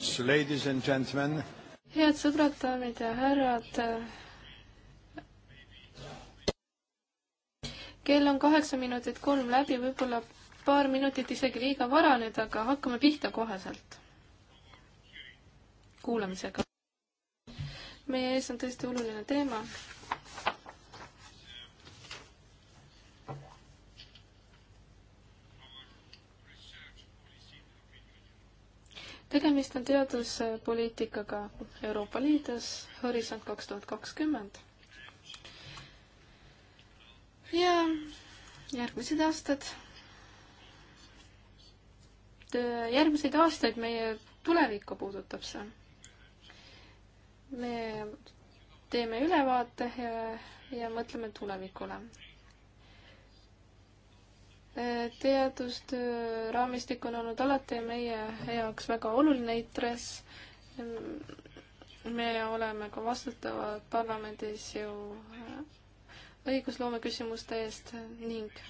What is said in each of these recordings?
head sõbrad, daamid ja härrad. kell on kaheksa minutit kolm läbi, võib-olla paar minutit isegi liiga vara nüüd, aga hakkame pihta koheselt kuulamisega. meie ees on tõesti oluline teema tegemist on teaduspoliitikaga Euroopa Liidus Horisont kaks tuhat kakskümmend. ja järgmised aastad, järgmiseid aastaid meie tulevikku puudutab see. me teeme ülevaate ja, ja mõtleme tulevikule teadustöö raamistik on olnud alati meie jaoks väga oluline ITRES. me oleme ka vastutavad parlamendis ju äh, õigusloome küsimuste eest ning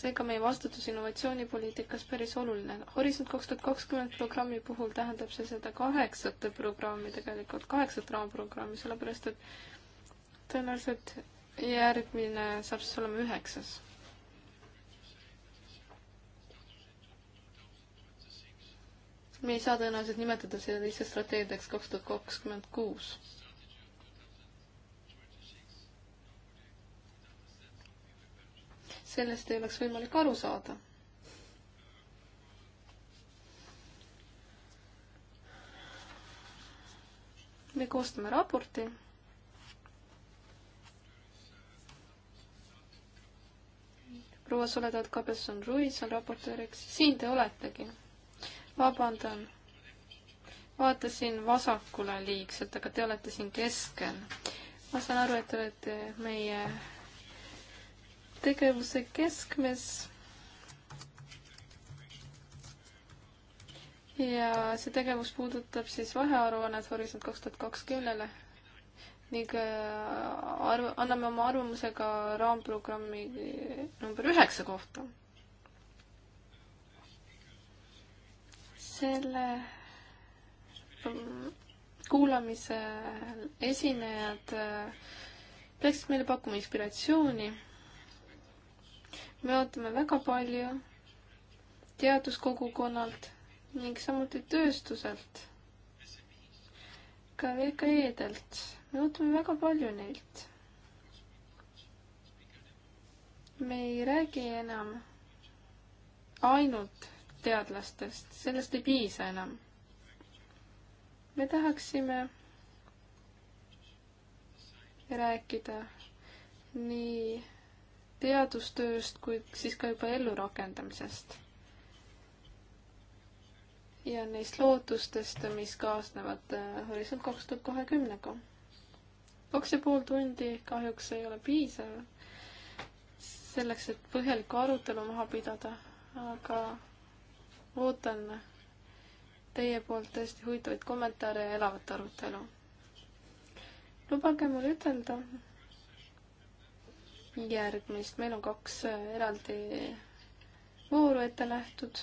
seega meie vastutus innovatsioonipoliitikas päris oluline. Horisont kaks tuhat kakskümmend programmi puhul tähendab see seda kaheksat programmi tegelikult, kaheksat raamprogrammi, sellepärast et tõenäoliselt järgmine saab siis olema üheksas me ei saa tõenäoliselt nimetada seda ise strateegiaks kaks tuhat kakskümmend kuus. sellest ei oleks võimalik aru saada. me koostame raporti proua Soledad Kabelson-Ruiz on raportööriks, siin te oletegi vabandan, vaatasin vasakule liigselt, aga te olete siin keskel. ma saan aru, et te olete meie tegevuse keskmes. ja see tegevus puudutab siis vahearuannet Horisont kaks tuhat kakskümnele ning äh, arv-, anname oma arvamuse ka raamprogrammi äh, number üheksa kohta selle mm, kuulamise esinejad äh, peaksid meile pakkuma inspiratsiooni. me ootame väga palju teaduskogukonnalt ning samuti tööstuselt, ka VKE-delt. me ootame väga palju neilt. me ei räägi enam ainult teadlastest, sellest ei piisa enam. me tahaksime rääkida nii teadustööst kui siis ka juba ellurakendamisest. ja neist lootustest, mis kaasnevad äh, Horisont kaks tuhat kahekümnega. kaks ja pool tundi kahjuks ei ole piisav selleks, et põhjalikku arutelu maha pidada, aga ootan teie poolt tõesti huvitavaid kommentaare ja elavat arutelu. lubage mul ütelda järgmist, meil on kaks äh, eraldi vooru ette nähtud.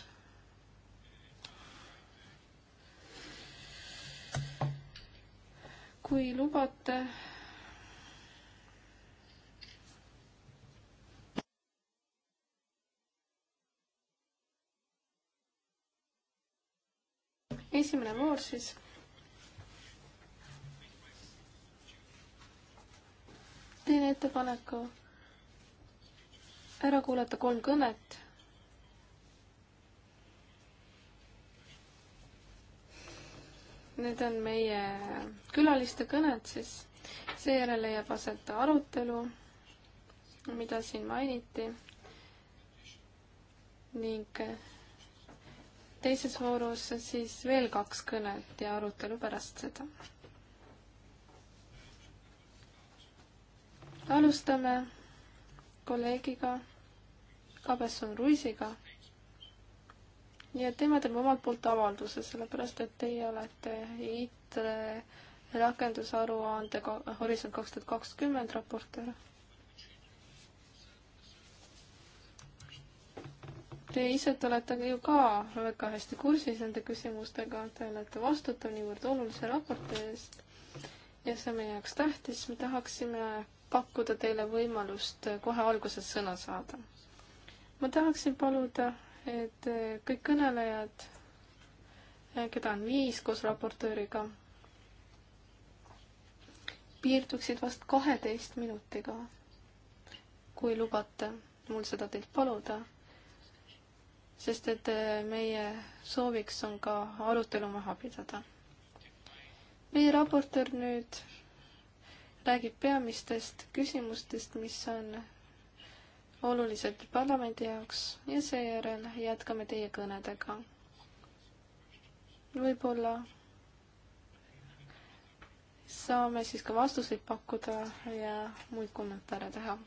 kui lubate esimene voor siis. teen ettepaneku ära kuulata kolm kõnet. Need on meie külaliste kõned siis, seejärel leiab aset arutelu, mida siin mainiti ning teises voorus siis veel kaks kõnet ja arutelu pärast seda. alustame kolleegiga Kabesson Ruisiga. ja tema teeb omalt poolt avalduse, sellepärast et teie olete IT rakendusaruandega Horisont kaks tuhat kakskümmend raportöör Teie ise te olete ju ka väga hästi kursis nende küsimustega, te olete vastutav niivõrd olulise raporti eest ja see on meie jaoks tähtis, me tahaksime pakkuda teile võimalust kohe alguses sõna saada. ma tahaksin paluda, et kõik kõnelejad, keda on viis koos raportööriga, piirduksid vast kaheteist minutiga, kui lubate mul seda teilt paluda sest et äh, meie sooviks on ka arutelu maha pidada. meie raportöör nüüd räägib peamistest küsimustest, mis on olulised parlamendi jaoks ja seejärel jätkame teie kõnedega. võib-olla saame siis ka vastuseid pakkuda ja muid kommentaare teha.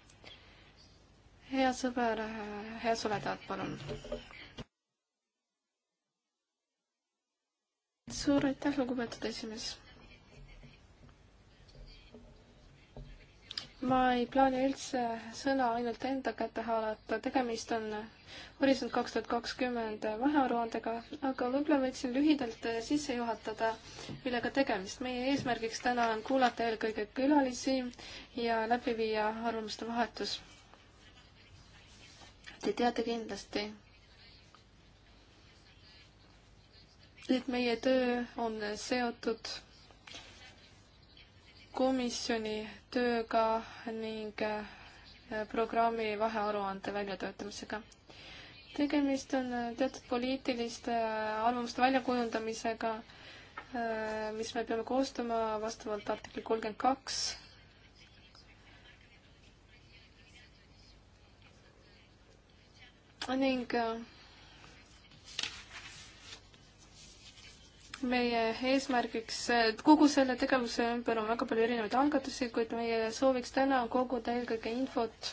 hea sõber, hea soledad, palun. suur aitäh, lugupeetud esimees. ma ei plaani üldse sõna ainult enda kätte haarata, tegemist on Horisont kaks tuhat kakskümmend vahearuandega, aga võib-olla võiksin lühidalt sisse juhatada, millega tegemist. meie eesmärgiks täna on kuulata eelkõige külalisi ja läbi viia arvamuste vahetus. Te teate kindlasti, et meie töö on seotud komisjoni tööga ning äh, programmi vahearuande väljatöötamisega. tegemist on äh, teatud poliitiliste äh, arvamuste väljakujundamisega, mis me peame koostama vastavalt artikli kolmkümmend kaks ning meie eesmärgiks, kogu selle tegevuse ümber on väga palju erinevaid algatusi, kuid meie sooviks täna koguda eelkõige infot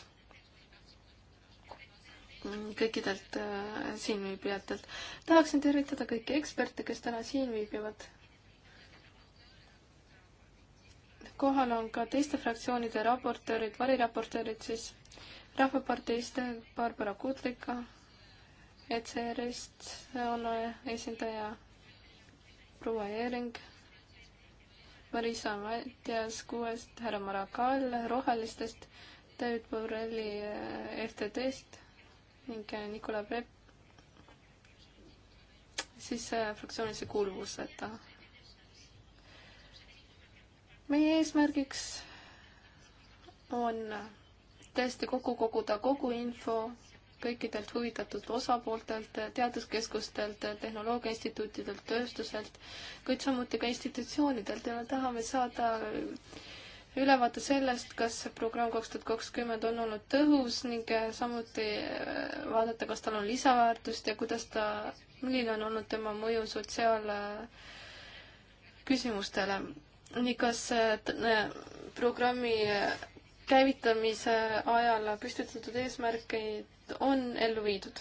kõikidelt äh, siinviibijatelt. tahaksin tervitada kõiki eksperte, kes täna siin viibivad. kohal on ka teiste fraktsioonide raportöörid, variraportöörid siis, Rahvaparteist Barbara Kudrika, ECR-ist on esindaja proua Eering, Marisa Mattias kuuest, härra Marakal Rohelistest, David Borrelli eh, FTD-st ning eh, Nikola Prepp siis eh, fraktsioonilise kuuluvuseta. meie eesmärgiks on tõesti kokku koguda kogu info kõikidelt huvitatud osapooltelt, teaduskeskustelt, tehnoloogia instituutidelt, tööstuselt, kuid samuti ka institutsioonidelt ja me tahame saada ülevaate sellest, kas programm kaks tuhat kakskümmend on olnud tõhus ning samuti äh, vaadata, kas tal on lisaväärtust ja kuidas ta, milline on olnud tema mõju sotsiaalküsimustele. Äh, nii, kas äh, programmi käivitamise ajal püstitatud eesmärkeid on ellu viidud.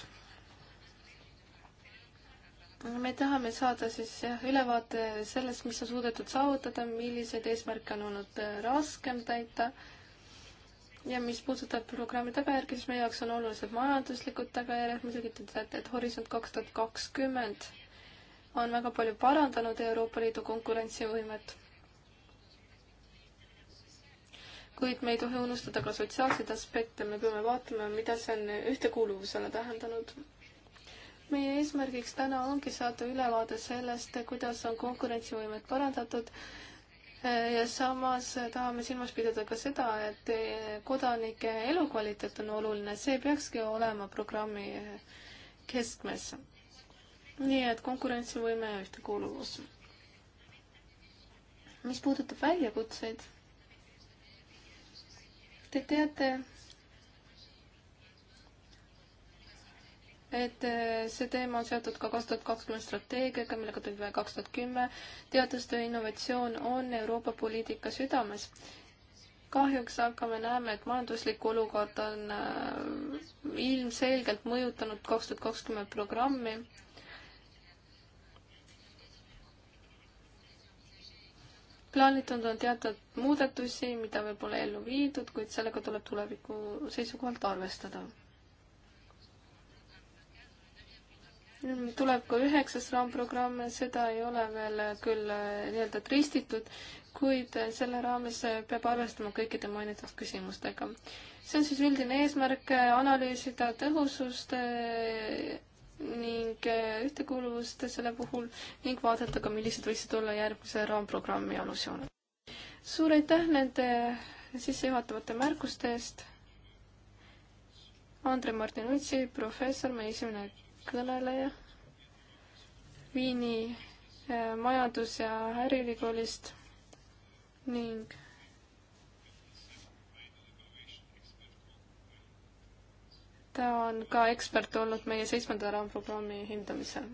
me tahame saada siis jah, ülevaate sellest, mis on suudetud saavutada, milliseid eesmärke on olnud raskem täita ja mis puudutab programmi tagajärgi, siis meie jaoks on olulised majanduslikud tagajärjed, muidugi te teate, et Horisont kaks tuhat kakskümmend on väga palju parandanud Euroopa Liidu konkurentsivõimet kuid me ei tohi unustada ka sotsiaalseid aspekte, me peame vaatama, mida see on ühtekuuluvusele tähendanud. meie eesmärgiks täna ongi saada ülevaade sellest, kuidas on konkurentsivõimet parandatud ja samas tahame silmas pidada ka seda, et kodanike elukvaliteet on oluline, see peakski olema programmi keskmes. nii et konkurentsivõime ja ühtekuuluvus. mis puudutab väljakutseid Te teate, et eh, see teema on seotud ka kaks tuhat kakskümmend strateegiaga, millega tuli kaks tuhat kümme. teadustöö innovatsioon on Euroopa poliitika südames. kahjuks aga me näeme, et majanduslik olukord on eh, ilmselgelt mõjutanud kaks tuhat kakskümmend programmi plaanitud on teatud muudatusi, mida veel pole ellu viidud, kuid sellega tuleb tuleviku seisukohalt arvestada. tuleb ka üheksas raamprogramm, seda ei ole veel küll nii-öelda tristitud, kuid selle raames peab arvestama kõikide mainitud küsimustega. see on siis üldine eesmärk analüüsida tõhusust ning eh, ühtekuuluvust selle puhul ning vaadata ka, millised võiksid olla järgmise raamprogrammi alusjooned. suur aitäh nende sissejuhatavate märkuste eest. Andre Martinutsi, professor, meie esimene kõneleja Viini eh, majandus- ja äriülikoolist ning ta on ka ekspert olnud meie seitsmenda raamprogrammi hindamisel.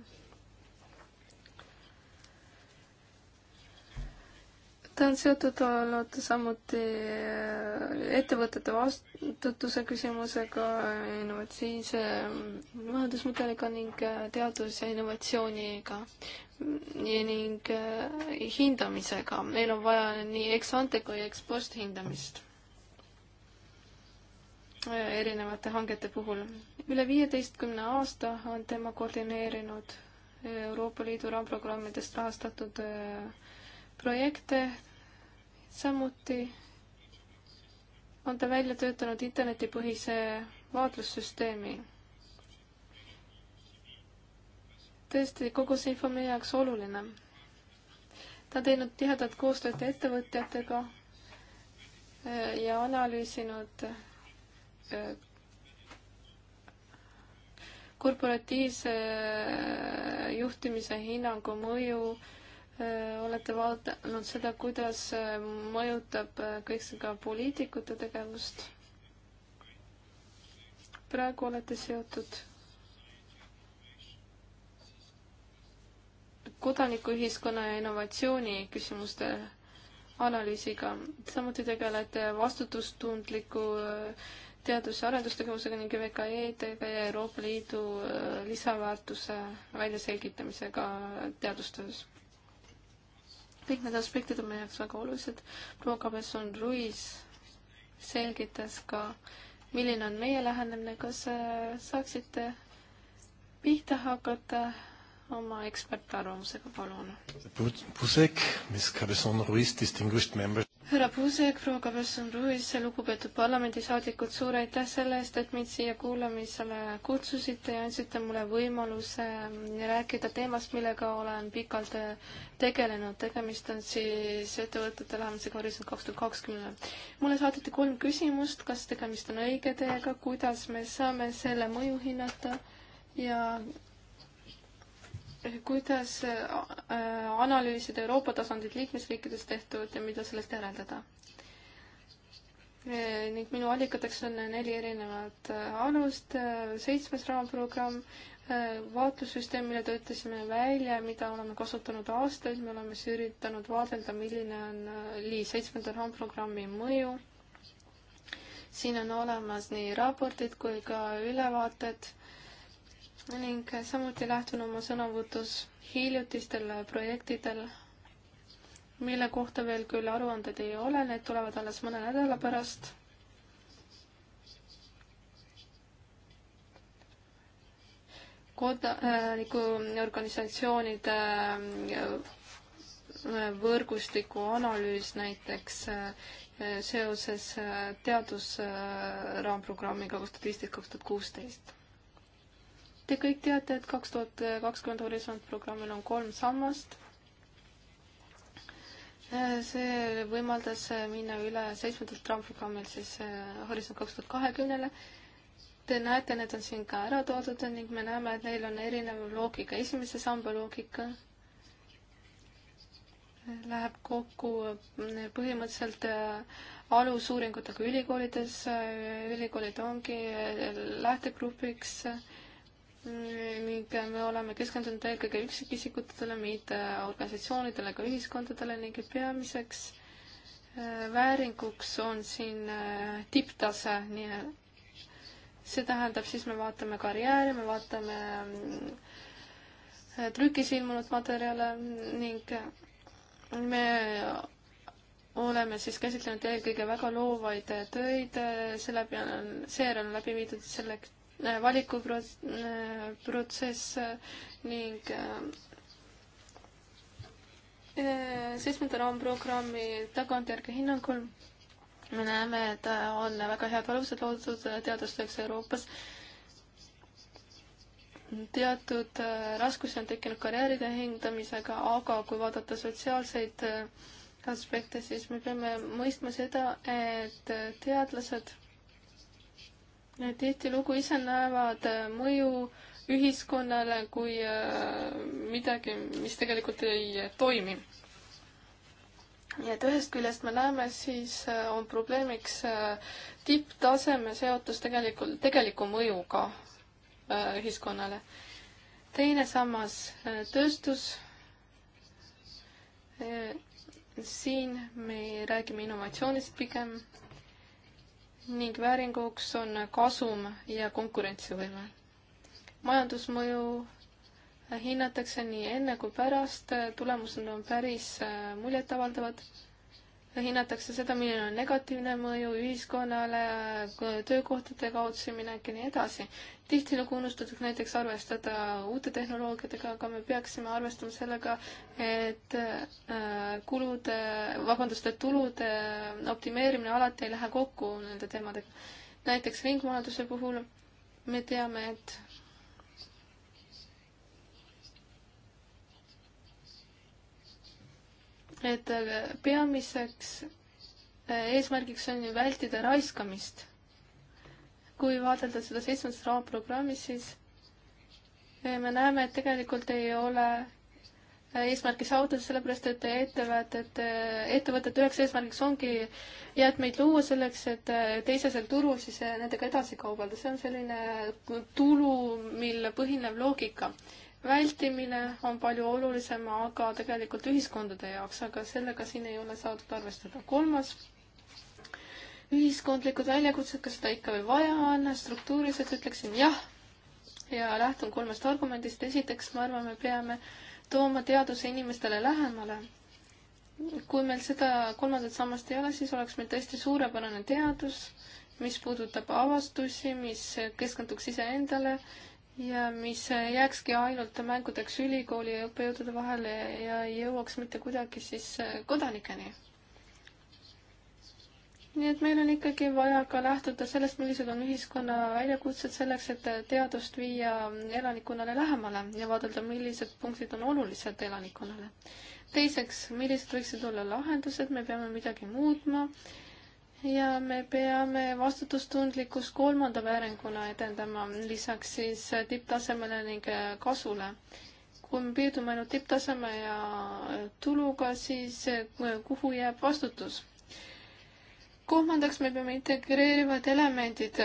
ta on seotud olnud samuti äh, ettevõtete vastutuse küsimusega, innovatiivse majandusmudeliga ning äh, teadus- ja innovatsiooniga ning äh, hindamisega. meil on vaja nii ex-ante kui ex-post hindamist erinevate hangete puhul. üle viieteistkümne aasta on tema koordineerinud Euroopa Liidu raamprogrammidest rahastatud äh, projekte, samuti on ta välja töötanud internetipõhise vaatlussüsteemi. tõesti, kogu see info on meie jaoks oluline. ta on teinud tihedat koostööd ettevõtjatega äh, ja analüüsinud Äh, korporatiivse äh, juhtimise hinnangu mõju, äh, olete vaadanud seda, kuidas mõjutab kõik see ka poliitikute tegevust? praegu olete seotud kodanikuühiskonna ja innovatsiooni küsimuste analüüsiga, samuti tegelete vastutustundliku äh, teadus- ja arendustegevusega ning VKE-dega ja Euroopa Liidu äh, lisaväärtuse väljaselgitamisega teadustöös. kõik need aspektid on meie jaoks väga olulised. proua Kabeson Ruiz selgitas ka, milline on meie lähenemine, kas äh, saaksite pihta hakata oma ekspertarvamusega, palun. Pusek, mis Kabeson Ruiz distinguished member härra Puusek, proua Kavasson-Ruiz, lugupeetud parlamendisaadikud, suur aitäh selle eest, et mind siia kuulamisele kutsusite ja andsite mulle võimaluse ähm, rääkida teemast, millega olen pikalt äh, tegelenud. tegemist on siis ettevõtete lähemisega Horisont kaks tuhat kakskümmend. mulle saadeti kolm küsimust, kas tegemist on õige teega, kuidas me saame selle mõju hinnata ja kuidas äh, analüüsida Euroopa tasandit liikmesriikides tehtud ja mida sellest järeldada. Äh, ning minu allikateks on neli erinevat äh, alust, seitsmes raamprogramm, vaatlussüsteem, mille töötasime välja, mida oleme kasutanud aastaid, me oleme siis üritanud vaadelda, milline on Liis seitsmenda raamprogrammi mõju. siin on olemas nii raportid kui ka ülevaated ning samuti lähtun oma sõnavõtus hiljutistel projektidel, mille kohta veel küll aruanded ei ole, need tulevad alles mõne nädala pärast. kodanikuorganisatsioonide äh, võrgustiku analüüs näiteks äh, seoses äh, teadusraamprogrammiga kaks tuhat viisteist, kaks tuhat kuusteist Te kõik teate, et kaks tuhat kakskümmend Horisont programmil on kolm sammast. see võimaldas minna üle seitsmendalt raamprogrammilt siis eh, Horisont kaks tuhat kahekümnele. Te näete, need on siin ka ära toodud ning me näeme, et neil on erinev loogika. esimese samba loogika läheb kokku eh, põhimõtteliselt eh, alusuuringutega ülikoolides. ülikoolid ongi lähtegrupiks ning me oleme keskendunud eelkõige üksikisikutele, mitte organisatsioonidele ega ühiskondadele ning peamiseks äh, vääringuks on siin äh, tipptase, nii see tähendab siis me vaatame karjääri, me vaatame äh, trükis ilmunud materjale ning me oleme siis käsitlenud eelkõige väga loovaid töid, selle peale, seejärel on läbi viidud selleks Äh, valikuprotsess äh, äh, ning seitsmenda raamprogrammi tagantjärgi hinnangul me näeme, et on väga head alused loodud teadustööks Euroopas. teatud raskusi on tekkinud karjääride hindamisega, aga kui vaadata sotsiaalseid aspekte, siis me peame mõistma seda, et teadlased tihtilugu ise näevad äh, mõju ühiskonnale kui äh, midagi, mis tegelikult ei äh, toimi. nii et ühest küljest me näeme, siis on probleemiks tipptaseme seotus tegelikult, tegeliku mõjuga ühiskonnale. teine sammas, tööstus. siin me räägime innovatsioonist pigem ning vääringuks on kasum ja konkurentsivõime. majandusmõju hinnatakse nii enne kui pärast, tulemused on päris äh, muljetavaldavad hinnatakse seda, milline on negatiivne mõju ühiskonnale, töökohtade kaotsiminek ja nii edasi. tihtilugu unustatakse näiteks arvestada uute tehnoloogiatega, aga me peaksime arvestama sellega, et äh, kulude, vabandust, et tulude optimeerimine alati ei lähe kokku nende teemadega. näiteks ringmajanduse puhul me teame, et et äh, peamiseks äh, eesmärgiks on ju vältida raiskamist. kui vaadelda seda seitsmendas raamprogrammis, siis äh, me näeme, et tegelikult ei ole eesmärki saavutada, sellepärast et ettevõtete, ettevõtete üheks eesmärgiks ongi jäätmeid luua selleks, et teisesel turul siis nendega edasi kaubelda, see on selline tulu, mille põhinev loogika vältimine on palju olulisem, aga tegelikult ühiskondade jaoks, aga sellega siin ei ole saadud arvestada. kolmas, ühiskondlikud väljakutsed, kas seda ikka veel vaja on, struktuuriliselt ütleksin jah. ja lähtun kolmest argumendist. esiteks, ma arvan, me peame tooma teaduse inimestele lähemale. kui meil seda kolmandat sammast ei ole, siis oleks meil tõesti suurepärane teadus, mis puudutab avastusi, mis keskenduks iseendale ja mis jääkski ainult mängudeks ülikooli ja õppejõudude vahele ja ei jõuaks mitte kuidagi siis äh, kodanikeni. nii et meil on ikkagi vaja ka lähtuda sellest, millised on ühiskonna väljakutsed selleks, et teadust viia elanikkonnale lähemale ja vaadelda, millised punktid on olulised elanikkonnale. teiseks, millised võiksid olla lahendused, me peame midagi muutma ja me peame vastutustundlikkus kolmanda arenguna edendama, lisaks siis tipptasemele ning äh, kasule. kui me piirdume ainult tipptaseme ja äh, tuluga, siis äh, kuhu jääb vastutus? kolmandaks me peame integreerivad elemendid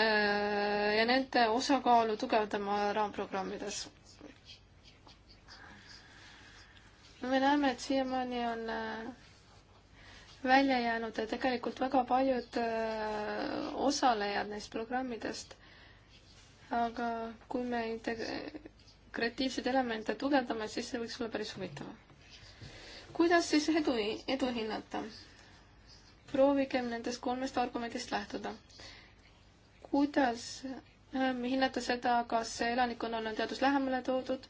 ja nende osakaalu tugevdama raamprogrammides. me näeme, et siiamaani on välja jäänud tegelikult väga paljud äh, osalejad neist programmidest. aga kui me integratiivseid elemente tugevdame, siis see võiks olla päris huvitav. kuidas siis edu, edu hinnata? proovigem nendest kolmest argumendist lähtuda. kuidas äh, hinnata seda, kas elanikkonnale on teadus lähemale toodud,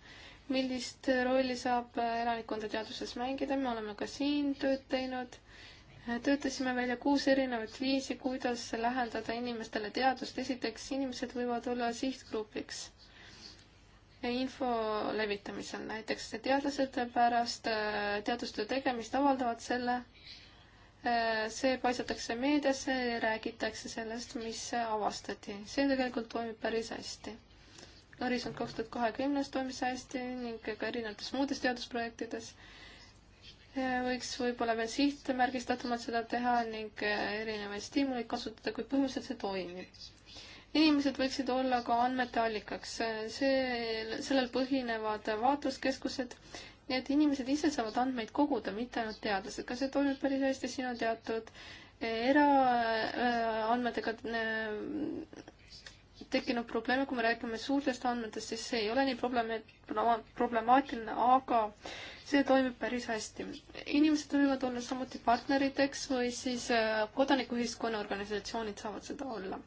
millist rolli saab äh, elanikkonda teaduses mängida, me oleme ka siin tööd teinud töötasime välja kuus erinevat viisi, kuidas lähendada inimestele teadust. esiteks, inimesed võivad olla sihtgrupiks info levitamisel. näiteks teadlased pärast äh, teadustöö tegemist avaldavad selle, äh, see paisatakse meediasse ja räägitakse sellest, mis avastati. see tegelikult toimib päris hästi. Horisont kaks tuhat kahekümnes toimis hästi ning ka erinevates muudes teadusprojektides võiks võib-olla veel sihtmärgistatumalt seda teha ning äh, erinevaid stiimuleid kasutada, kui põhimõtteliselt see toimib. inimesed võiksid olla ka andmete allikaks, see, sellel põhinevad vaatluskeskused, nii et inimesed ise saavad andmeid koguda, mitte ainult teadlased, ka see toimib päris hästi, siin on teatud eraandmetega äh, äh tekkinud probleeme, kui me räägime suurtest andmetest, siis see ei ole nii probleemi-, problemaatiline, aga see toimib päris hästi. inimesed võivad olla samuti partneriteks või siis äh, kodanikuühiskonna organisatsioonid saavad seda olla.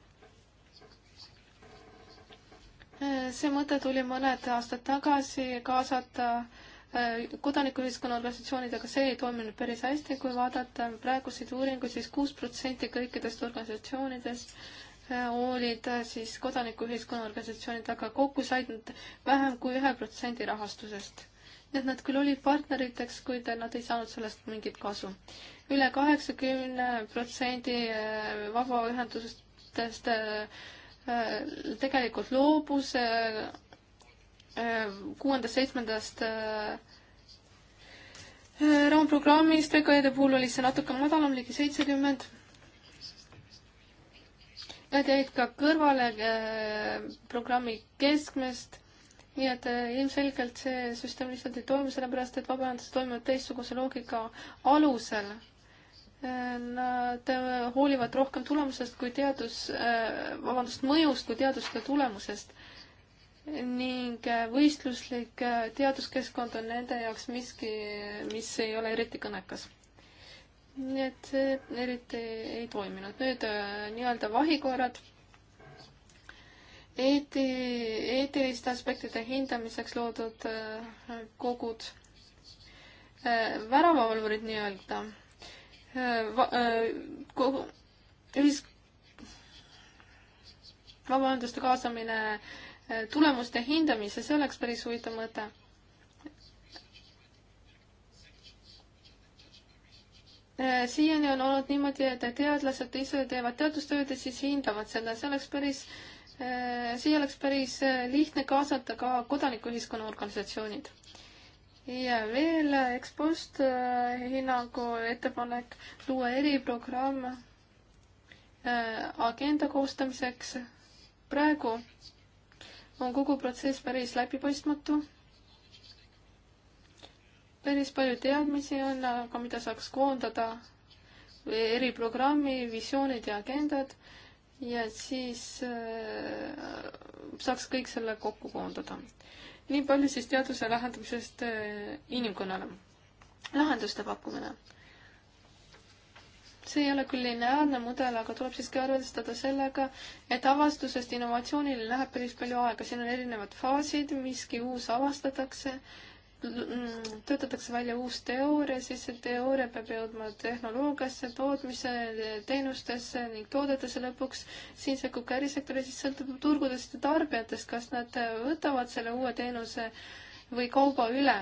Äh, see mõte tuli mõned aastad tagasi kaasata äh, kodanikuühiskonna organisatsioonid, aga see ei toiminud päris hästi, kui vaadata praeguseid uuringuid, siis kuus protsenti kõikidest organisatsioonidest olid äh, siis kodanikuühiskonna organisatsioonid aga kokku said nad vähem kui ühe protsendi rahastusest. nii et nad küll olid partneriteks, kuid nad ei saanud sellest mingit kasu üle. üle kaheksakümne protsendi äh, vabaühendustest äh, tegelikult loobus kuuendast-seitsmendast raamprogrammist, VKE-de puhul oli see natuke madalam, ligi seitsekümmend Nad jäid ka kõrvale äh, programmi keskmest nii et äh, ilmselgelt see süsteem lihtsalt ei toimi, sellepärast et vabaühendused toimivad teistsuguse loogika alusel. Äh, nad hoolivad rohkem tulemusest kui teadus, vabandust, mõjust kui teaduste tulemusest. ning võistluslik teaduskeskkond on nende jaoks miski, mis ei ole eriti kõnekas nii et see eriti ei toiminud. nüüd äh, nii-öelda vahikoerad. eeti-, eetiliste aspektide hindamiseks loodud äh, kogud, äh, väravavalvurid nii-öelda, kogu, ühis-, vabaühenduste kaasamine tulemuste hindamisse, see oleks päris huvitav mõte Äh, siiani on olnud niimoodi, et teadlased ise teevad teadustööd ja siis hindavad selle, see oleks päris, äh, siia oleks päris äh, lihtne kaasata ka kodanikuühiskonna organisatsioonid. ja veel ekspost hinnangu ettepanek luua eriprogramm agenda koostamiseks. praegu on kogu protsess päris läbipaistmatu päris palju teadmisi on, aga mida saaks koondada eriprogrammi, visioonid ja agendad ja siis äh, saaks kõik selle kokku koondada. nii palju siis teaduse lahendamisest äh, inimkonnale. lahenduste pakkumine. see ei ole küll lineaarne mudel, aga tuleb siiski arvestada sellega, et avastusest innovatsioonile läheb päris palju aega, siin on erinevad faasid, miski uus avastatakse äh,, töötatakse välja uus teooria, siis see teooria peab jõudma tehnoloogiasse, tootmise, teenustesse ning toodetesse lõpuks. siin sekkub ka ärisektori, siis sõltub turgudest ja tarbijatest, kas nad võtavad selle uue teenuse või kauba üle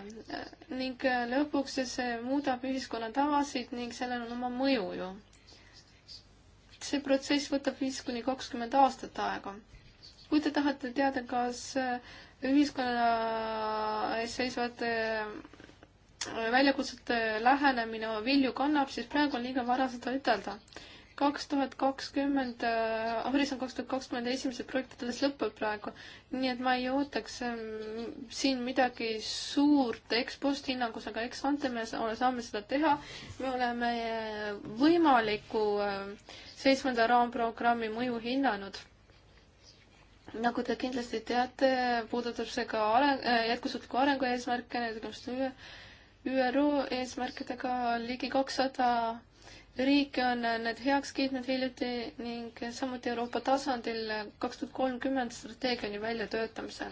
ning lõpuks see muudab ühiskonna tavasid ning sellel on oma mõju ju. see protsess võtab viis kuni kakskümmend aastat aega. kui te tahate teada, kas ühiskonna ees seisvate äh, väljakutsete lähenemine vilju kannab, siis praegu on liiga vara seda ütelda. kaks tuhat kakskümmend, äh, Horisont kaks tuhat kakskümmend esimesed projektid alles lõpeb praegu, nii et ma ei ootaks ähm, siin midagi suurt ekspost hinnangus, aga eks ante me saame seda teha. me oleme võimaliku äh, seitsmenda raamprogrammi mõju hinnanud nagu te kindlasti teate, puudutab see ka areng, äh, jätkusuutliku arengu eesmärke, näiteks ÜRO eesmärkidega ligi kakssada riike on need heaks kiitnud hiljuti ning samuti Euroopa tasandil kaks tuhat kolmkümmend strateegiani väljatöötamisel.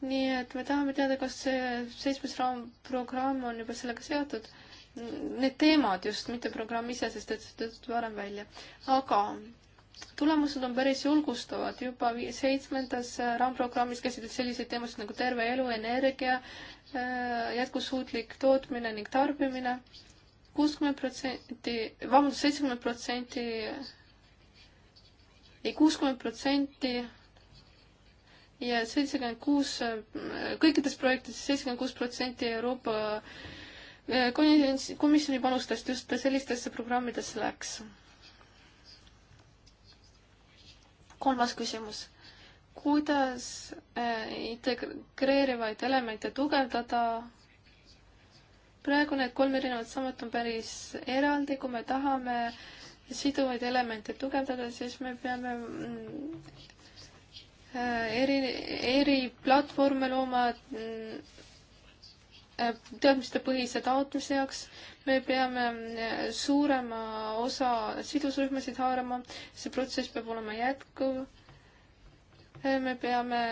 nii et me tahame teada, kas see seitsmes raamprogramm on juba sellega seotud. Need teemad just, mitte programm ise, sest te ütlesite varem välja. aga tulemused on päris julgustavad, juba seitsmendas äh, raamprogrammis käsitleti selliseid teemasid nagu terve elu, energia, äh, jätkusuutlik tootmine ning tarbimine. kuuskümmend protsenti, vabandust, seitsekümmend protsenti, ei kuuskümmend protsenti ja seitsekümmend kuus, äh, kõikides projektides seitsekümmend kuus protsenti Euroopa komisjoni panustest just sellistesse programmidesse läks kolmas küsimus. kuidas eh, integreerivaid elemente tugevdada? praegu need kolm erinevat sammat on päris eraldi, kui me tahame siduvaid elemente tugevdada, siis me peame mm, eh, eri, eri platvorme looma mm, Äh, teadmistepõhise taotluse jaoks me peame äh, suurema osa sidusrühmasid haarama, see protsess peab olema jätkuv. Äh, me peame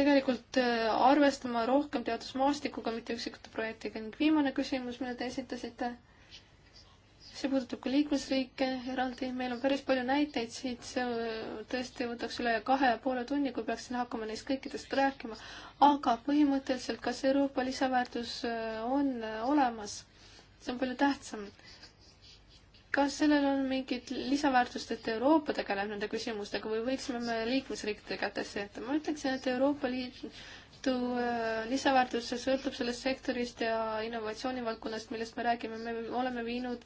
tegelikult arvestama rohkem teadusmaastikuga, mitte üksikute projektiga ning viimane küsimus, mille te esitasite see puudutab ka liiklusriike eraldi, meil on päris palju näiteid siit, see äh, tõesti võtaks üle kahe ja poole tunni, kui peaksin hakkama neist kõikidest rääkima, aga põhimõtteliselt, kas Euroopa lisaväärtus äh, on äh, olemas, see on palju tähtsam. kas sellel on mingit lisaväärtust, et Euroopa tegeleb nende küsimustega või võiksime me liikmesriikide kätesse jätta, ma ütleksin, et Euroopa Liit Liidu lisaväärtus, see sõltub sellest sektorist ja innovatsioonivaldkonnast, millest me räägime, me oleme viinud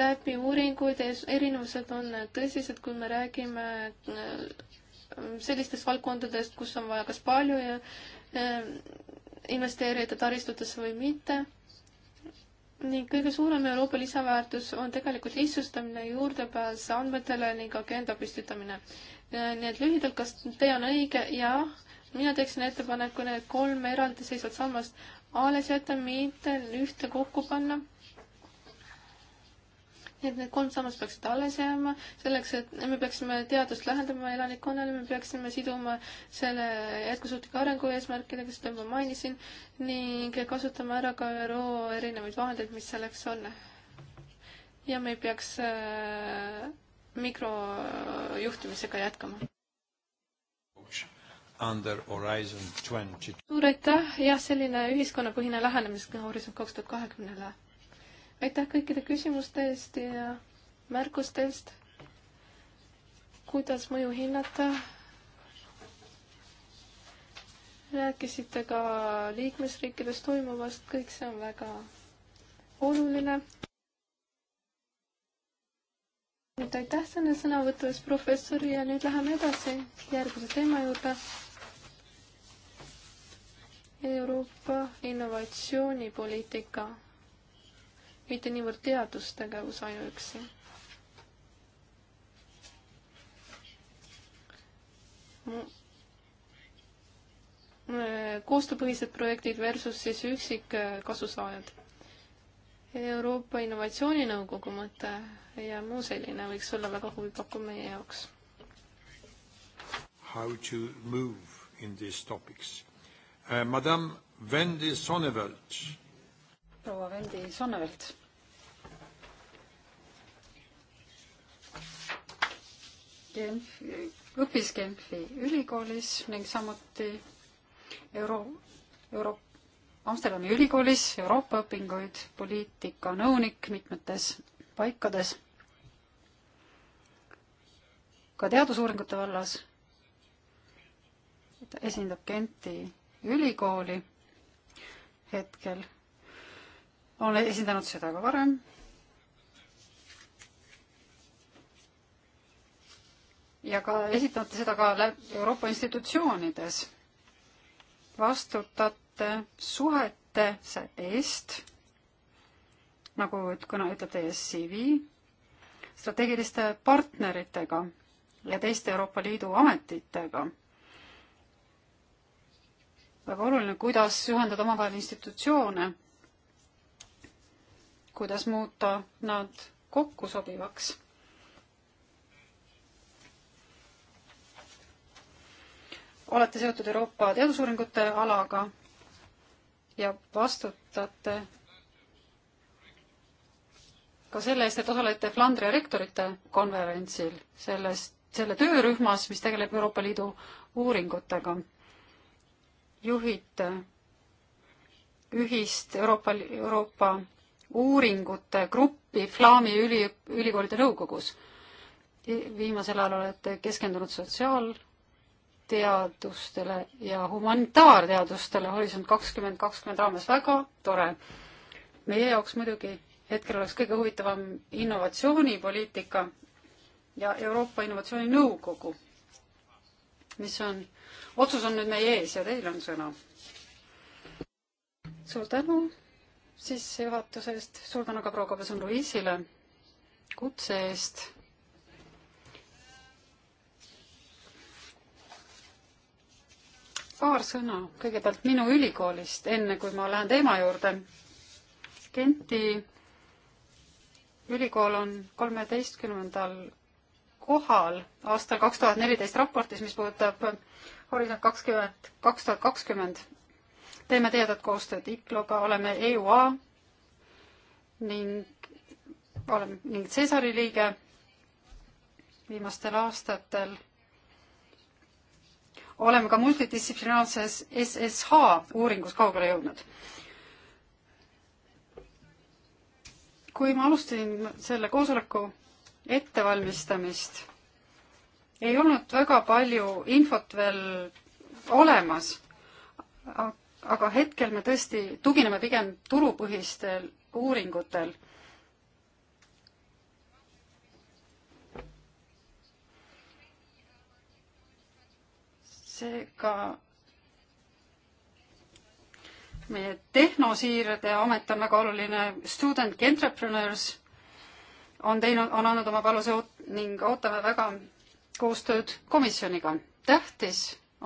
läbi uuringuid, erinevused on tõsised, kui me räägime äh, sellistest valdkondadest, kus on vaja kas palju äh, investeerida taristutesse või mitte. ning kõige suurem Euroopa lisaväärtus on tegelikult lihtsustamine, juurdepääs andmetele ning agenda püstitamine. Äh, nii et lühidalt, kas tee on õige? jah, mina teeksin ettepaneku need kolm eraldiseisvat sammast alles jätta, mitte ühte kokku panna nii et need kolm sammast peaksid alles jääma, selleks et me peaksime teadust lähendama elanikkonnale, me peaksime siduma selle jätkusuutliku arengu eesmärkidega, seda ma mainisin, ning kasutama ära ka ÜRO erinevaid vahendeid, mis selleks on. ja me ei peaks äh, mikrojuhtimisega jätkama. Under Horizon 20. suur aitäh, jah, selline ühiskonnapõhine lähenemine Horisont kaks tuhat kahekümnele aitäh kõikide küsimuste eest ja märkuste eest. kuidas mõju hinnata? rääkisite ka liikmesriikides toimuvast, kõik see on väga oluline. nüüd aitäh selle sõnavõtu eest, professor, ja nüüd läheme edasi järgmise teema juurde. Euroopa innovatsioonipoliitika mitte niivõrd teadustegevus ainuüksi. koostööpõhised projektid versus siis üksik kasusaajad. Euroopa Innovatsiooninõukogu mõte ja muu selline võiks olla väga huvipakkuv meie jaoks. How to move in these topics uh,. Madame Wendy Sonneveld. proua Wendy Sonneveld Genfi, õppis Genfi ülikoolis ning samuti Euro, Euro-, Amsterdami ülikoolis Euroopa õpinguid, poliitikanõunik mitmetes paikades, ka teadusuuringute vallas. ta esindab Genti ülikooli hetkel, on esindanud seda ka varem ja ka esitate seda ka Euroopa institutsioonides. vastutate suhete eest, nagu kõne ütleb teie CV, strateegiliste partneritega ja teiste Euroopa Liidu ametitega. väga oluline, kuidas ühendada omavahel institutsioone, kuidas muuta nad kokkusobivaks olete seotud Euroopa teadusuuringute alaga ja vastutate ka selle eest, et osalete Flandria rektorite konverentsil, sellest, selle töörühmas, mis tegeleb Euroopa Liidu uuringutega. juhite ühist Euroopa, Euroopa uuringute gruppi Flaami üli, ülikoolide nõukogus. viimasel ajal olete keskendunud sotsiaal- teadustele ja humanitaarteadustele Horisont kakskümmend kakskümmend raames, väga tore. meie jaoks muidugi hetkel oleks kõige huvitavam innovatsioonipoliitika ja Euroopa Innovatsiooninõukogu, mis on, otsus on nüüd meie ees ja teil on sõna. suur tänu sissejuhatuse eest, suur tänu ka proua Kabeson-Luisile kutse eest paar sõna kõigepealt minu ülikoolist, enne kui ma lähen teema juurde. Genti ülikool on kolmeteistkümnendal kohal aastal kaks tuhat neliteist raportis, mis puudutab Horisont kakskümmend, kaks tuhat kakskümmend. teeme tihedat koostööd IKLO-ga, oleme EUA ning oleme ning Cesari liige. viimastel aastatel oleme ka multidistsiplinaarses SSH uuringus kaugele jõudnud. kui ma alustasin selle koosoleku ettevalmistamist, ei olnud väga palju infot veel olemas, aga hetkel me tõesti tugineme pigem turupõhistel uuringutel seega meie tehnosiirde amet on väga oluline, Student Entrepreneurs on teinud, on andnud oma paluse oot- ning ootame väga koostööd komisjoniga. tähtis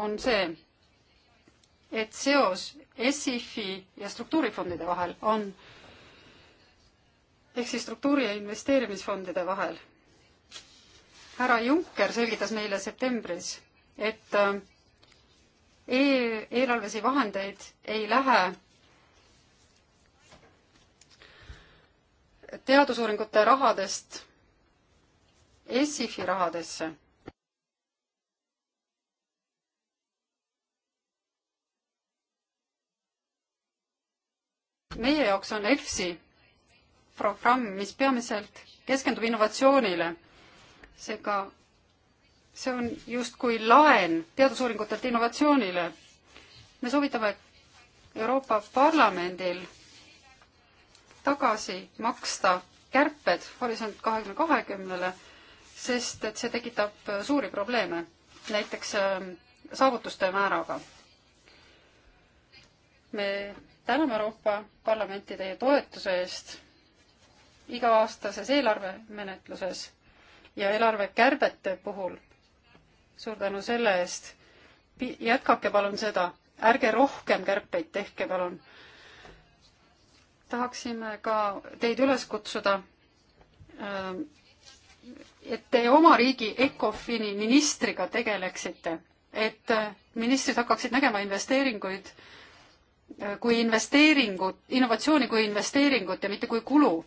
on see, et seos SIF-i ja struktuurifondide vahel on, ehk siis struktuuri- ja investeerimisfondide vahel. härra Juncker selgitas meile septembris, et äh, e eelarvelisi vahendeid ei lähe teadusuuringute rahadest ESIFi rahadesse. meie jaoks on EFSI programm, mis peamiselt keskendub innovatsioonile. seega see on justkui laen teadusuuringutelt innovatsioonile. me soovitame Euroopa Parlamendil tagasi maksta kärped Horisont kahekümne kahekümnele, sest et see tekitab äh, suuri probleeme, näiteks äh, saavutuste määraga. me täname Euroopa Parlamenti teie toetuse eest iga-aastases eelarvemenetluses ja eelarvekärbete puhul suur tänu selle eest. jätkake palun seda, ärge rohkem kärpeid tehke, palun. tahaksime ka teid üles kutsuda, ähm, et te oma riigi ECOFIN-i ministriga tegeleksite, et äh, ministrid hakkaksid nägema investeeringuid äh, kui investeeringut, innovatsiooni kui investeeringut ja mitte kui kulu.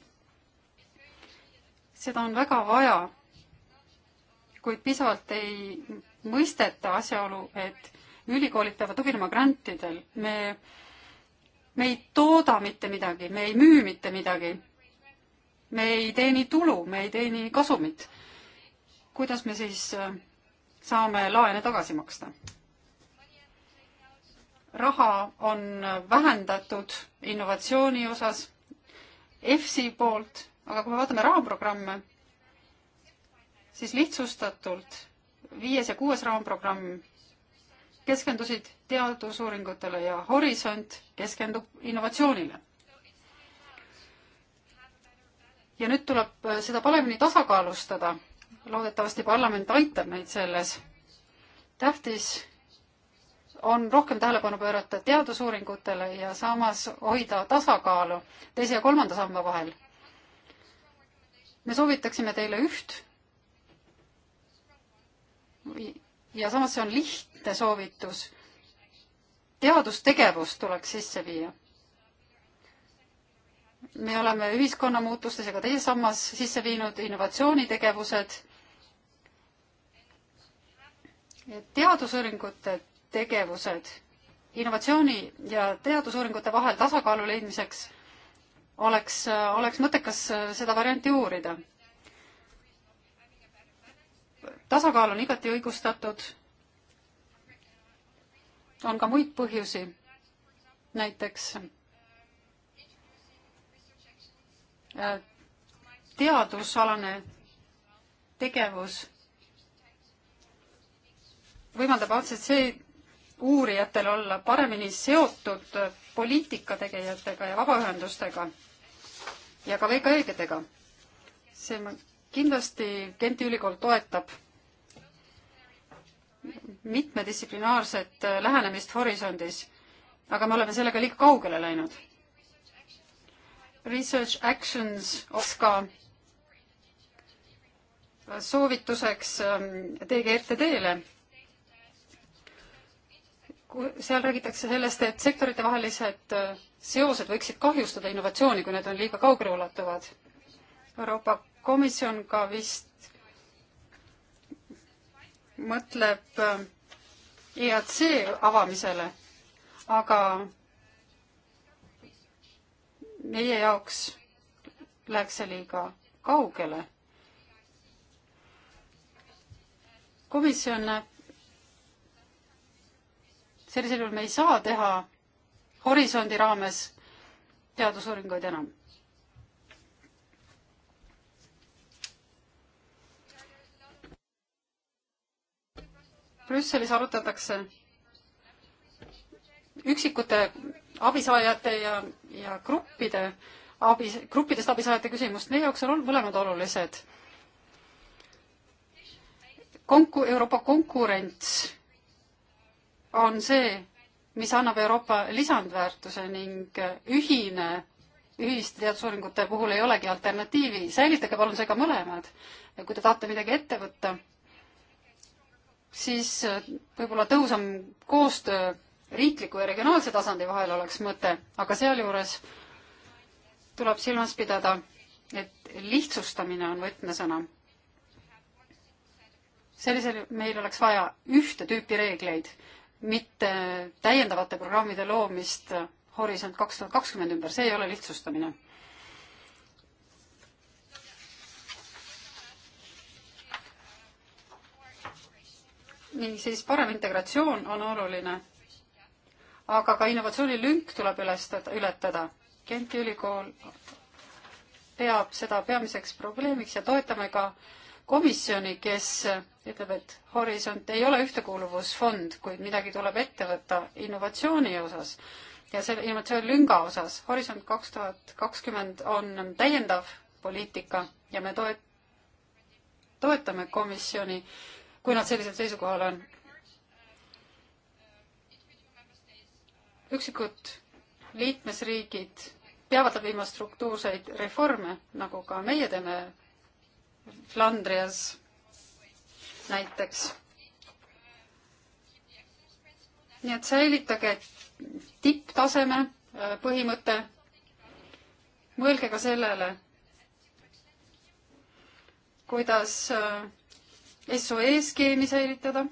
seda on väga vaja kuid piisavalt ei mõisteta asjaolu, et ülikoolid peavad tuginema grantidel. me, me ei tooda mitte midagi, me ei müü mitte midagi. me ei teeni tulu, me ei teeni kasumit. kuidas me siis äh, saame laene tagasi maksta? raha on vähendatud innovatsiooni osas EFSI poolt, aga kui me vaatame raamprogramme, siis lihtsustatult viies ja kuues raamprogramm keskendusid teadusuuringutele ja Horisont keskendub innovatsioonile. ja nüüd tuleb äh, seda paremini tasakaalustada. loodetavasti parlament aitab meid selles. tähtis on rohkem tähelepanu pöörata teadusuuringutele ja samas hoida tasakaalu teise ja kolmanda samba vahel. me soovitaksime teile üht ja samas see on lihtne soovitus. teadustegevus tuleks sisse viia. me oleme ühiskonna muutustes ja ka teises sammas sisse viinud innovatsioonitegevused. teadusuuringute tegevused innovatsiooni ja teadusuuringute vahel tasakaalu leidmiseks oleks, oleks mõttekas seda varianti uurida tasakaal on igati õigustatud. on ka muid põhjusi, näiteks äh, teadusalane tegevus võimaldab ACC uurijatel olla paremini seotud poliitikategijatega ja vabaühendustega ja ka VKE-dega. see kindlasti Genti ülikool toetab mitmedistsiplinaarset äh, lähenemist horisondis, aga me oleme sellega liiga kaugele läinud. Research Actions OSKA soovituseks DGRTD-le. Ähm, seal räägitakse sellest, et sektoritevahelised äh, seosed võiksid kahjustada innovatsiooni, kui need on liiga kaugeleulatuvad. Euroopa Komisjon ka vist mõtleb äh, EAC avamisele, aga meie jaoks läheks see liiga kaugele. komisjon näeb, sellisel juhul me ei saa teha horisondi raames teadusuuringuid enam Brüsselis arutatakse üksikute abisaajate ja, ja gruppide abi, gruppidest abisaajate küsimust, meie jaoks on mõlemad olulised. Konku-, Euroopa konkurents on see, mis annab Euroopa lisandväärtuse ning ühine, ühiste teadusuuringute puhul ei olegi alternatiivi. säilitage palun seega mõlemad. kui te tahate midagi ette võtta siis äh, võib-olla tõhusam koostöö riikliku ja regionaalse tasandi vahel oleks mõte, aga sealjuures tuleb silmas pidada, et lihtsustamine on võtmesõna. sellisel meil oleks vaja ühte tüüpi reegleid, mitte täiendavate programmide loomist Horisont kaks tuhat kakskümmend ümber, see ei ole lihtsustamine siis parem integratsioon on oluline. aga ka innovatsioonilünk tuleb ülestada, ületada. Genti ülikool peab seda peamiseks probleemiks ja toetame ka komisjoni, kes ütleb, et Horisont ei ole ühtekuuluvusfond, kuid midagi tuleb ette võtta innovatsiooni osas ja selle innovatsioonilünga osas. Horisont kaks tuhat kakskümmend on täiendav poliitika ja me toet-, toetame komisjoni kui nad sellisel seisukohal on. üksikud liikmesriigid peavad läbi viima struktuurseid reforme, nagu ka meie teeme Flandrias näiteks. nii et säilitage tipptaseme äh, põhimõte. mõelge ka sellele, kuidas äh, SOE skeemi säilitada.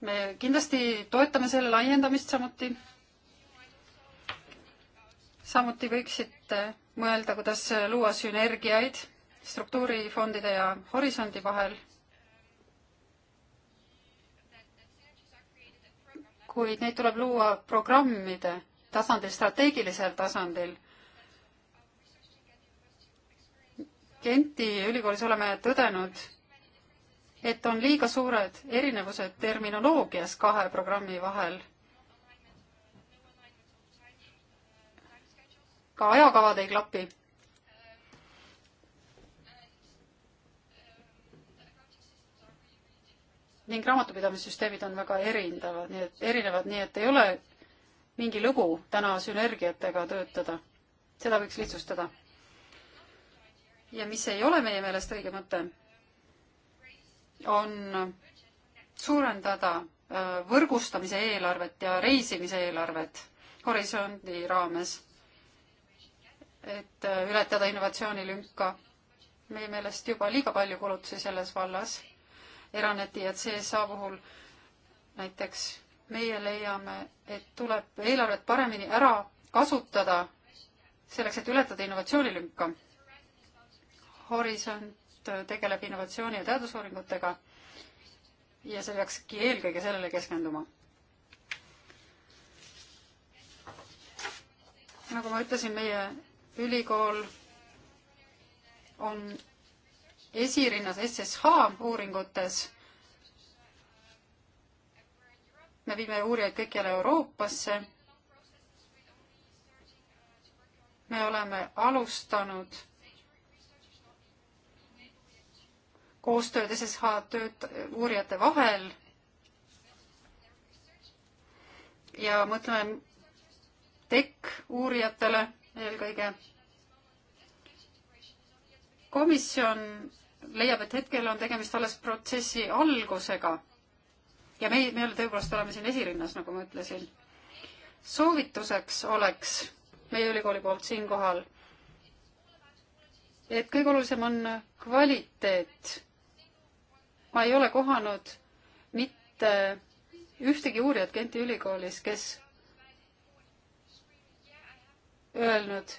me kindlasti toetame selle laiendamist samuti. samuti võiksite mõelda, kuidas luua sünergiaid struktuurifondide ja Horisondi vahel. kuid neid tuleb luua programmide tasandil, strateegilisel tasandil Genti ülikoolis oleme tõdenud, et on liiga suured erinevused terminoloogias kahe programmi vahel. ka ajakavad ei klapi. ning raamatupidamissüsteemid on väga erindavad, nii et erinevad, nii et ei ole mingi lõbu täna sünergiatega töötada. seda võiks lihtsustada ja mis ei ole meie meelest õige mõte, on suurendada äh, võrgustamise eelarvet ja reisimise eelarvet horisondi raames, et äh, ületada innovatsioonilünka. meie meelest juba liiga palju kulutusi selles vallas, Eraneti ja CSA puhul näiteks meie leiame, et tuleb eelarvet paremini ära kasutada selleks, et ületada innovatsioonilünka Horisont tegeleb innovatsiooni ja teadusuuringutega ja see peakski eelkõige sellele keskenduma. nagu ma ütlesin, meie ülikool on esirinnas SSH uuringutes. me viime uurijaid kõikjale Euroopasse. me oleme alustanud koostööd SSH tööt-, uurijate vahel ja mõtleme tekk-uurijatele eelkõige. komisjon leiab, et hetkel on tegemist alles protsessi algusega ja meie, me tõepoolest oleme siin esirinnas, nagu ma ütlesin. soovituseks oleks meie ülikooli poolt siinkohal, et kõige olulisem on kvaliteet ma ei ole kohanud mitte ühtegi uurijat Genti ülikoolis, kes öelnud,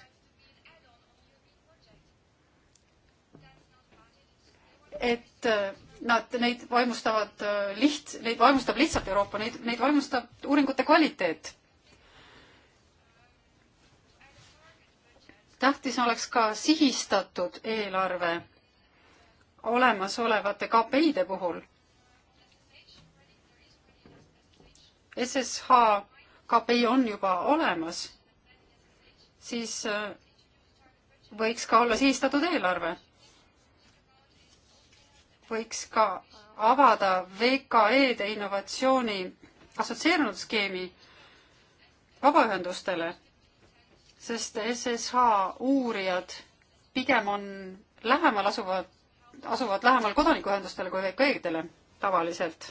et äh, nad, neid vaimustavad äh, liht-, neid vaimustab lihtsalt Euroopa, neid, neid vaimustab uuringute kvaliteet. tähtis oleks ka sihistatud eelarve olemasolevate KPI-de puhul. SSH KPI on juba olemas, siis äh, võiks ka olla sihistatud eelarve. võiks ka avada VKE-de innovatsiooni assotsieerunud skeemi vabaühendustele, sest SSH uurijad pigem on lähemal asuvad asuvad lähemal kodanikuühendustele kui VKE-dele tavaliselt.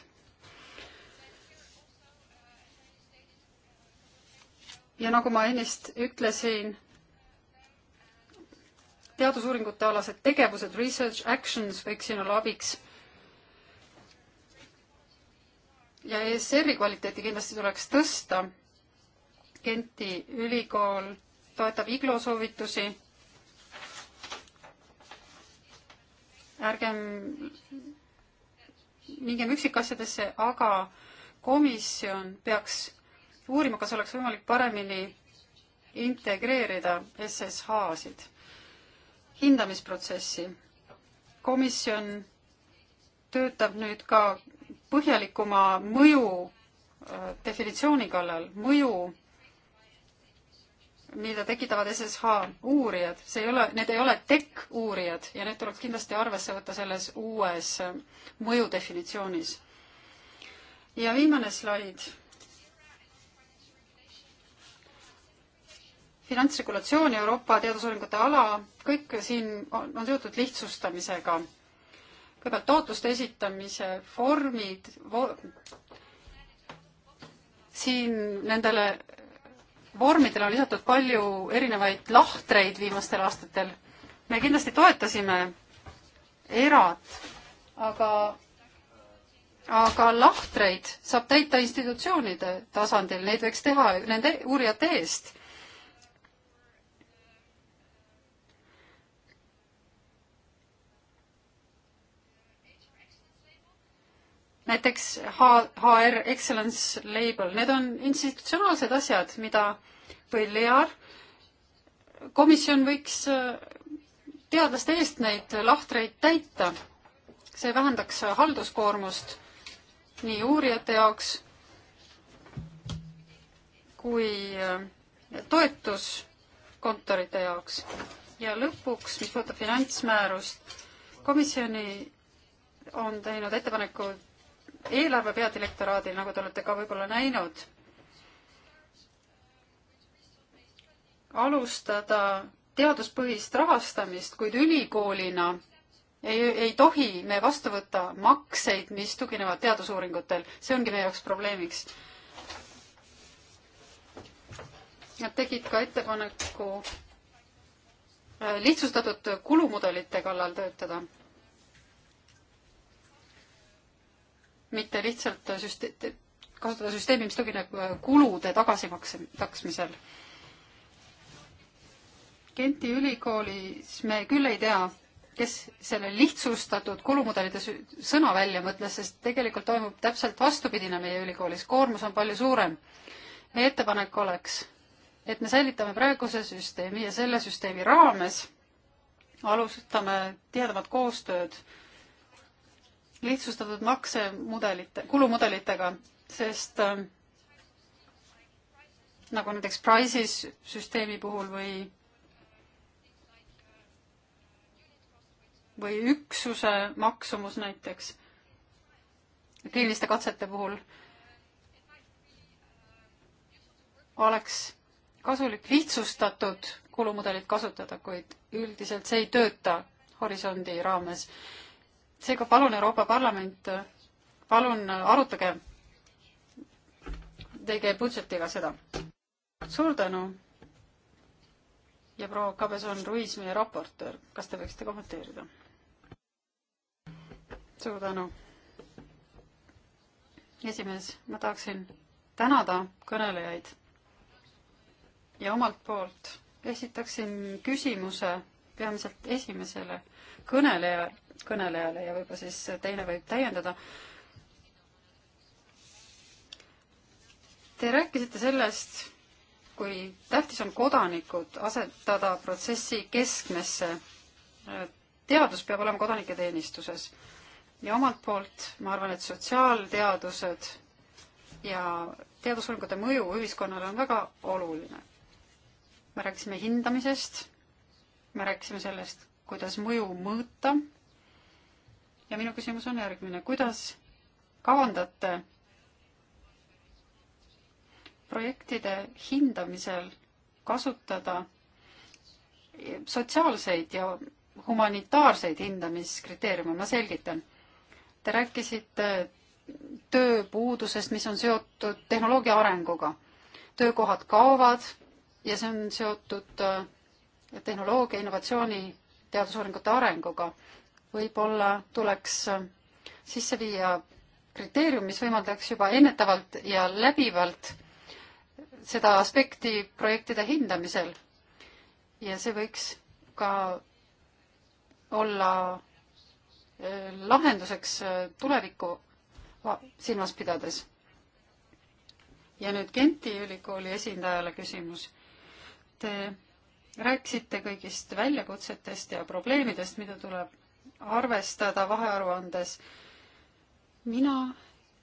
ja nagu ma ennist ütlesin, teadusuuringute alased tegevused, research actions võiks siin olla abiks. ja ESR-i kvaliteeti kindlasti tuleks tõsta. Genti ülikool toetab iglo soovitusi ärgem mingem üksikasjadesse, aga komisjon peaks uurima, kas oleks võimalik paremini integreerida SSH-sid hindamisprotsessi. komisjon töötab nüüd ka põhjalikuma mõju äh, definitsiooni kallal, mõju mida tekitavad SSH uurijad, see ei ole, need ei ole tech uurijad ja need tuleks kindlasti arvesse võtta selles uues äh, mõjudefinitsioonis. ja viimane slaid. finantsregulatsioon Euroopa teadusuuringute ala, kõik siin on, on seotud lihtsustamisega. kõigepealt taotluste esitamise vormid vo, siin nendele vormidele on lisatud palju erinevaid lahtreid viimastel aastatel. me kindlasti toetasime erat, aga, aga lahtreid saab täita institutsioonide tasandil, neid võiks teha nende uurijate eest näiteks HR Excellence Label, need on institutsionaalsed asjad, mida või LEAR, komisjon võiks äh, teadlaste eest neid lahtreid täita. see vähendaks halduskoormust nii uurijate jaoks kui äh, toetuskontorite jaoks. ja lõpuks, mis puudutab finantsmäärust, komisjoni on teinud ettepanekud eelarve peadirektoraadil, nagu te olete ka võib-olla näinud, alustada teaduspõhist rahastamist, kuid ülikoolina ei, ei tohi me vastu võtta makseid, mis tuginevad teadusuuringutel. see ongi meie jaoks probleemiks. Nad tegid ka ettepaneku äh, lihtsustatud kulumudelite kallal töötada mitte lihtsalt süste-, kasutada süsteemi, mis tugineb äh, kulude tagasimakse, taksmisel. Genti ülikoolis me küll ei tea, kes selle lihtsustatud kulumudelite sõna välja mõtles, sest tegelikult toimub täpselt vastupidine meie ülikoolis, koormus on palju suurem. meie ettepanek oleks, et me säilitame praeguse süsteemi ja selle süsteemi raames alustame tihedamat koostööd äh, lihtsustatud maksemudelite, kulumudelitega, sest äh, nagu näiteks Price'is süsteemi puhul või või üksuse maksumus näiteks kliiniliste katsete puhul oleks kasulik lihtsustatud kulumudelit kasutada, kuid üldiselt see ei tööta horisondi raames seega palun, Euroopa Parlament, palun arutage teie budžetiga seda. suur tänu. ja proua Kabeson-Ruiz, meie raportöör, kas te võiksite kommenteerida? suur tänu. esimees, ma tahaksin tänada kõnelejaid ja omalt poolt esitaksin küsimuse peamiselt esimesele kõnelejale kõnelejale ja võib-olla siis teine võib täiendada. Te rääkisite sellest, kui tähtis on kodanikud asetada protsessi keskmesse. teadus peab olema kodanike teenistuses ja omalt poolt ma arvan, et sotsiaalteadused ja teadusuuringute mõju ühiskonnale on väga oluline. me rääkisime hindamisest, me rääkisime sellest, kuidas mõju mõõta ja minu küsimus on järgmine, kuidas kavandate projektide hindamisel kasutada sotsiaalseid ja humanitaarseid hindamiskriteeriume, ma selgitan. Te rääkisite tööpuudusest, mis on seotud tehnoloogia arenguga. töökohad kaovad ja see on seotud äh, tehnoloogia, innovatsiooni, teadusuuringute arenguga võib-olla tuleks sisse viia kriteerium, mis võimaldaks juba ennetavalt ja läbivalt seda aspekti projektide hindamisel. ja see võiks ka olla äh, lahenduseks äh, tulevikku silmas pidades. ja nüüd Genti ülikooli esindajale küsimus. Te rääkisite kõigist väljakutsetest ja probleemidest, mida tuleb arvestada vahearuandes. mina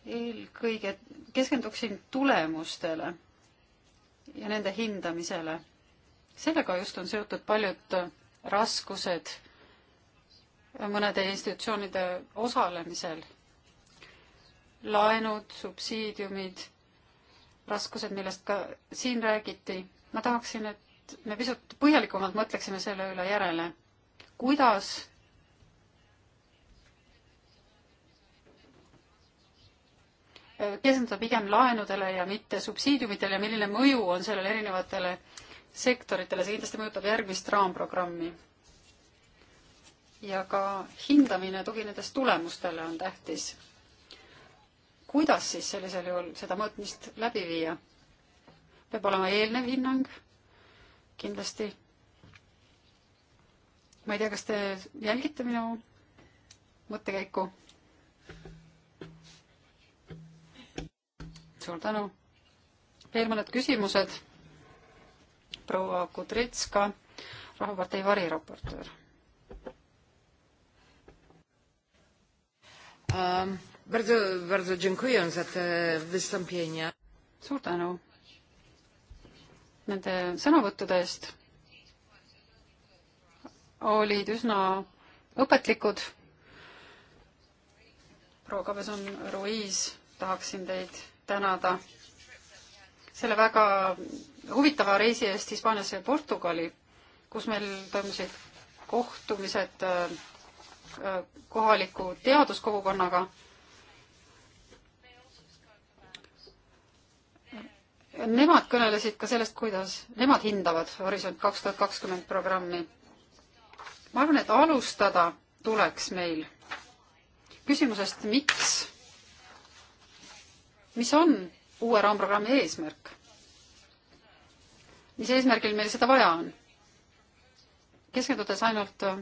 eelkõige keskenduksin tulemustele ja nende hindamisele. sellega just on seotud paljud raskused mõnede institutsioonide osalemisel. laenud, subsiidiumid, raskused, millest ka siin räägiti. ma tahaksin, et me pisut põhjalikumalt mõtleksime selle üle järele, kuidas keskenduda pigem laenudele ja mitte subsiidiumitele ja milline mõju on sellel erinevatele sektoritele, see kindlasti mõjutab järgmist raamprogrammi. ja ka hindamine tuginedes tulemustele on tähtis. kuidas siis sellisel juhul seda mõõtmist läbi viia? peab olema eelnev hinnang, kindlasti. ma ei tea, kas te jälgite minu mõttekäiku? suur tänu. veel mõned küsimused. proua Kudritska, Rahvapartei variraportöör um,. Bardzo, bardzo dziękuję za te wystąpienia. Suur tänu nende sõnavõttude eest. olid üsna õpetlikud. proua Kabeson Ruiz, tahaksin teid tänada selle väga huvitava reisi eest Hispaaniasse ja Portugali, kus meil toimusid kohtumised äh, äh, kohaliku teaduskogukonnaga. Nemad kõnelesid ka sellest, kuidas nemad hindavad Horisont kaks tuhat kakskümmend programmi. ma arvan, et alustada tuleks meil küsimusest, miks mis on uue raamprogrammi eesmärk? mis eesmärgil meil seda vaja on? keskendudes ainult äh,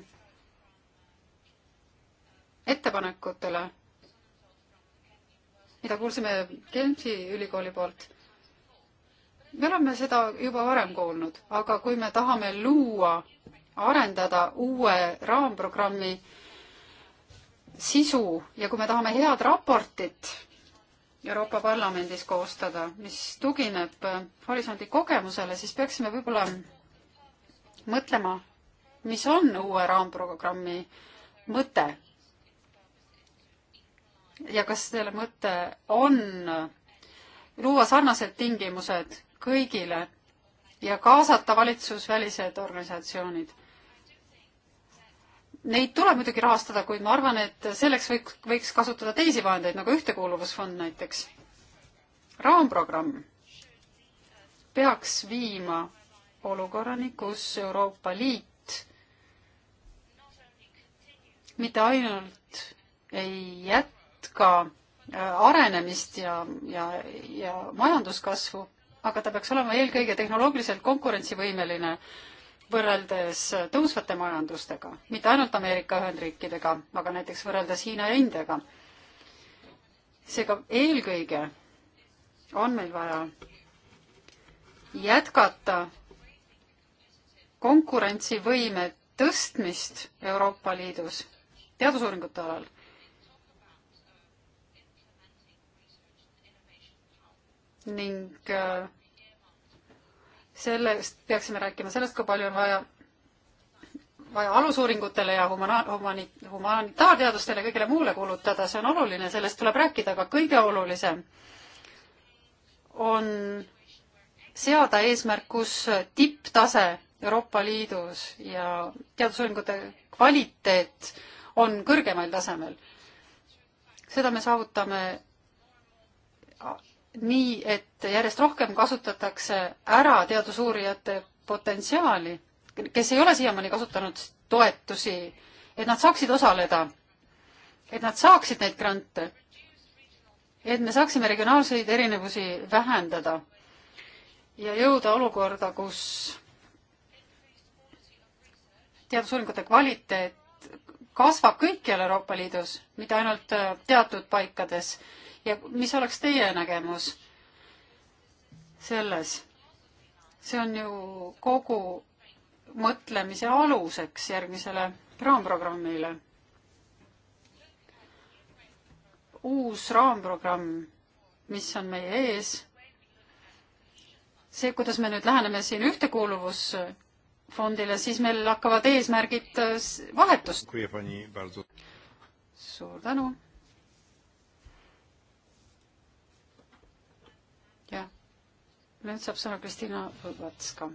ettepanekutele, mida kuulsime Genfi ülikooli poolt, me oleme seda juba varem kuulnud, aga kui me tahame luua, arendada uue raamprogrammi sisu ja kui me tahame head raportit, Euroopa Parlamendis koostada, mis tugineb äh, horisondi kogemusele, siis peaksime võib-olla mõtlema, mis on uue raamprogrammi mõte. ja kas selle mõte on äh, luua sarnased tingimused kõigile ja kaasata valitsusvälised organisatsioonid Neid tuleb muidugi rahastada, kuid ma arvan, et selleks võiks, võiks kasutada teisi vahendeid, nagu Ühtekuuluvusfond näiteks. raamprogramm peaks viima olukorrani, kus Euroopa Liit mitte ainult ei jätka äh, arenemist ja, ja, ja majanduskasvu, aga ta peaks olema eelkõige tehnoloogiliselt konkurentsivõimeline äh, võrreldes tõusvate majandustega, mitte ainult Ameerika Ühendriikidega, aga näiteks võrreldes Hiina ja Indiaga. seega eelkõige on meil vaja jätkata konkurentsivõime tõstmist Euroopa Liidus teadusuuringute alal. ning äh, sellest peaksime rääkima, sellest, kui palju on vaja, vaja alusuuringutele ja humana-, humani-, humanitaarteadustele ja kõigele muule kulutada, see on oluline, sellest tuleb rääkida, aga kõige olulisem on seada eesmärk, kus tipptase Euroopa Liidus ja teadusuuringute kvaliteet on kõrgemal tasemel. seda me saavutame nii, et järjest rohkem kasutatakse ära teadusuurijate potentsiaali, kes ei ole siiamaani kasutanud toetusi, et nad saaksid osaleda, et nad saaksid neid grante, et me saaksime regionaalseid erinevusi vähendada ja jõuda olukorda, kus teadusuuringute kvaliteet kasvab kõikjal Euroopa Liidus, mitte ainult teatud paikades ja mis oleks teie nägemus selles? see on ju kogu mõtlemise aluseks järgmisele raamprogrammile. uus raamprogramm, mis on meie ees, see, kuidas me nüüd läheneme siin ühtekuuluvusfondile, siis meil hakkavad eesmärgid vahetust. suur tänu nüüd saab sõna Kristina Võvatska.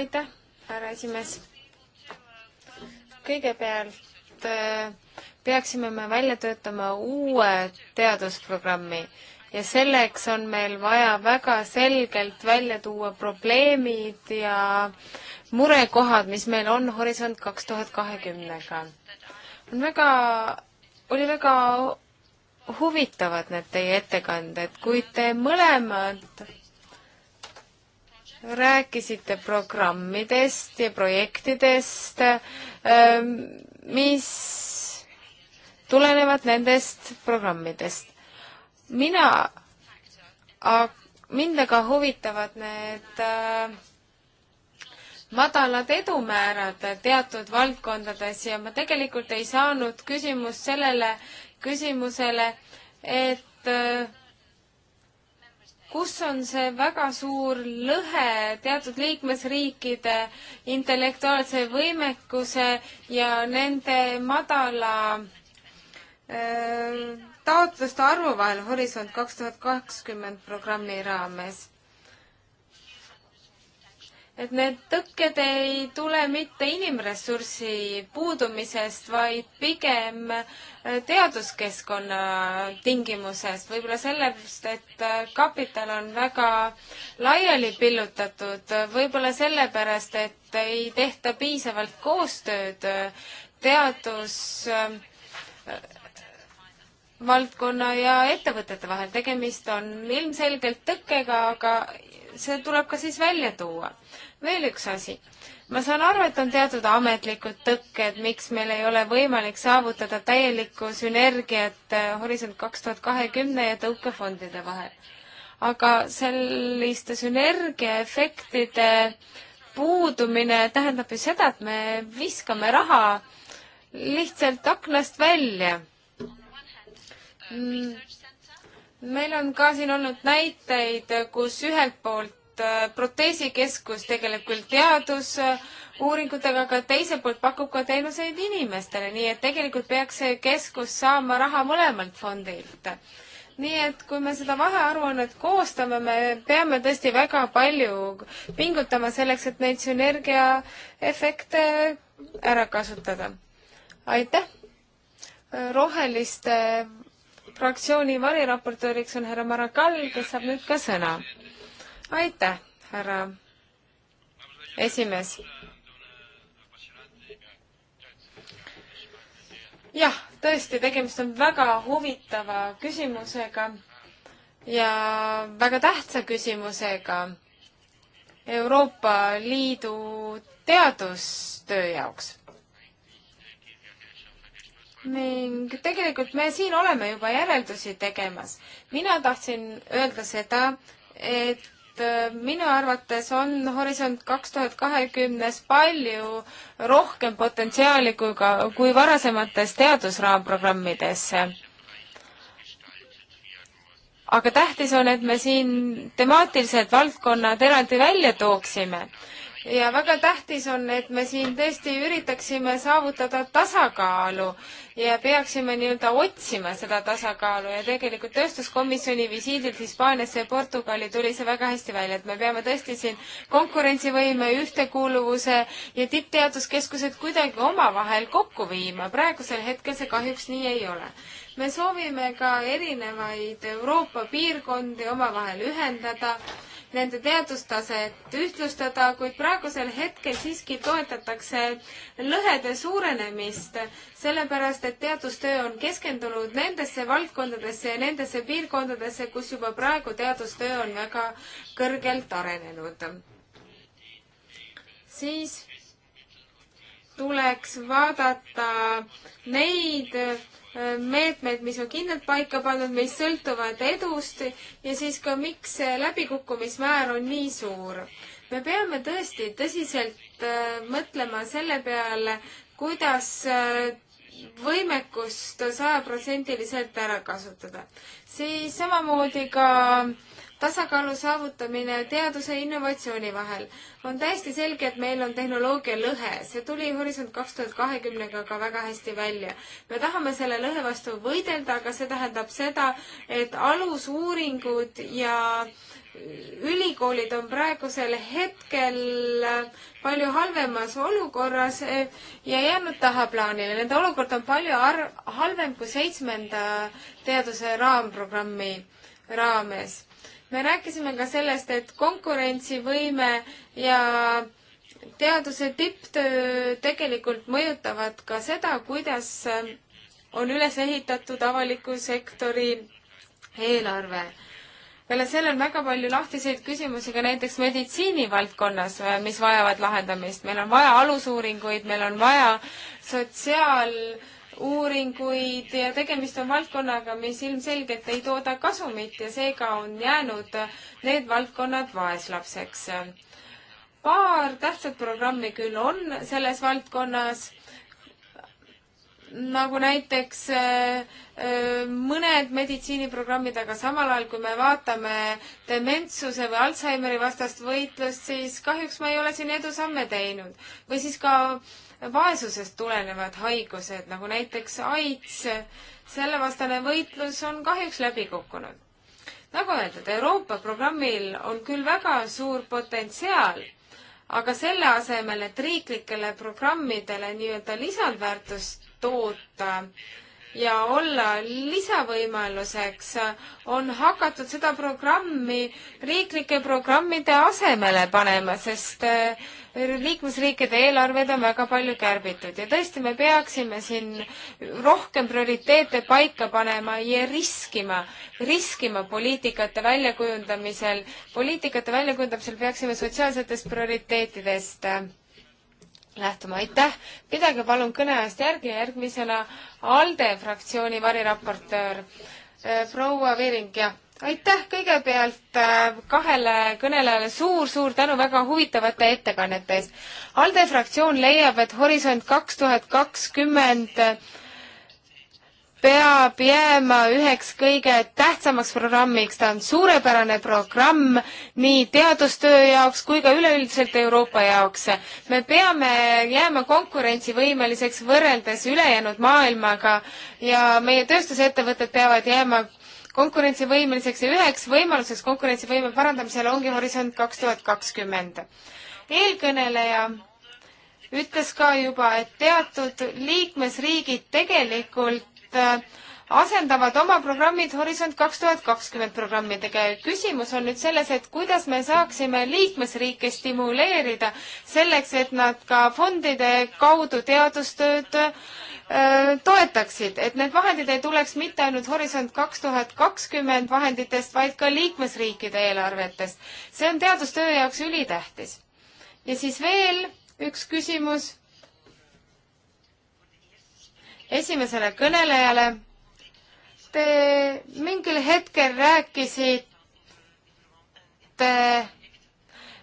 aitäh, härra esimees. kõigepealt eh, peaksime me välja töötama uue teadusprogrammi ja selleks on meil vaja väga selgelt välja tuua probleemid ja murekohad, mis meil on Horisont kaks tuhat kahekümnega. on väga oli väga huvitavad need teie ettekanded, kuid te mõlemad rääkisite programmidest ja projektidest, ähm, mis tulenevad nendest programmidest. mina, mind aga huvitavad need äh, madalad edumäärad teatud valdkondades ja ma tegelikult ei saanud küsimust sellele küsimusele, et äh, kus on see väga suur lõhe teatud liikmesriikide intellektuaalse võimekuse ja nende madala öö, äh, taotluste arvu vahel Horisont kaks tuhat kakskümmend programmi raames et need tõkked ei tule mitte inimressursi puudumisest, vaid pigem äh, teaduskeskkonna tingimusest, võib-olla sellest, et äh, kapital on väga laiali pillutatud, võib-olla sellepärast, et ei tehta piisavalt koostööd äh, teadus valdkonna ja ettevõtete vahel. tegemist on ilmselgelt tõkkega, aga see tuleb ka siis välja tuua. veel üks asi. ma saan aru, et on teatud ametlikud tõkked, miks meil ei ole võimalik saavutada täielikku sünergiat eh, Horisont kaks tuhat kahekümne ja tõukefondide vahel. aga selliste sünergiaefektide puudumine tähendab ju seda, et me viskame raha lihtsalt aknast välja mm meil on ka siin olnud näiteid, kus ühelt poolt äh, proteesikeskus tegeleb küll teadusuuringutega, aga teiselt poolt pakub ka teenuseid inimestele, nii et tegelikult peaks see keskus saama raha mõlemalt fondilt. nii et kui me seda vahearuannet koostame, me peame tõesti väga palju pingutama selleks, et neid sünergiaefekte ära kasutada. aitäh! roheliste fraktsiooni variraportööriks on härra Maragall, kes saab nüüd ka sõna. aitäh, härra esimees. jah, tõesti, tegemist on väga huvitava küsimusega ja väga tähtsa küsimusega Euroopa Liidu teadustöö jaoks ning tegelikult me siin oleme juba järeldusi tegemas. mina tahtsin öelda seda, et äh, minu arvates on Horisont kaks tuhat kahekümnes palju rohkem potentsiaali kui ka, kui varasemates teadusraamprogrammides. aga tähtis on, et me siin temaatilised valdkonnad eraldi välja tooksime ja väga tähtis on, et me siin tõesti üritaksime saavutada tasakaalu ja peaksime nii-öelda otsima seda tasakaalu ja tegelikult tööstuskomisjoni visiidilt Hispaaniasse ja Portugali tuli see väga hästi välja, et me peame tõesti siin konkurentsivõime, ühtekuuluvuse ja tippteaduskeskused kuidagi omavahel kokku viima. praegusel hetkel see kahjuks nii ei ole me soovime ka erinevaid Euroopa piirkondi omavahel ühendada nende teadustaset ühtlustada, kuid praegusel hetkel siiski toetatakse lõhede suurenemist, sellepärast et teadustöö on keskendunud nendesse valdkondadesse ja nendesse piirkondadesse, kus juba praegu teadustöö on väga kõrgelt arenenud. siis tuleks vaadata neid meetmed, mis on kindlalt paika pandud, mis sõltuvad edust ja siis ka, miks see läbikukkumismäär on nii suur. me peame tõesti tõsiselt äh, mõtlema selle peale, kuidas äh, võimekust sajaprotsendiliselt ära kasutada. siis samamoodi ka äh, tasakaalu saavutamine teaduse ja innovatsiooni vahel. on täiesti selge, et meil on tehnoloogia lõhe, see tuli Horisont kaks tuhat kahekümnega ka väga hästi välja. me tahame selle lõhe vastu võidelda, aga see tähendab seda, et alusuuringud ja ülikoolid on praegusel hetkel palju halvemas olukorras eh, ja jäänud tahaplaanile. Nende olukord on palju halvem kui seitsmenda teaduse raamprogrammi raames me rääkisime ka sellest, et konkurentsivõime ja teaduse tipptöö tegelikult mõjutavad ka seda, kuidas on üles ehitatud avaliku sektori eelarve. peale selle on väga palju lahtiseid küsimusi ka näiteks meditsiinivaldkonnas, mis vajavad lahendamist. meil on vaja alusuuringuid, meil on vaja sotsiaal- uuringuid ja tegemist on valdkonnaga, mis ilmselgelt ei tooda kasumit ja seega on jäänud need valdkonnad vaeslapseks. paar tähtsat programmi küll on selles valdkonnas, nagu näiteks äh, äh, mõned meditsiiniprogrammid, aga samal ajal, kui me vaatame dementsuse või Alžeimeri vastast võitlust, siis kahjuks me ei ole siin edusamme teinud. või siis ka äh, vaesusest tulenevad haigused, nagu näiteks AIDS, sellevastane võitlus on kahjuks läbi kukkunud. nagu öeldud, Euroopa programmil on küll väga suur potentsiaal, aga selle asemel, et riiklikele programmidele nii-öelda lisandväärtust toota, ja olla lisavõimaluseks, on hakatud seda programmi riiklike programmide asemele panema, sest äh, liikmesriikide eelarved on väga palju kärbitud ja tõesti, me peaksime siin rohkem prioriteete paika panema ja riskima, riskima poliitikate väljakujundamisel. poliitikate väljakujundamisel peaksime sotsiaalsetest prioriteetidest lähtuma, aitäh. pidage palun kõne eest järgi, järgmisena ALDE fraktsiooni variraportöör äh, proua Veering, jah. aitäh kõigepealt äh, kahele kõnelejale suur-suur tänu väga huvitavate ettekannete eest. ALDE fraktsioon leiab, et Horisont kaks tuhat kakskümmend 20 peab jääma üheks kõige tähtsamaks programmiks, ta on suurepärane programm nii teadustöö jaoks kui ka üleüldiselt Euroopa jaoks. me peame jääma konkurentsivõimeliseks võrreldes ülejäänud maailmaga ja meie tööstusettevõtted peavad jääma konkurentsivõimeliseks ja üheks võimaluseks konkurentsivõime parandamisel ongi Horisont kaks tuhat kakskümmend. eelkõneleja ütles ka juba, et teatud liikmesriigid tegelikult Äh, asendavad oma programmid Horisont kaks tuhat kakskümmend programmidega ja küsimus on nüüd selles, et kuidas me saaksime liikmesriike stimuleerida selleks, et nad ka fondide kaudu teadustööd äh, toetaksid, et need vahendid ei tuleks mitte ainult Horisont kaks tuhat kakskümmend vahenditest, vaid ka liikmesriikide eelarvetest. see on teadustöö jaoks ülitähtis. ja siis veel üks küsimus esimesele kõnelejale. Te mingil hetkel rääkisite,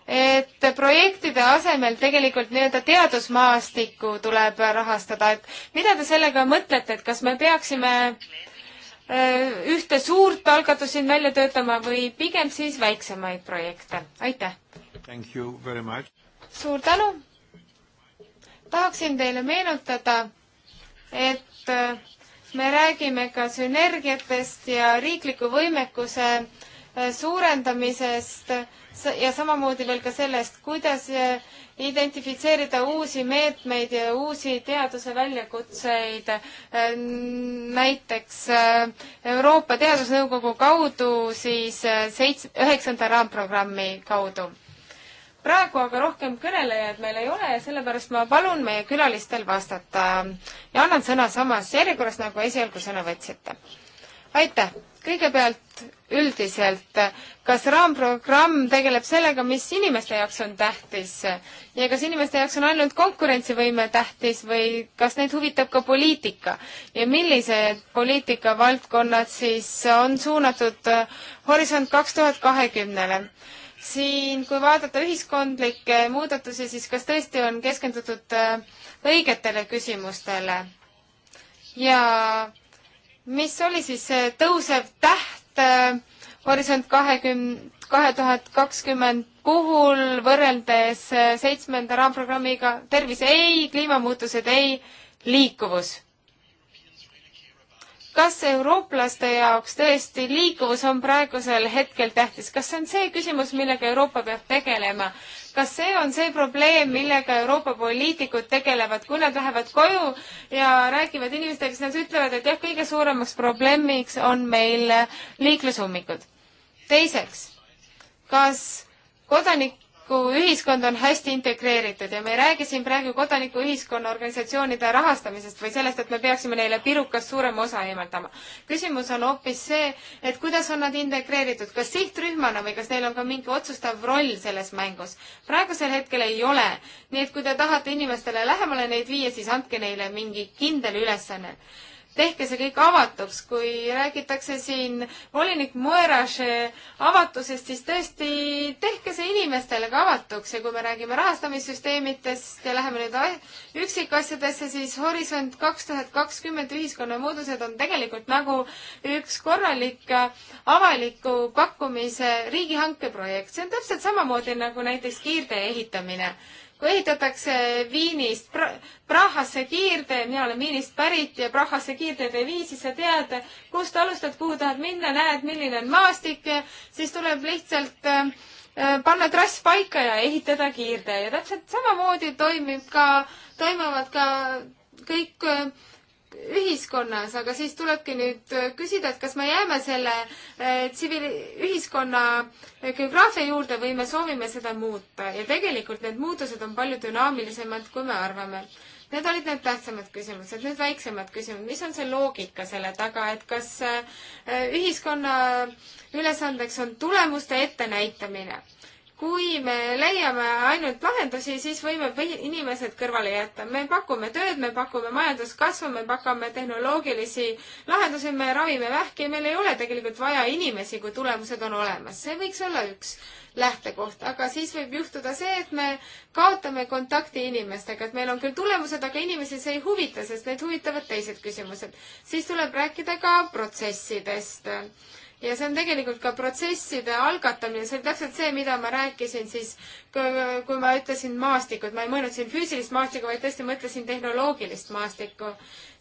et projektide asemel tegelikult nii-öelda teadusmaastikku tuleb rahastada, et mida te sellega mõtlete, et kas me peaksime äh, ühte suurt algatust siin välja töötama või pigem siis väiksemaid projekte? aitäh! suur tänu! tahaksin teile meenutada, et äh, me räägime ka sünergiatest ja riikliku võimekuse äh, suurendamisest ja samamoodi veel ka sellest, kuidas äh, identifitseerida uusi meetmeid ja uusi teaduse väljakutseid. näiteks Euroopa Teadusnõukogu kaudu siis seitse, üheksanda raamprogrammi kaudu praegu aga rohkem kõnelejaid meil ei ole ja sellepärast ma palun meie külalistel vastata ja annan sõna samas järjekorras, nagu esialgu sõna võtsite. aitäh! kõigepealt üldiselt, kas raamprogramm tegeleb sellega, mis inimeste jaoks on tähtis ja kas inimeste jaoks on ainult konkurentsivõime tähtis või kas neid huvitab ka poliitika ja millised poliitikavaldkonnad siis on suunatud Horisont kaks tuhat kahekümnele? siin, kui vaadata ühiskondlikke muudatusi, siis kas tõesti on keskendutud äh, õigetele küsimustele? ja mis oli siis see äh, tõusev täht äh, Horisont kahekümne, kahe tuhat kakskümmend puhul võrreldes seitsmenda raamprogrammiga Tervis ei, kliimamuutused ei, liikuvus kas eurooplaste jaoks tõesti liikuvus on praegusel hetkel tähtis, kas see on see küsimus, millega Euroopa peab tegelema? kas see on see probleem, millega Euroopa poliitikud tegelevad, kui nad lähevad koju ja räägivad inimestega, siis nad ütlevad, et jah, kõige suuremaks probleemiks on meil liiklusummikud. teiseks, kas kodanik kui ühiskond on hästi integreeritud ja me ei räägi siin praegu kodanikuühiskonna organisatsioonide rahastamisest või sellest, et me peaksime neile pirukast suurema osa eemaldama. küsimus on hoopis see, et kuidas on nad integreeritud, kas sihtrühmana või kas neil on ka mingi otsustav roll selles mängus. praegusel hetkel ei ole. nii et kui te tahate inimestele lähemale neid viia, siis andke neile mingi kindel ülesanne tehke see kõik avatuks, kui räägitakse siin volinik Moeraše avatusest, siis tõesti tehke see inimestele ka avatuks ja kui me räägime rahastamissüsteemidest ja läheme nüüd üksikasjadesse, siis Horisont kaks tuhat kakskümmend ühiskonna muudused on tegelikult nagu üks korralik avaliku pakkumise riigihanke projekt. see on täpselt samamoodi nagu näiteks kiirtee ehitamine kui ehitatakse Viinist pra Prahasse kiirtee, mina olen Viinist pärit ja Prahasse kiirteed ei vii, siis sa tead, kust alustad, kuhu tahad minna, näed, milline on maastik, siis tuleb lihtsalt äh, panna trass paika ja ehitada kiirtee ja täpselt samamoodi toimib ka, toimuvad ka kõik äh, ühiskonnas, aga siis tulebki nüüd küsida, et kas me jääme selle eh, tsivili-, ühiskonna eh, geograafia juurde või me soovime seda muuta ja tegelikult need muutused on palju dünaamilisemad, kui me arvame. Need olid need tähtsamad küsimused, need väiksemad küsimused, mis on see loogika selle taga, et kas eh, ühiskonna ülesandeks on tulemuste ettenäitamine kui me leiame ainult lahendusi, siis võime inimesed kõrvale jätta. me pakume tööd, me pakume majanduskasvu, me pakume tehnoloogilisi lahendusi, me ravime vähki, meil ei ole tegelikult vaja inimesi, kui tulemused on olemas. see võiks olla üks lähtekoht, aga siis võib juhtuda see, et me kaotame kontakti inimestega, et meil on küll tulemused, aga inimesi see ei huvita, sest neid huvitavad teised küsimused. siis tuleb rääkida ka protsessidest ja see on tegelikult ka protsesside algatamine, see on täpselt see, mida ma rääkisin siis, kui ma ütlesin maastikud, ma ei mõelnud siin füüsilist maastikku, vaid tõesti mõtlesin tehnoloogilist maastikku.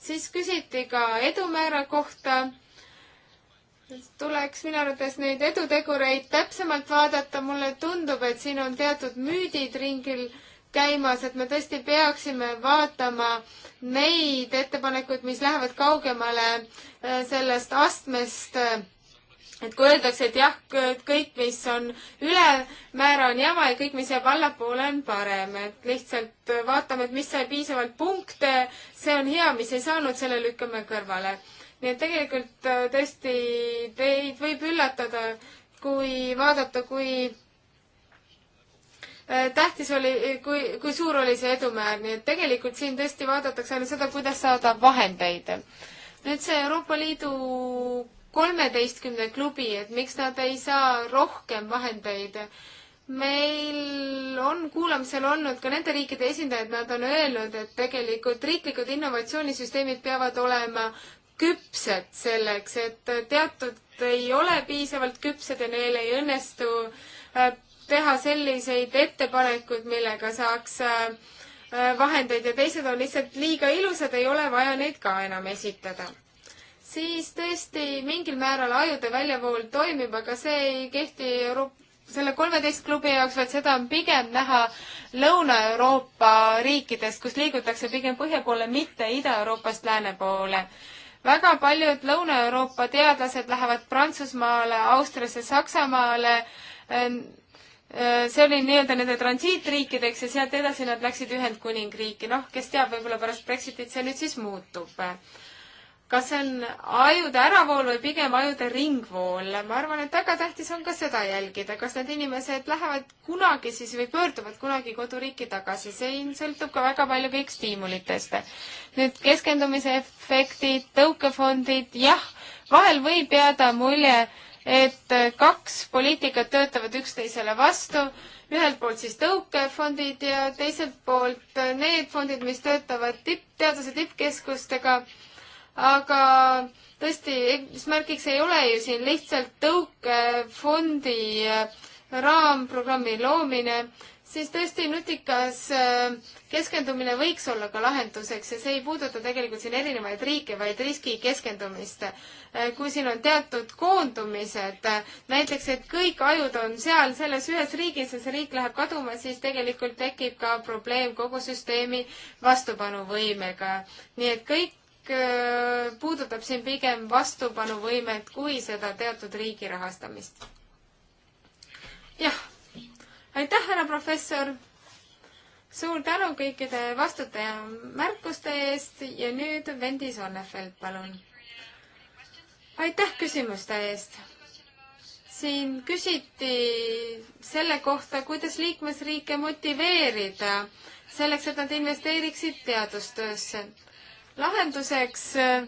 siis küsiti ka edumäära kohta. tuleks minu arvates neid edutegureid täpsemalt vaadata, mulle tundub, et siin on teatud müüdid ringil käimas, et me tõesti peaksime vaatama neid ettepanekuid, mis lähevad kaugemale eh, sellest astmest eh, et kui öeldakse, et jah, kõik, mis on ülemäära, on jama ja kõik, mis jääb allapoole, on parem, et lihtsalt vaatame, et mis sai piisavalt punkte, see on hea, mis ei saanud, selle lükkame kõrvale. nii et tegelikult äh, tõesti teid võib üllatada, kui vaadata, kui äh, tähtis oli, kui, kui suur oli see edumäär, nii et tegelikult siin tõesti vaadatakse ainult seda, kuidas saada vahendeid nüüd see Euroopa Liidu kolmeteistkümne klubi, et miks nad ei saa rohkem vahendeid. meil on kuulamisel olnud ka nende riikide esindajad, nad on öelnud, et tegelikult riiklikud innovatsioonisüsteemid peavad olema küpsed selleks, et teatud ei ole piisavalt küpsed ja neil ei õnnestu äh, teha selliseid ettepanekuid, millega saaks äh, vahendeid ja teised on lihtsalt liiga ilusad, ei ole vaja neid ka enam esitada siis tõesti mingil määral ajude väljavool toimib, aga see ei kehti Euroopa selle kolmeteist klubi jaoks, vaid seda on pigem näha Lõuna-Euroopa riikides, kus liigutakse pigem põhja poole, mitte Ida-Euroopast lääne poole. väga paljud Lõuna-Euroopa teadlased lähevad Prantsusmaale, Austriasse, Saksamaale. E, see oli nii-öelda nende transiitriikideks ja sealt edasi nad läksid Ühendkuningriiki. noh, kes teab, võib-olla pärast Brexitit see nüüd siis muutub kas see on ajude äravool või pigem ajude ringvool. ma arvan, et väga tähtis on ka seda jälgida, kas need inimesed lähevad kunagi siis või pöörduvad kunagi koduriiki tagasi. see sõltub ka väga palju kõik stiimulitest. nüüd keskendumise efektid, tõukefondid, jah, vahel võib jääda mulje, et kaks poliitikat töötavad üksteisele vastu ühelt poolt siis tõukefondid ja teiselt poolt need fondid, mis töötavad tipp, teaduse tippkeskustega aga tõesti, eesmärgiks ei ole ju siin lihtsalt tõukefondi äh, raamprogrammi loomine, siis tõesti nutikas äh, keskendumine võiks olla ka lahenduseks ja see ei puuduta tegelikult siin erinevaid riike, vaid riski keskendumist. Äh, kui siin on teatud koondumised, näiteks et kõik ajud on seal selles ühes riigis ja see riik läheb kaduma, siis tegelikult tekib ka probleem kogu süsteemi vastupanuvõimega. nii et kõik puudutab siin pigem vastupanuvõimet kui seda teatud riigi rahastamist. jah, aitäh, härra professor. suur tänu kõikide vastute ja märkuste eest ja nüüd Vendi Sonnefeld, palun. aitäh küsimuste eest. siin küsiti selle kohta, kuidas liikmesriike motiveerida selleks, et nad investeeriksid teadustöösse lahenduseks äh,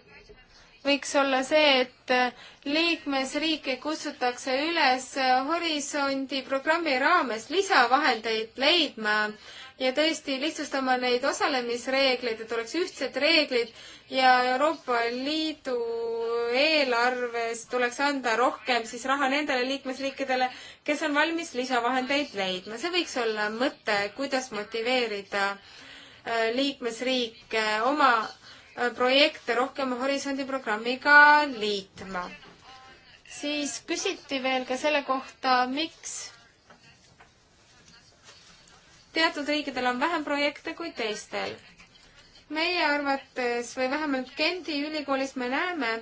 võiks olla see, et äh, liikmesriike kutsutakse üles äh, Horisondi programmi raames lisavahendeid leidma ja tõesti lihtsustama neid osalemisreegleid, et oleks ühtsed reeglid ja Euroopa Liidu eelarves tuleks anda rohkem siis raha nendele liikmesriikidele, kes on valmis lisavahendeid leidma. see võiks olla mõte, kuidas motiveerida liikmesriike oma projekte rohkem Horisondi programmiga liitma. siis küsiti veel ka selle kohta, miks teatud riikidel on vähem projekte kui teistel. meie arvates või vähemalt Gendi ülikoolis me näeme,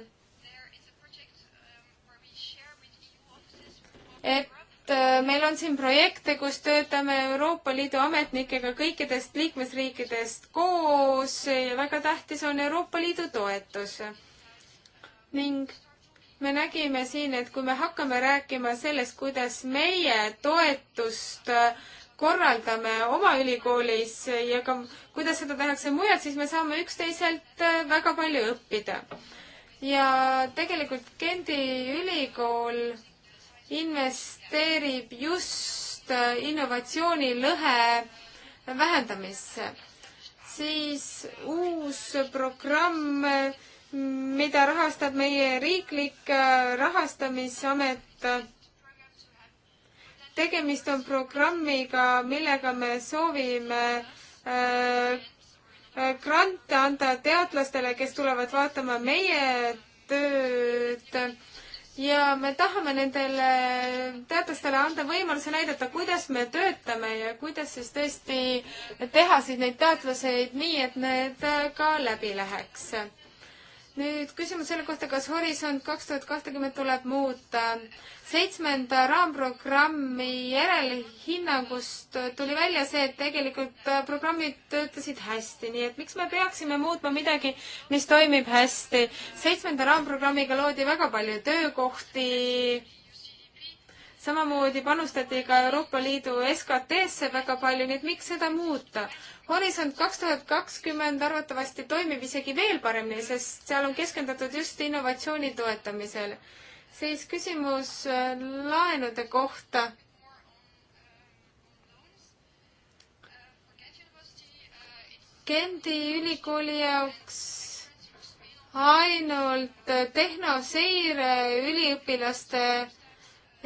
et Äh, meil on siin projekte, kus töötame Euroopa Liidu ametnikega kõikidest liikmesriikidest koos ja väga tähtis on Euroopa Liidu toetus. ning me nägime siin, et kui me hakkame rääkima sellest, kuidas meie toetust äh, korraldame oma ülikoolis ja ka kuidas seda tehakse mujal, siis me saame üksteiselt äh, väga palju õppida. ja tegelikult Gendi ülikool investeerib just innovatsioonilõhe vähendamisse, siis uus programm, mida rahastab meie riiklik rahastamisamet. tegemist on programmiga, millega me soovime äh, grante anda teadlastele, kes tulevad vaatama meie tööd ja me tahame nendele teadlastele anda võimaluse näidata, kuidas me töötame ja kuidas siis tõesti teha siis neid teadlaseid nii, et need ka läbi läheks nüüd küsimus selle kohta, kas Horisont kaks tuhat kahtekümmet tuleb muuta. seitsmenda raamprogrammi järelhinnangust tuli välja see, et tegelikult äh, programmid töötasid hästi, nii et miks me peaksime muutma midagi, mis toimib hästi. seitsmenda raamprogrammiga loodi väga palju töökohti samamoodi panustati ka Euroopa Liidu SKT-sse väga palju, nii et miks seda muuta? horisont kaks tuhat kakskümmend arvatavasti toimib isegi veel paremini, sest seal on keskendatud just innovatsiooni toetamisel. siis küsimus äh, laenude kohta. Gendi ülikooli jaoks ainult tehnoseire üliõpilaste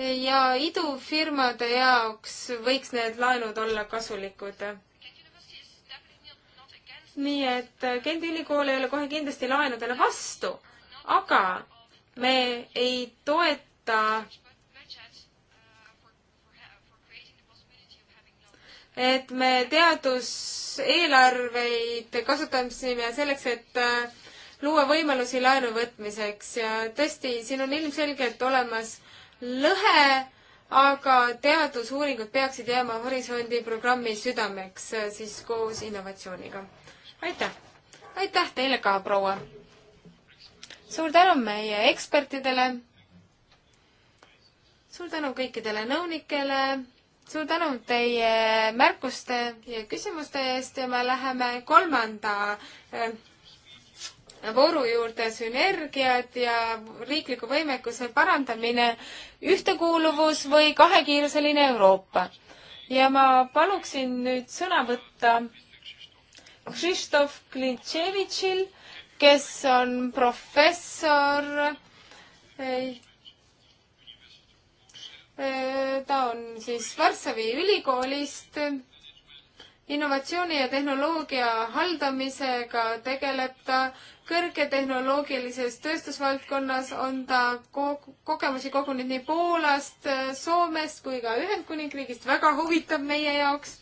ja idufirmade jaoks võiks need laenud olla kasulikud. nii et Gendi ülikool ei ole kohe kindlasti laenudele vastu, aga me ei toeta et me teaduseelarveid kasutasime selleks, et äh, luua võimalusi laenu võtmiseks ja tõesti, siin on ilmselgelt olemas lõhe, aga teadusuuringud peaksid jääma Horisondi programmi südameks äh, siis koos innovatsiooniga. aitäh! aitäh teile ka, proua! suur tänu meie ekspertidele, suur tänu kõikidele nõunikele, suur tänu teie märkuste ja küsimuste eest ja me läheme kolmanda äh, vooru juurde sünergiad ja riikliku võimekuse parandamine, ühtekuuluvus või kahekiiruseline Euroopa. ja ma paluksin nüüd sõna võtta Krzysztof Klintševitšil, kes on professor eh, ta on siis Varssavi ülikoolist innovatsiooni ja tehnoloogia haldamisega tegeleb ta, kõrgetehnoloogilises tööstusvaldkonnas on ta ko kogemusi kogunud nii Poolast, Soomest kui ka Ühendkuningriigist, väga huvitav meie jaoks.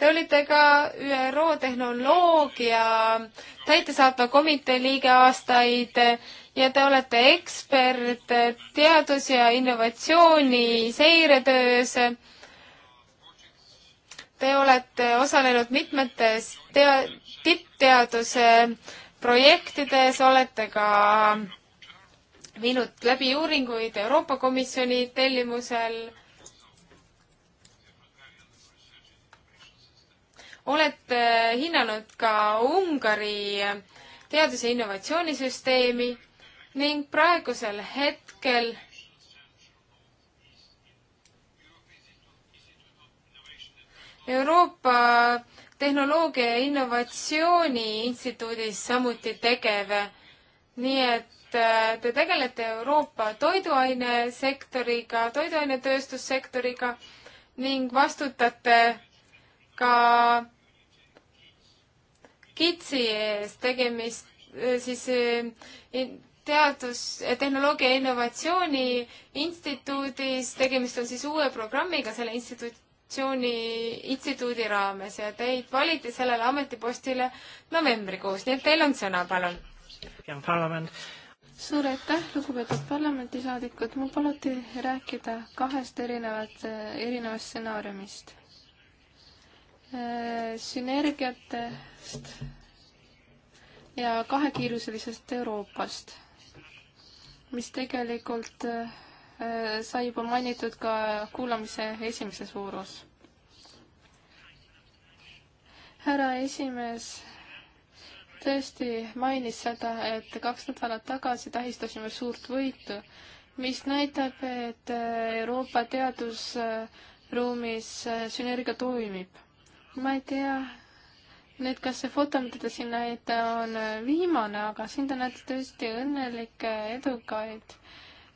Te olite ka ÜRO tehnoloogia täitesaatva komitee liige aastaid ja te olete ekspert teadus- ja innovatsiooni seiretöös Te olete osalenud mitmetes tea-, tippteaduse projektides, olete ka viinud läbi uuringuid Euroopa Komisjoni tellimusel. olete hinnanud ka Ungari teaduse innovatsioonisüsteemi ning praegusel hetkel Euroopa Tehnoloogia ja Innovatsiooni Instituudis samuti tegev. nii et äh, te tegelete Euroopa toiduainesektoriga, toiduainetööstussektoriga ning vastutate ka KITS-i ees tegemist äh, siis äh, teadus, tehnoloogia ja innovatsiooni instituudis, tegemist on siis uue programmiga selle instituudi Innovatsiooni Instituudi raames ja teid valiti sellele ametipostile novembrikuus, nii et teil on sõna, palun. suur aitäh, lugupeetud parlamendisaadikud, mul paluti rääkida kahest erinevat, erinevast stsenaariumist. Äh, sünergiatest ja kahekiiruselisest Euroopast, mis tegelikult äh, Äh, sai juba mainitud ka kuulamise esimeses voorus. härra esimees tõesti mainis seda, et kaks nädalat tagasi tähistasime suurt võitu, mis näitab, et äh, Euroopa teadusruumis äh, sünergia toimib. ma ei tea nüüd, kas see foto, mida te siin näete, on viimane, aga siin te näete tõesti õnnelikke, edukaid äh,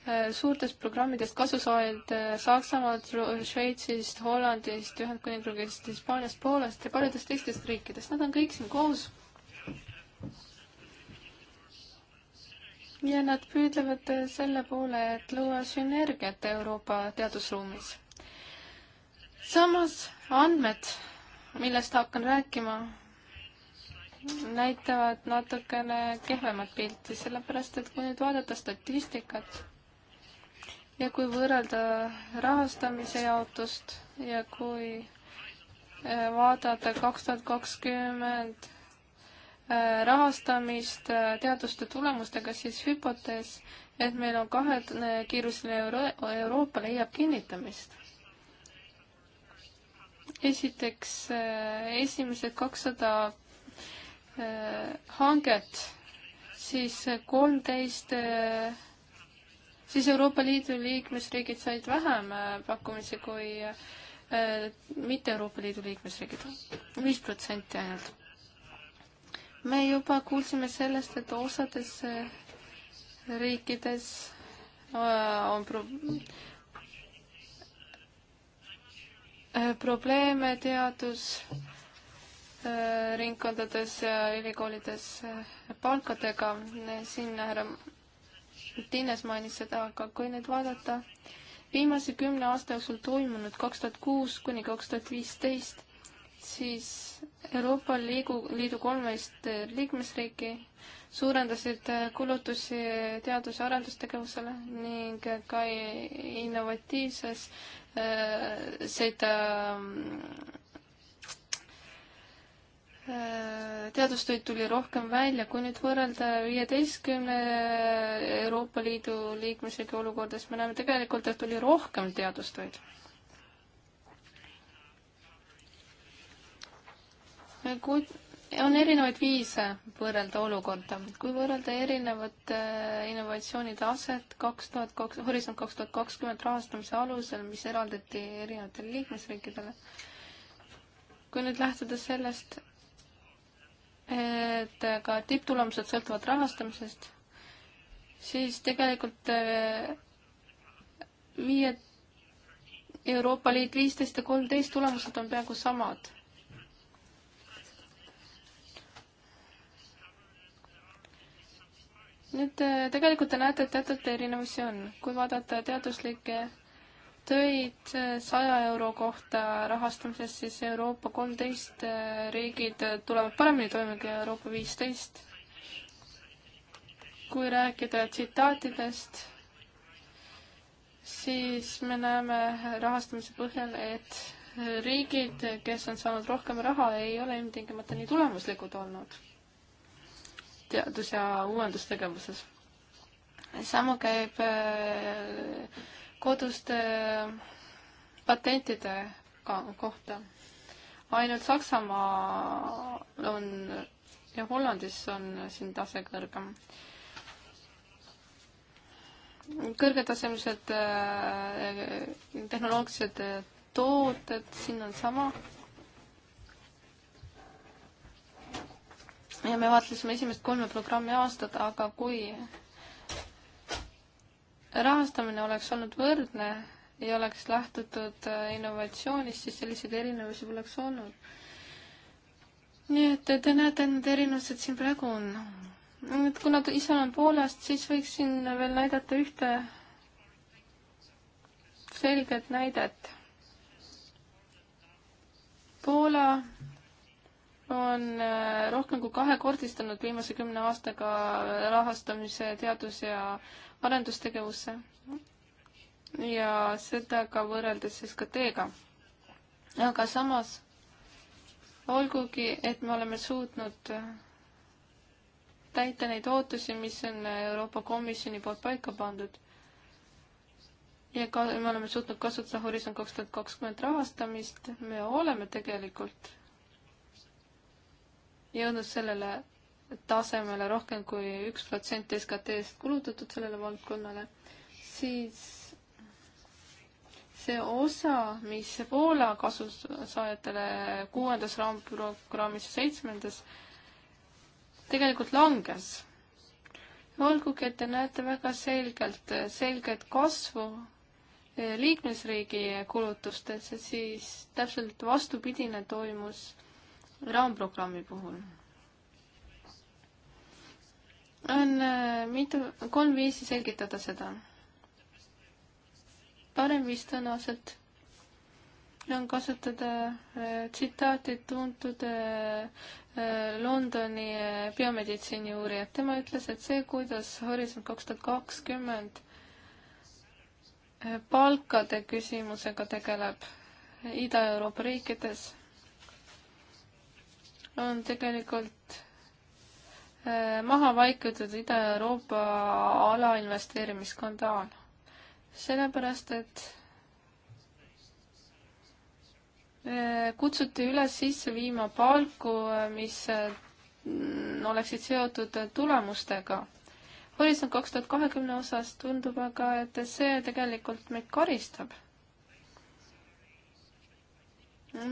Äh, suurtest programmidest kasusaajad äh, Saksamaalt, Šveitsist, Hollandist, Ühendkuningriigist, Hispaaniast, Poolast ja paljudest teistest riikidest, nad on kõik siin koos. ja nad püüdlevad äh, selle poole, et luua sünergiat Euroopa teadusruumis. samas andmed, millest hakkan rääkima, näitavad natukene kehvemat pilti, sellepärast et kui nüüd vaadata statistikat, ja kui võrrelda rahastamise jaotust ja kui äh, vaadata kaks tuhat kakskümmend äh, rahastamist äh, teaduste tulemustega, siis hüpotees, et meil on kahekiiruseline Euro Euroopa leiab kinnitamist. esiteks, esimesed kakssada hanget, siis kolmteist 13 siis Euroopa Liidu liikmesriigid said vähem äh, pakkumisi kui äh, mitte Euroopa Liidu liikmesriigid, viis protsenti ainult. me juba kuulsime sellest, et osades äh, riikides on pro probleeme teadusringkondades ja ülikoolides palkadega. siin härra Tines mainis seda, aga kui nüüd vaadata viimase kümne aasta jooksul toimunud kaks tuhat kuus kuni kaks tuhat viisteist, siis Euroopa Liidu, Liidu kolmeteist liikmesriiki suurendasid kulutusi teadus- ja arendustegevusele ning ka innovatiivses äh, seda Äh, teadustöid tuli rohkem välja, kui nüüd võrrelda viieteistkümne Euroopa Liidu liikmesriigi olukorda, siis me näeme tegelikult, et tuli rohkem teadustöid. kui on erinevaid viise võrrelda olukorda, kui võrrelda erinevat äh, innovatsiooni taset kaks tuhat kaks, Horisont kaks tuhat kakskümmend rahastamise alusel, mis eraldati erinevatele liikmesriikidele, kui nüüd lähtuda sellest, et ka tipptulemused sõltuvad rahastamisest, siis tegelikult viie eh, Euroopa Liit viisteist ja kolmteist tulemused on peaaegu samad. nüüd eh, tegelikult te näete, et teatud erinevusi on, kui vaadata teaduslikke töid saja euro kohta rahastamises, siis Euroopa kolmteist riigid tulevad paremini toime kui Euroopa viisteist. kui rääkida tsitaatidest, siis me näeme rahastamise põhjal, et riigid, kes on saanud rohkem raha, ei ole ilmtingimata nii tulemuslikud olnud teadus- ja uuendustegevuses. sama käib äh, koduste patentide kohta. ainult Saksamaa on ja Hollandis on siin tase kõrgem. kõrgetasemelised äh, tehnoloogilised tooted, siin on sama. ja me vaatlesime esimest kolme programmi aastat, aga kui rahastamine oleks olnud võrdne ja oleks lähtutud äh, innovatsioonist, siis selliseid erinevusi poleks olnud. nii et te näete, need erinevused siin praegu on. et kuna ise olen Poolast, siis võiksin veel näidata ühte selget näidet. Poola on äh, rohkem kui kahekordistanud viimase kümne aastaga rahastamise teadus- ja arendustegevusse ja seda ka võrreldes SKT-ga. aga samas, olgugi, et me oleme suutnud äh, täita neid ootusi, mis on Euroopa Komisjoni poolt paika pandud ja ka me oleme suutnud kasutada Horisont kaks tuhat kakskümmend rahastamist, me oleme tegelikult jõudnud sellele tasemele rohkem kui üks protsent SKT-st kulutatud sellele valdkonnale, siis see osa, mis Poola kasusaajatele kuuendas raamprogrammis ja seitsmendas tegelikult langes. olgugi, et te näete väga selgelt, selget kasvu liikmesriigi kulutustesse, siis täpselt vastupidine toimus raamprogrammi puhul on äh, mitu, kolm viisi selgitada seda. parem viis tõenäoliselt on kasutada äh, tsitaati tuntud äh, Londoni biomeditsiini uurijat. tema ütles, et see, kuidas Horisont kaks tuhat kakskümmend palkade küsimusega tegeleb Ida-Euroopa riikides on tegelikult äh, maha vaikutud Ida-Euroopa alainvesteerimisskandaal. sellepärast, et äh, kutsuti üles sisse viima palku, äh, mis oleksid seotud tulemustega. Horisont kaks tuhat kahekümne osas tundub aga, et see tegelikult meid karistab.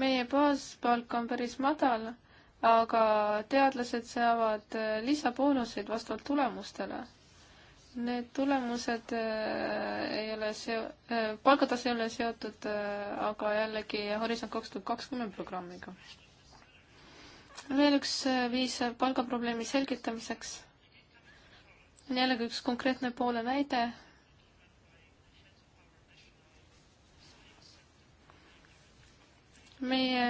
meie baaspalk on päris madal aga teadlased saavad eh, lisaboonuseid vastavalt tulemustele. Need tulemused eh, ei ole seo-, eh, palgatase ei ole seotud aga jällegi Horisont kaks tuhat kakskümmend programmiga. veel üks viis palgaprobleemi selgitamiseks. jällegi üks konkreetne poole näide meie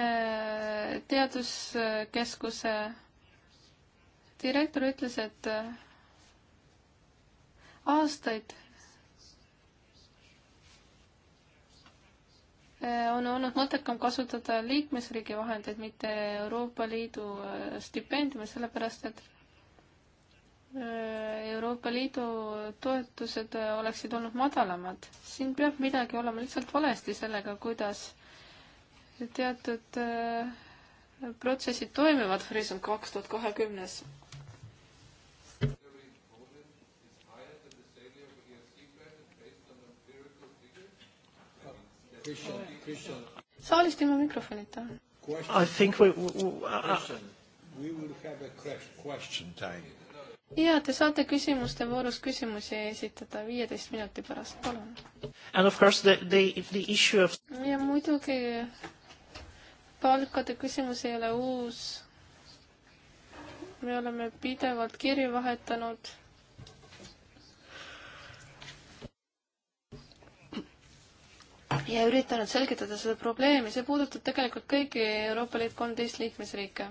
äh, teaduskeskuse direktor ütles, et äh, aastaid äh, on olnud mõttekam kasutada liikmesriigi vahendeid, mitte Euroopa Liidu stipendiume, sellepärast et Euroopa Liidu toetused oleksid olnud madalamad. siin peab midagi olema lihtsalt valesti sellega, kuidas teatud äh, protsessid toimivad Horisont kaks tuhat kahekümnes. saalist ilma mikrofonita. I think we, we, uh, uh we will have a question time. ja te saate küsimuste voorus küsimusi esitada viieteist minuti pärast, palun. And of course the, the, the issue of. ja muidugi palkade küsimus ei ole uus. me oleme pidevalt kirju vahetanud. ja üritanud selgitada seda probleemi, see puudutab tegelikult kõiki Euroopa Liidu kolmteist liikmesriike.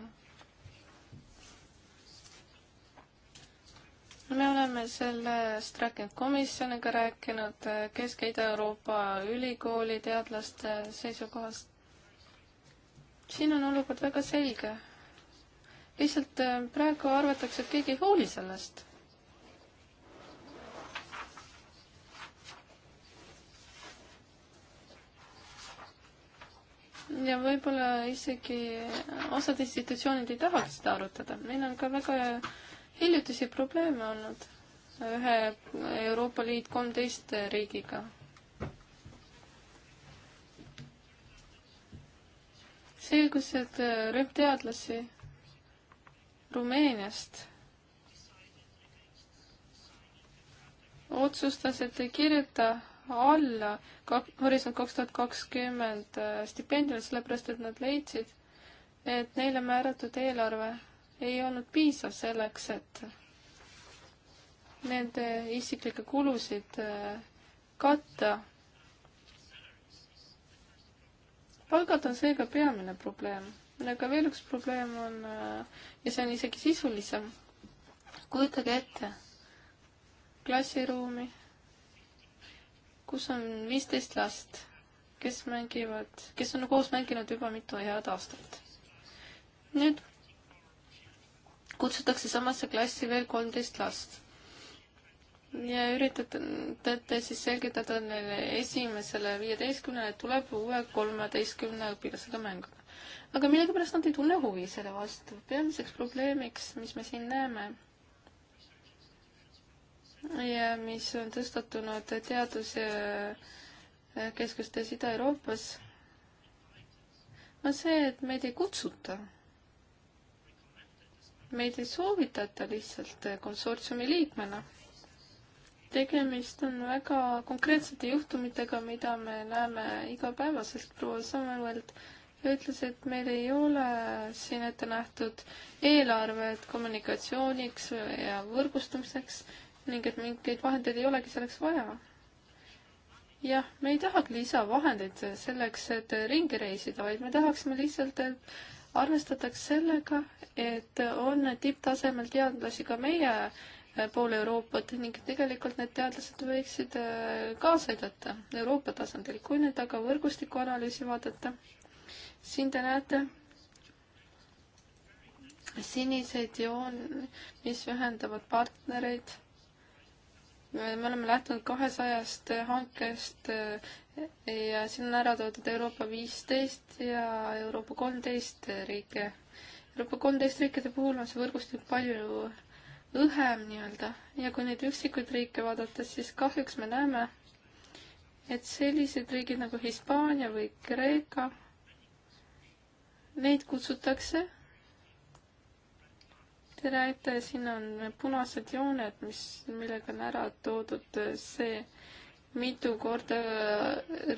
me oleme sellest rääkinud komisjoniga, rääkinud Kesk- ja Ida-Euroopa ülikooli teadlaste seisukohast siin on olukord väga selge. lihtsalt äh, praegu arvatakse, et keegi ei hooli sellest. ja võib-olla isegi osad institutsioonid ei tahagi seda arutada. meil on ka väga hiljutisi probleeme olnud ühe Euroopa Liit kolmteist riigiga selgus, et äh, rühm teadlasi Rumeeniast otsustas, et ei kirjuta alla Horisont kaks tuhat kakskümmend äh, stipendiumile, sellepärast et nad leidsid, et neile määratud eelarve ei olnud piisav selleks, et nende isiklikke kulusid äh, katta palgad on seega peamine probleem, aga veel üks probleem on äh, ja see on isegi sisulisem. kujutage ette klassiruumi, kus on viisteist last, kes mängivad, kes on koos mänginud juba mitu head aastat. nüüd kutsutakse samasse klassi veel kolmteist last ja üritate siis selgitada neile esimesele viieteistkümnele, et tuleb uue kolmeteistkümne õpilasega mäng. aga millegipärast nad ei tunne huvi selle vastu. peamiseks probleemiks, mis me siin näeme ja mis on tõstatunud teaduskeskustes äh, Ida-Euroopas, on see, et meid ei kutsuta meid ei soovitata lihtsalt konsortsiumi liikmena tegemist on väga konkreetsete juhtumitega, mida me näeme igapäevaselt. proua Samuelt ütles, et meil ei ole siin ette nähtud eelarvet kommunikatsiooniks ja võrgustamiseks ning et mingeid vahendeid ei olegi selleks vaja. jah, me ei tahagi lisavahendeid selleks, et ringi reisida, vaid me tahaksime lihtsalt, et arvestataks sellega, et on tipptasemel teadlasi ka meie äh, pool Euroopat ning tegelikult need teadlased võiksid äh, kaasa aidata Euroopa tasandil. kui nüüd aga võrgustiku analüüsi vaadata, siin te näete siniseid jooni, mis ühendavad partnereid. me oleme lähtunud kahesajast äh, hankest äh, ja siin on ära toodud Euroopa viisteist ja Euroopa kolmteist riike. Euroopa kolmteist riikide puhul on see võrgustik palju õhem nii-öelda ja kui neid üksikuid riike vaadata, siis kahjuks me näeme, et sellised riigid nagu Hispaania või Kreeka, neid kutsutakse. Te näete, siin on punased jooned, mis, millega on ära toodud see, mitu korda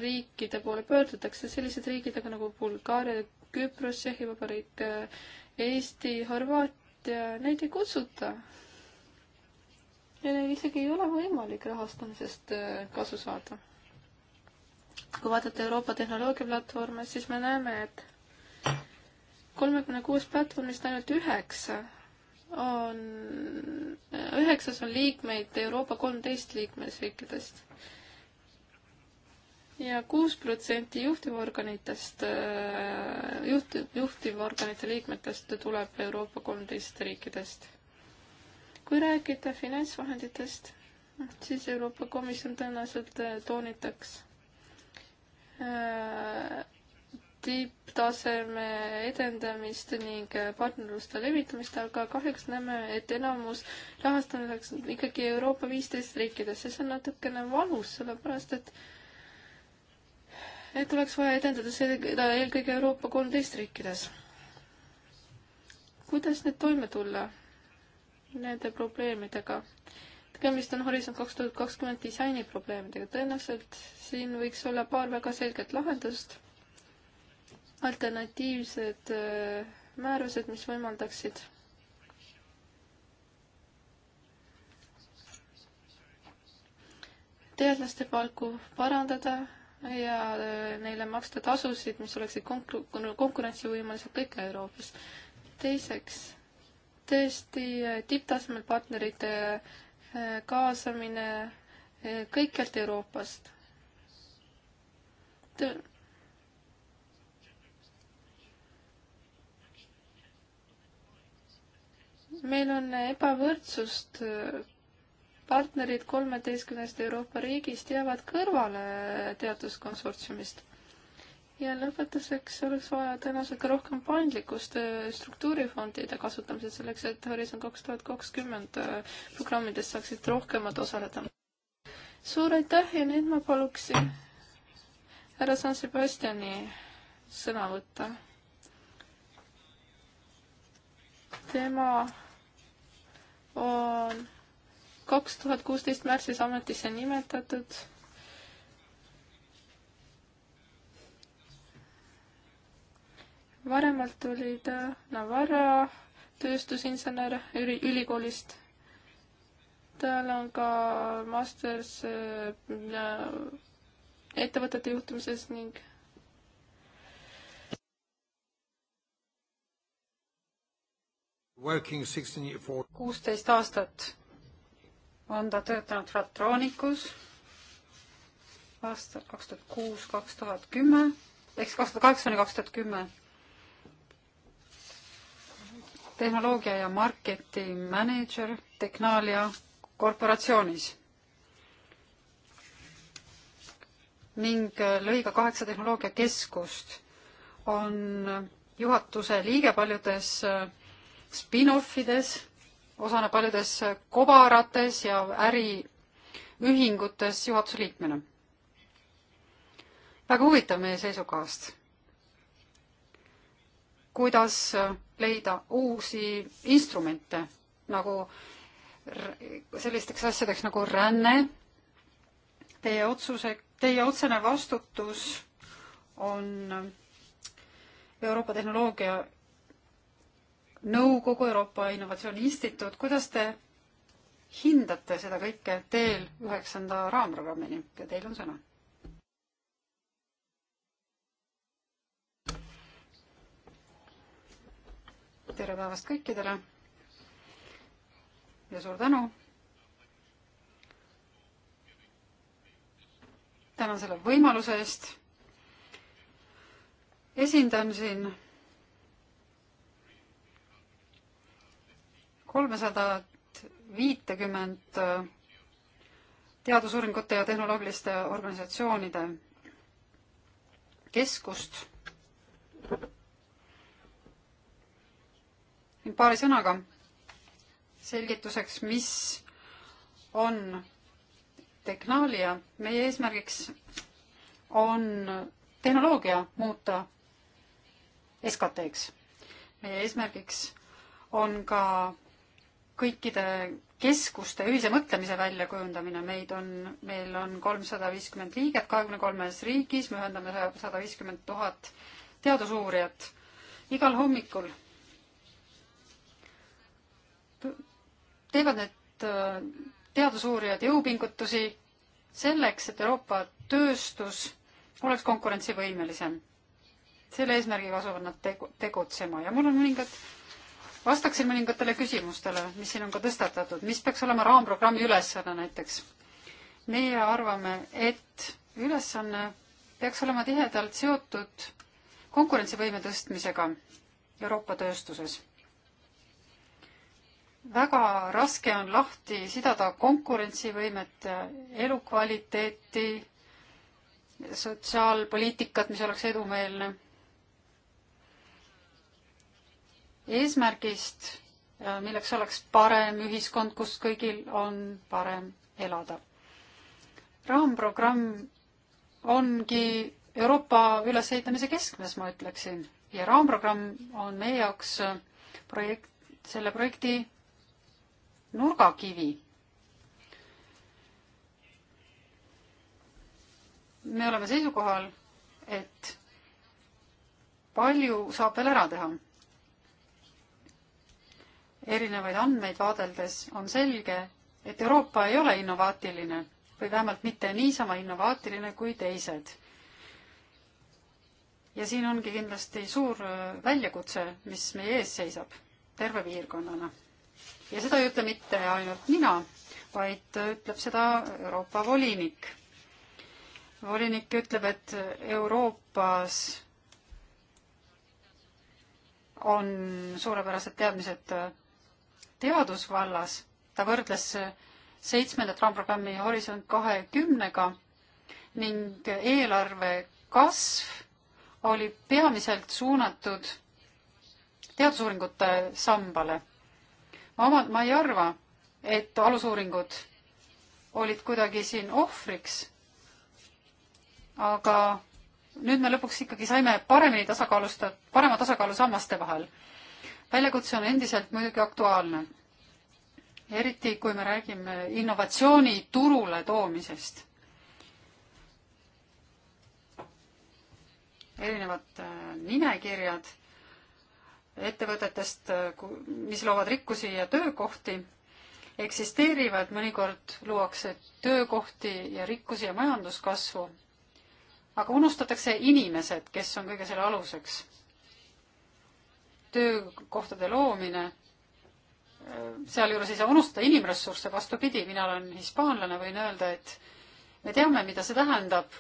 riikide poole pöördutakse, sellised riigid aga nagu Bulgaaria, Küpros, Tšehhi Vabariik, Eesti, Horvaatia, neid ei kutsuta neil isegi ei ole võimalik rahastamisest äh, kasu saada. kui vaadata Euroopa tehnoloogiaplatvorme, siis me näeme, et kolmekümne kuus platvormist ainult üheksa on, üheksas on liikmeid Euroopa kolmteist liikmesriikidest ja kuus protsenti juhtivorganitest, äh, juht, juhtivorganite liikmetest tuleb Euroopa kolmteist riikidest kui rääkida finantsvahenditest, siis Euroopa Komisjon tõenäoliselt äh, toonitaks äh, tipptaseme edendamist ning äh, partnerluste levitamist, aga kahjuks näeme, et enamus rahastamiseks ikkagi Euroopa viisteist riikides ja see on natukene valus, sellepärast et et oleks vaja edendada seda eelkõige Euroopa kolmteist riikides. kuidas nüüd toime tulla nende probleemidega. tegemist on Horisont kaks tuhat kakskümmend disaini probleemidega, tõenäoliselt siin võiks olla paar väga selget lahendust, alternatiivsed äh, määrused, mis võimaldaksid teadlaste palku parandada ja äh, neile maksta tasusid, mis oleksid konkurentsivõimelised kõikjal Euroopas. teiseks tõesti eh, tipptasemel partnerite eh, kaasamine eh, kõikjalt Euroopast. meil on ebavõrdsust, partnerid kolmeteistkümnest Euroopa riigist jäävad kõrvale teaduskonsortsiumist ja lõpetuseks oleks vaja tõenäoliselt ka rohkem paindlikkust äh, struktuurifondide kasutamisel selleks, et Horisont kaks tuhat kakskümmend äh, programmidest saaksid rohkemad osaleda. suur aitäh ja nüüd ma paluksin härra San Sebastiani sõna võtta. tema on kaks tuhat kuusteist märtsis ametisse nimetatud varemalt oli ta äh, Navarra tööstusinsener üli, ülikoolist. tal on ka masters äh, äh, ettevõtete juhtimises ning kuusteist aastat on ta töötanud Fratronikus aastal kaks tuhat kuus, kaks tuhat kümme, ehk siis kaks tuhat kaheksa kuni kaks tuhat kümme tehnoloogia ja marketi mänedžer Tehnalia korporatsioonis ning äh, lõiga kaheksa tehnoloogiakeskust on juhatuse liige paljudes äh, spin-offides, osana paljudes äh, kobarates ja äriühingutes juhatuse liikmena. väga huvitav meie seisukohast kuidas leida uusi instrumente nagu sellisteks asjadeks nagu ränne. Teie otsuse, teie otsene vastutus on Euroopa Tehnoloogia Nõukogu, Euroopa Innovatsiooni Instituut, kuidas te hindate seda kõike teel üheksanda raamprogrammini ja teil on sõna tere päevast kõikidele ja suur tänu tänan selle võimaluse eest. esindan siin kolmesadat viitekümmet teadusuuringute ja tehnoloogiliste organisatsioonide keskust ning paari sõnaga selgituseks, mis on Tehnaalia. meie eesmärgiks on tehnoloogia muuta SKT-ks. meie eesmärgiks on ka kõikide keskuste ühise mõtlemise väljakujundamine, meid on, meil on kolmsada viiskümmend liiget kahekümne kolmes riigis, me ühendame sada viiskümmend tuhat teadusuurijat igal hommikul teevad need äh, teadusuurijad jõupingutusi selleks, et Euroopa tööstus oleks konkurentsivõimelisem. selle eesmärgiga asuvad nad tegu, tegutsema ja mul on mõningad, vastaksin mõningatele küsimustele, mis siin on ka tõstatatud, mis peaks olema raamprogrammi ülesanne näiteks. meie arvame, et ülesanne peaks olema tihedalt seotud konkurentsivõime tõstmisega Euroopa tööstuses väga raske on lahti sidada konkurentsivõimet, elukvaliteeti, sotsiaalpoliitikat, mis oleks edumeelne. eesmärgist, äh, milleks oleks parem ühiskond, kus kõigil on parem elada. raamprogramm ongi Euroopa ülesehitamise keskmes, ma ütleksin, ja raamprogramm on meie jaoks projekt, selle projekti nurgakivi. me oleme seisukohal, et palju saab veel ära teha. erinevaid andmeid vaadeldes on selge, et Euroopa ei ole innovaatiline või vähemalt mitte niisama innovaatiline kui teised. ja siin ongi kindlasti suur väljakutse, mis meie ees seisab terve piirkonnana ja seda ei ütle mitte ainult mina, vaid ütleb seda Euroopa volinik. volinik ütleb, et Euroopas on suurepärased teadmised teadusvallas, ta võrdles seitsmendat raamprogrammi Horisont kahekümnega ning eelarve kasv oli peamiselt suunatud teadusuuringute sambale ma omalt, ma ei arva, et alusuuringud olid kuidagi siin ohvriks. aga nüüd me lõpuks ikkagi saime paremini tasakaalustat-, parema tasakaalu sammaste vahel. väljakutse on endiselt muidugi aktuaalne. eriti, kui me räägime innovatsiooni turule toomisest. erinevad äh, nimekirjad ettevõtetest, mis loovad rikkusi ja töökohti, eksisteerivad, mõnikord luuakse töökohti ja rikkusi ja majanduskasvu, aga unustatakse inimesed, kes on kõige selle aluseks. töökohtade loomine, sealjuures ei saa unustada inimressursse, vastupidi, mina olen hispaanlane, võin öelda, et me teame, mida see tähendab,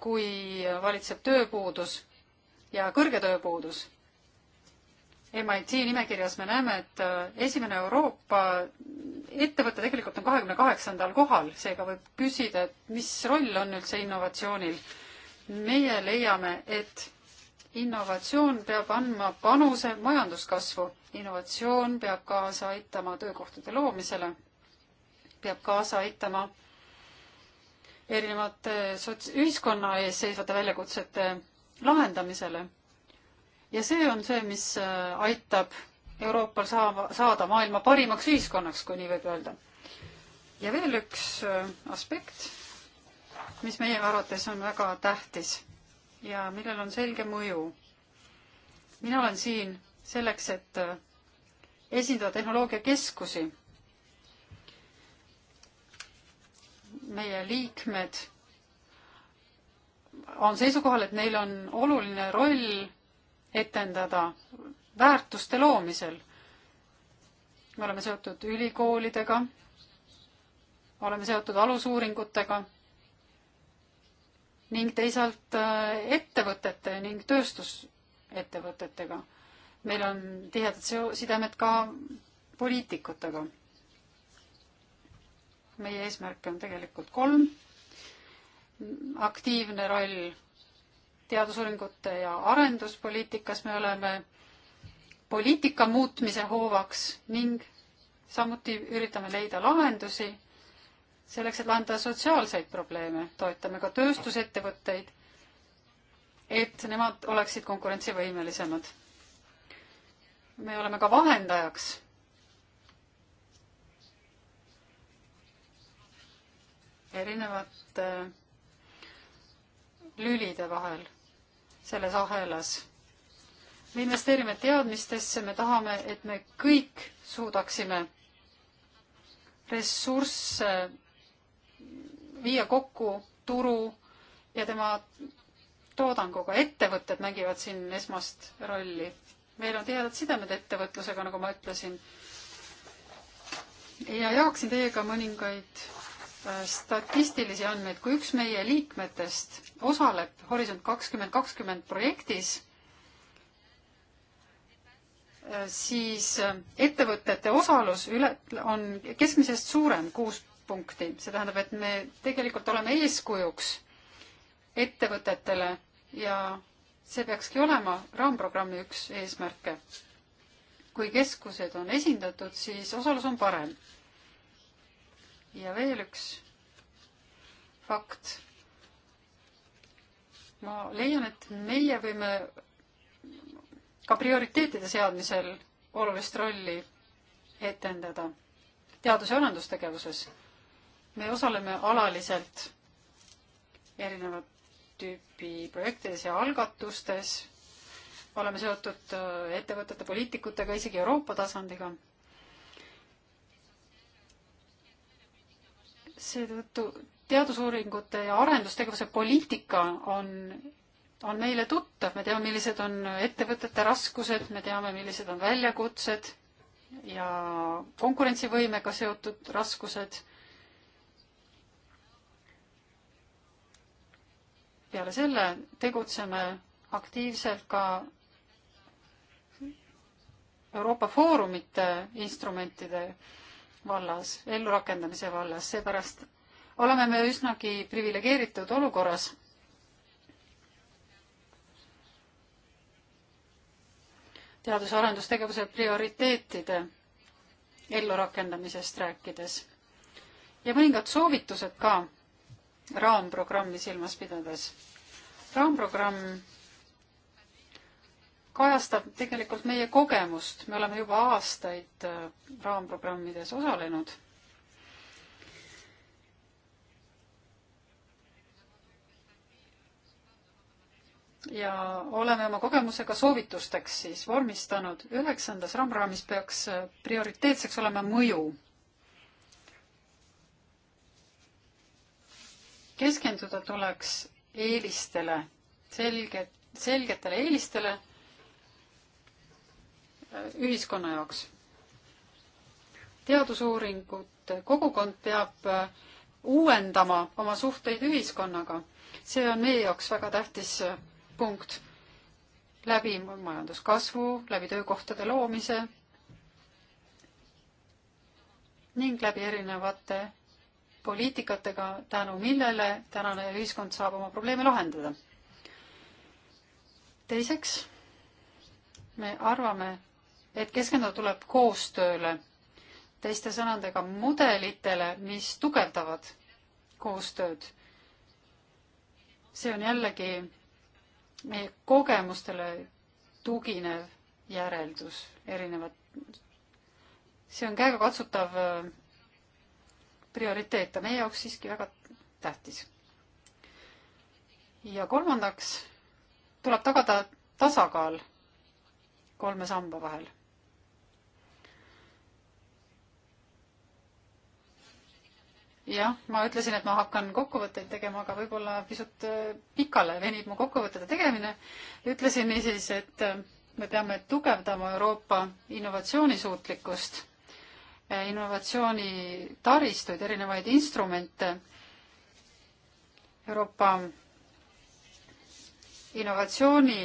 kui valitseb tööpuudus ja kõrge tööpuudus MIT nimekirjas me näeme, et äh, esimene Euroopa ettevõte tegelikult on kahekümne kaheksandal kohal, seega võib küsida, et mis roll on üldse innovatsioonil. meie leiame, et innovatsioon peab andma panuse majanduskasvu, innovatsioon peab kaasa aitama töökohtade loomisele, peab kaasa aitama erinevate sots-, ühiskonna ees seisvate väljakutsete lahendamisele ja see on see, mis äh, aitab Euroopal saama, saada maailma parimaks ühiskonnaks, kui nii võib öelda. ja veel üks äh, aspekt, mis meie arvates on väga tähtis ja millel on selge mõju. mina olen siin selleks, et äh, esindada tehnoloogiakeskusi. meie liikmed on seisukohal, et neil on oluline roll etendada väärtuste loomisel. me oleme seotud ülikoolidega, oleme seotud alusuuringutega ning teisalt äh, ettevõtete ning tööstusettevõtetega. meil on tihedad seo-, sidemed ka poliitikutega. meie eesmärke on tegelikult kolm. aktiivne roll teadusuuringute ja arenduspoliitikas me oleme poliitika muutmise hoovaks ning samuti üritame leida lahendusi selleks, et lahendada sotsiaalseid probleeme, toetame ka tööstusettevõtteid, et nemad oleksid konkurentsivõimelisemad. me oleme ka vahendajaks. erinevate lülide vahel selles ahelas. me investeerime teadmistesse, me tahame, et me kõik suudaksime ressursse viia kokku turu ja tema toodanguga. ettevõtted mängivad siin esmast rolli. meil on tihedad sidemed ettevõtlusega, nagu ma ütlesin. ja jagaksin teiega mõningaid statistilisi andmeid, kui üks meie liikmetest osaleb Horisont kakskümmend kakskümmend projektis, siis ettevõtete osalus üle, on keskmisest suurem, kuus punkti. see tähendab, et me tegelikult oleme eeskujuks ettevõtetele ja see peakski olema raamprogrammi üks eesmärke. kui keskused on esindatud, siis osalus on parem ja veel üks fakt. ma leian, et meie võime ka prioriteetide seadmisel olulist rolli etendada teadus- ja arendustegevuses. me osaleme alaliselt erinevat tüüpi projektides ja algatustes, oleme seotud äh, ettevõtete, poliitikutega, isegi Euroopa tasandiga seetõttu teadusuuringute ja arendustegevuse poliitika on, on meile tuttav, me teame, millised on ettevõtete raskused, me teame, millised on väljakutsed ja konkurentsivõimega seotud raskused. peale selle tegutseme aktiivselt ka Euroopa foorumite instrumentide vallas, ellurakendamise vallas, seepärast oleme me üsnagi priviligeeritud olukorras. teadus- ja arendustegevuse prioriteetide ellurakendamisest rääkides ja mõningad soovitused ka raamprogrammi silmas pidades. raamprogramm kajastab tegelikult meie kogemust, me oleme juba aastaid äh, raamprogrammides osalenud. ja oleme oma kogemusega soovitusteks siis vormistanud. üheksandas raamprogrammis peaks äh, prioriteetseks olema mõju. keskenduda tuleks eelistele, selge, selgetele eelistele ühiskonna jaoks. teadusuuringute kogukond peab äh, uuendama oma suhteid ühiskonnaga. see on meie jaoks väga tähtis äh, punkt. läbi majanduskasvu, läbi töökohtade loomise ning läbi erinevate poliitikatega, tänu millele tänane ühiskond saab oma probleeme lahendada. teiseks, me arvame, et keskenduda tuleb koostööle, teiste sõnadega mudelitele, mis tugevdavad koostööd. see on jällegi meie kogemustele tuginev järeldus, erinevad, see on käegakatsutav äh, prioriteet ja meie jaoks siiski väga tähtis. ja kolmandaks tuleb tagada tasakaal kolme samba vahel jah, ma ütlesin, et ma hakkan kokkuvõtteid tegema, aga võib-olla pisut äh, pikale venib mu kokkuvõtete tegemine. ütlesin niisiis, et äh, me peame tugevdama Euroopa innovatsioonisuutlikkust, äh, innovatsioonitaristuid, erinevaid instrumente. Euroopa innovatsiooni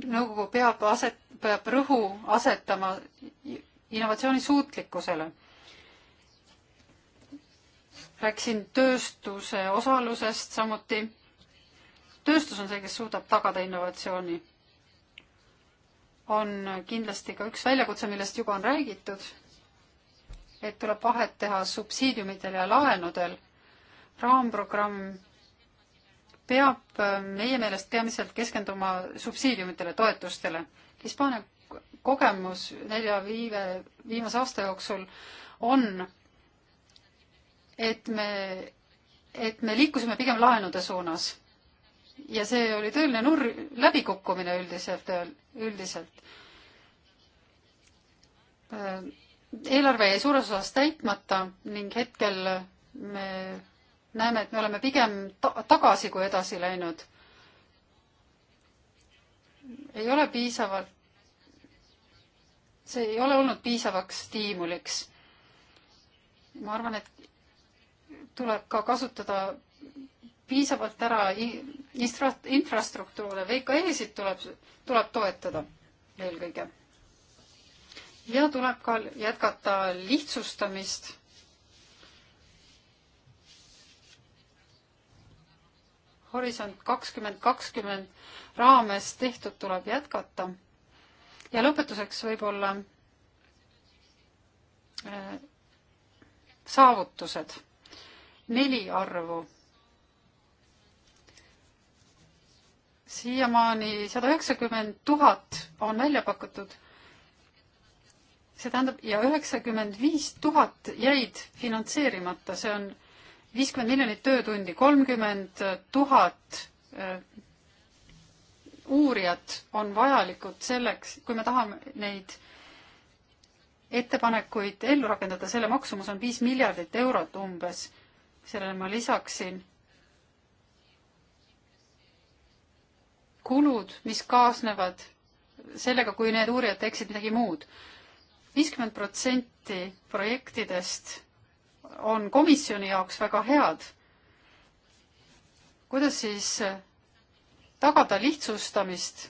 nõukogu peab aset, peab rõhu asetama innovatsiooni suutlikkusele. rääkisin tööstuse osalusest samuti. tööstus on see, kes suudab tagada innovatsiooni. on kindlasti ka üks väljakutse, millest juba on räägitud, et tuleb vahet teha subsiidiumidel ja laenudel. raamprogramm peab äh, meie meelest peamiselt keskenduma subsiidiumitele, toetustele. Hispaania kogemus nelja-viive viimase aasta jooksul on, et me, et me liikusime pigem laenude suunas ja see oli tõeline nur-, läbikukkumine üldiselt, üldiselt. Äh, eelarve jäi suures osas täitmata ning hetkel me näeme, et me oleme pigem ta tagasi kui edasi läinud. ei ole piisavalt, see ei ole olnud piisavaks stiimuliks. ma arvan, et tuleb ka kasutada piisavalt ära infra-, infrastruktuure, VKE-sid tuleb, tuleb toetada eelkõige. ja tuleb ka jätkata lihtsustamist Horisont kakskümmend kakskümmend raames tehtud tuleb jätkata. ja lõpetuseks võib-olla äh, saavutused. neli arvu. siiamaani sada üheksakümmend tuhat on välja pakutud. see tähendab ja üheksakümmend viis tuhat jäid finantseerimata, see on viiskümmend miljonit töötundi, kolmkümmend tuhat äh, uurijat on vajalikud selleks, kui me tahame neid ettepanekuid ellu rakendada, selle maksumus on viis miljardit eurot umbes. sellele ma lisaksin kulud, mis kaasnevad sellega, kui need uurijad teeksid midagi muud. viiskümmend protsenti projektidest on komisjoni jaoks väga head. kuidas siis tagada lihtsustamist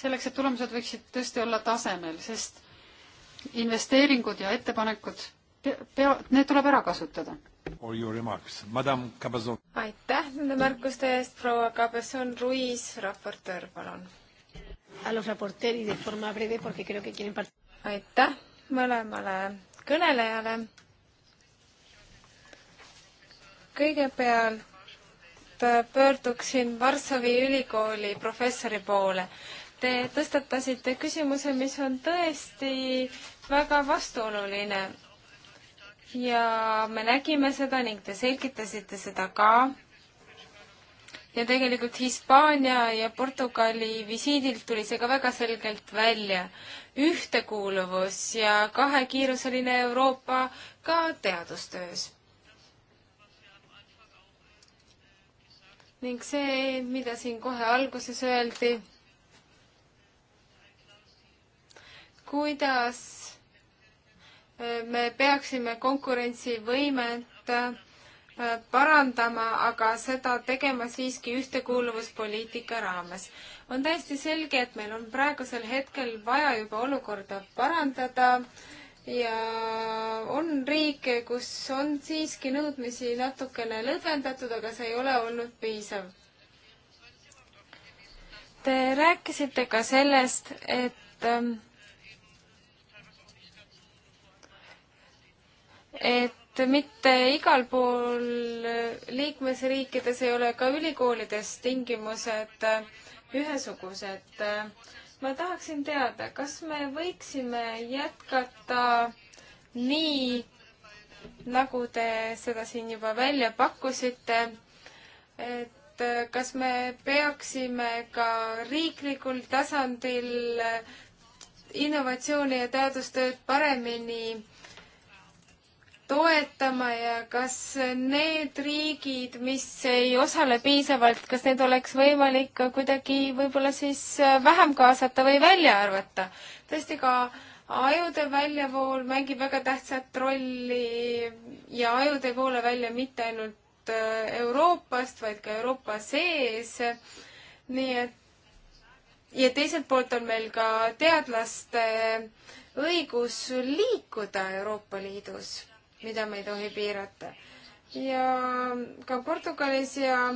selleks, et tulemused võiksid tõesti olla tasemel, sest investeeringud ja ettepanekud pea, need tuleb ära kasutada. aitäh nende märkuste eest, proua Cabezon Ruiz, raportöör, palun. aitäh mõlemale kõnelejale kõigepealt äh, pöörduksin Varssavi ülikooli professori poole. Te tõstatasite küsimuse, mis on tõesti väga vastuoluline. ja me nägime seda ning te selgitasite seda ka. ja tegelikult Hispaania ja Portugali visiidilt tuli see ka väga selgelt välja. ühtekuuluvus ja kahekiiruseline Euroopa ka teadustöös ning see, mida siin kohe alguses öeldi, kuidas äh, me peaksime konkurentsivõimet äh, parandama, aga seda tegema siiski ühtekuuluvuspoliitika raames. on täiesti selge, et meil on praegusel hetkel vaja juba olukorda parandada äh, ja on riike, kus on siiski nõudmisi natukene lõdvendatud, aga see ei ole olnud piisav. Te rääkisite ka sellest, et ähm, et mitte igal pool liikmesriikides ei ole ka ülikoolides tingimused äh, ühesugused ma tahaksin teada, kas me võiksime jätkata nii, nagu te seda siin juba välja pakkusite, et kas me peaksime ka riiklikul tasandil innovatsiooni ja teadustööd paremini toetama ja kas need riigid, mis ei osale piisavalt, kas need oleks võimalik ka kuidagi võib-olla siis äh, vähem kaasata või välja arvata? tõesti ka ajude väljavool mängib väga tähtsat rolli ja ajude voole välja mitte ainult äh, Euroopast, vaid ka Euroopa sees. nii et ja teiselt poolt on meil ka teadlaste õigus liikuda Euroopa Liidus mida me ei tohi piirata. ja ka Portugalis ja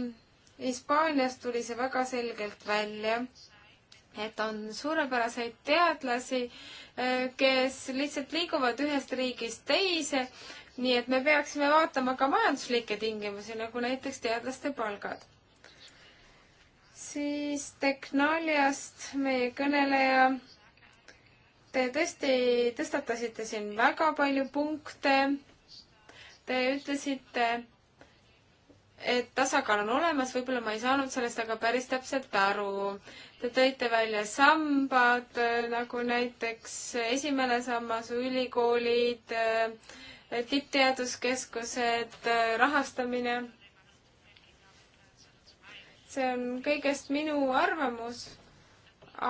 Hispaanias tuli see väga selgelt välja, et on suurepäraseid teadlasi, eh, kes lihtsalt liiguvad ühest riigist teise, nii et me peaksime vaatama ka majanduslikke tingimusi, nagu näiteks teadlaste palgad siis Technaliast meie kõneleja. Te tõesti tõstatasite siin väga palju punkte Te ütlesite, et tasakaal on olemas, võib-olla ma ei saanud sellest aga päris täpselt aru. Te tõite välja sambad, äh, nagu näiteks esimene sammas, ülikoolid, äh, tippteaduskeskused, äh, rahastamine. see on kõigest minu arvamus,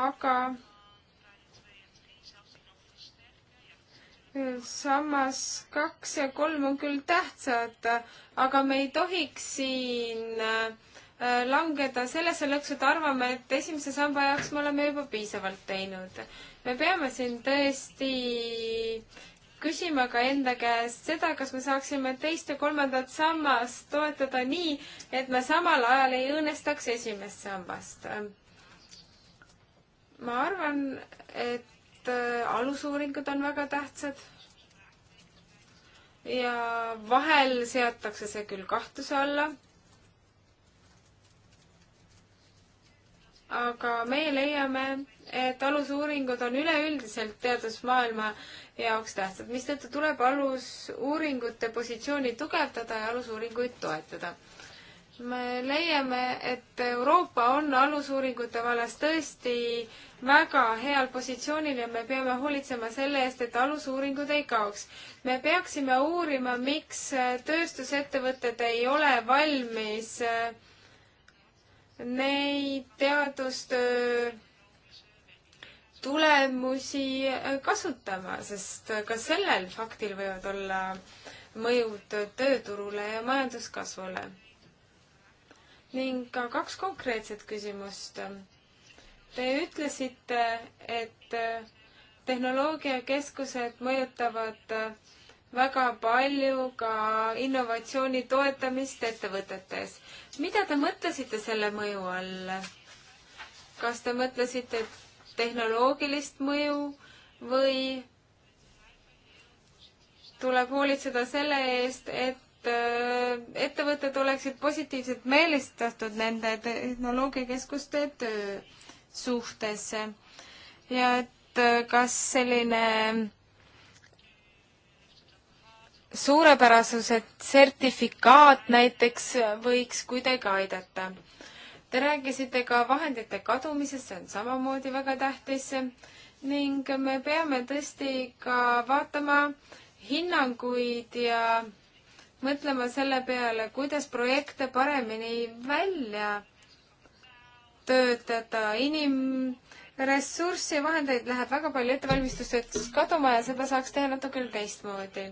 aga sammas kaks ja kolm on küll tähtsad, aga me ei tohiks siin äh, langeda sellesse lõksu, et arvame, et esimese samba jaoks me oleme juba piisavalt teinud. me peame siin tõesti küsima ka enda käest seda, kas me saaksime teist ja kolmandat sammast toetada nii, et me samal ajal ei õõnestaks esimest sammast. ma arvan, et Äh, alusuuringud on väga tähtsad. ja vahel seatakse see küll kahtluse alla. aga meie leiame, et alusuuringud on üleüldiselt teadusmaailma jaoks tähtsad, mistõttu tuleb alusuuringute positsiooni tugevdada ja alusuuringuid toetada me leiame, et Euroopa on alusuuringute vallas tõesti väga heal positsioonil ja me peame hoolitsema selle eest, et alusuuringud ei kaoks. me peaksime uurima, miks äh, tööstusettevõtted ei ole valmis äh, neid teadustöö tulemusi äh, kasutama, sest ka sellel faktil võivad olla mõjud tööturule ja majanduskasvule. ning ka kaks konkreetset küsimust Te ütlesite, et äh, tehnoloogiakeskused mõjutavad äh, väga palju ka innovatsiooni toetamist ettevõtetes. mida te mõtlesite selle mõju all? kas te mõtlesite tehnoloogilist mõju või tuleb hoolitseda selle eest, et äh, ettevõtted oleksid positiivselt meelistatud nende tehnoloogiakeskuste töö suhtes ja et äh, kas selline suurepärasuse sertifikaat näiteks äh, võiks kuidagi aidata. Te rääkisite ka vahendite kadumisest, see on samamoodi väga tähtis ning me peame tõesti ka vaatama hinnanguid ja mõtlema selle peale, kuidas projekte paremini välja töötada, inimressurssi ja vahendeid läheb väga palju ettevalmistuseks kaduma ja seda saaks teha natuke teistmoodi.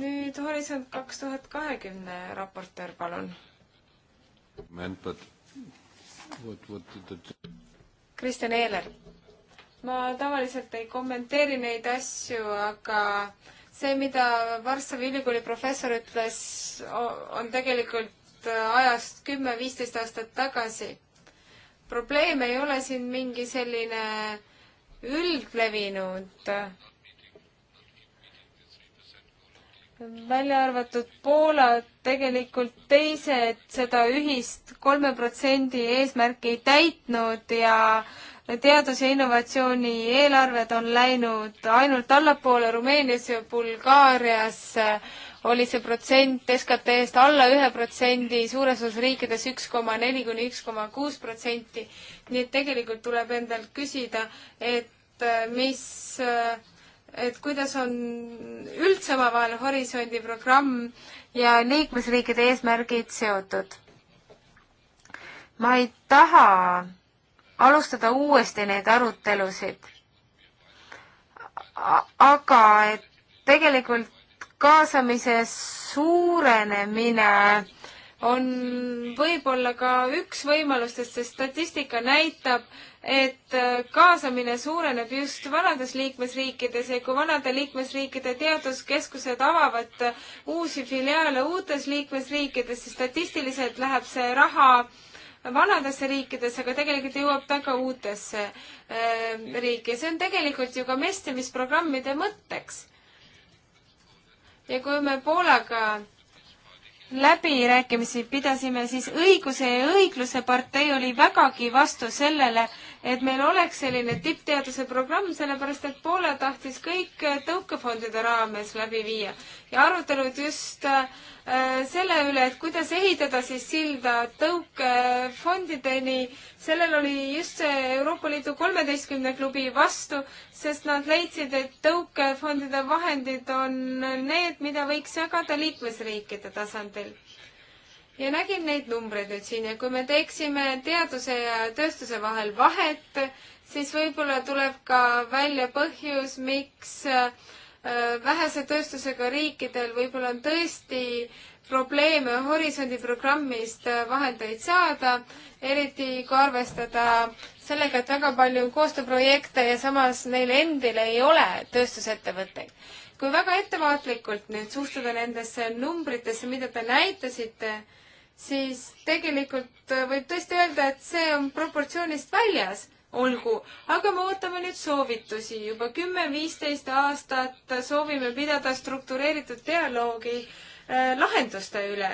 nüüd Horisont kaks tuhat kahekümne raportöör, palun. Kristjan Eeler. ma tavaliselt ei kommenteeri neid asju, aga see, mida Varssavi ülikooli professor ütles, on tegelikult ajast kümme-viisteist aastat tagasi probleem ei ole siin mingi selline üldlevinud, välja arvatud Poola, tegelikult teised seda ühist kolme protsendi eesmärki ei täitnud ja teadus- ja innovatsiooni eelarved on läinud ainult allapoole Rumeeniasse ja Bulgaariasse oli see protsent SKT-st alla ühe protsendi, suures osas riikides üks koma neli kuni üks koma kuus protsenti. nii et tegelikult tuleb endalt küsida, et äh, mis, äh, et kuidas on üldse omavahel Horisondi programm ja liikmesriikide eesmärgid seotud. ma ei taha alustada uuesti neid arutelusid. aga et tegelikult kaasamise suurenemine on võib-olla ka üks võimalustest, sest statistika näitab, et äh, kaasamine suureneb just vanades liikmesriikides ja kui vanade liikmesriikide teaduskeskused avavad äh, uusi filiaale uutes liikmesriikides, siis statistiliselt läheb see raha vanadesse riikidesse, aga tegelikult jõuab ta ka uutesse äh, riiki ja see on tegelikult ju ka mestimisprogrammide mõtteks ja kui me Poolaga läbirääkimisi pidasime, siis õiguse ja õigluse partei oli vägagi vastu sellele, et meil oleks selline tippteaduse programm, sellepärast et Poola tahtis kõik tõukefondide raames läbi viia ja arutelud just äh, selle üle, et kuidas ehitada siis silda tõukefondideni, sellel oli just see Euroopa Liidu kolmeteistkümne klubi vastu, sest nad leidsid, et tõukefondide vahendid on need, mida võiks jagada liikmesriikide tasandil ja nägin neid numbreid nüüd siin ja kui me teeksime teaduse ja tööstuse vahel vahet, siis võib-olla tuleb ka välja põhjus, miks äh, vähese tööstusega riikidel võib-olla on tõesti probleeme Horisondi programmist äh, vahendeid saada, eriti kui arvestada sellega, et väga palju koostööprojekte ja samas neil endil ei ole tööstusettevõtteid. kui väga ettevaatlikult nüüd suhtuda nendesse numbritesse, mida te näitasite, siis tegelikult äh, võib tõesti öelda, et see on proportsioonist väljas, olgu, aga me ootame nüüd soovitusi. juba kümme-viisteist aastat soovime pidada struktureeritud dialoogi äh, lahenduste üle.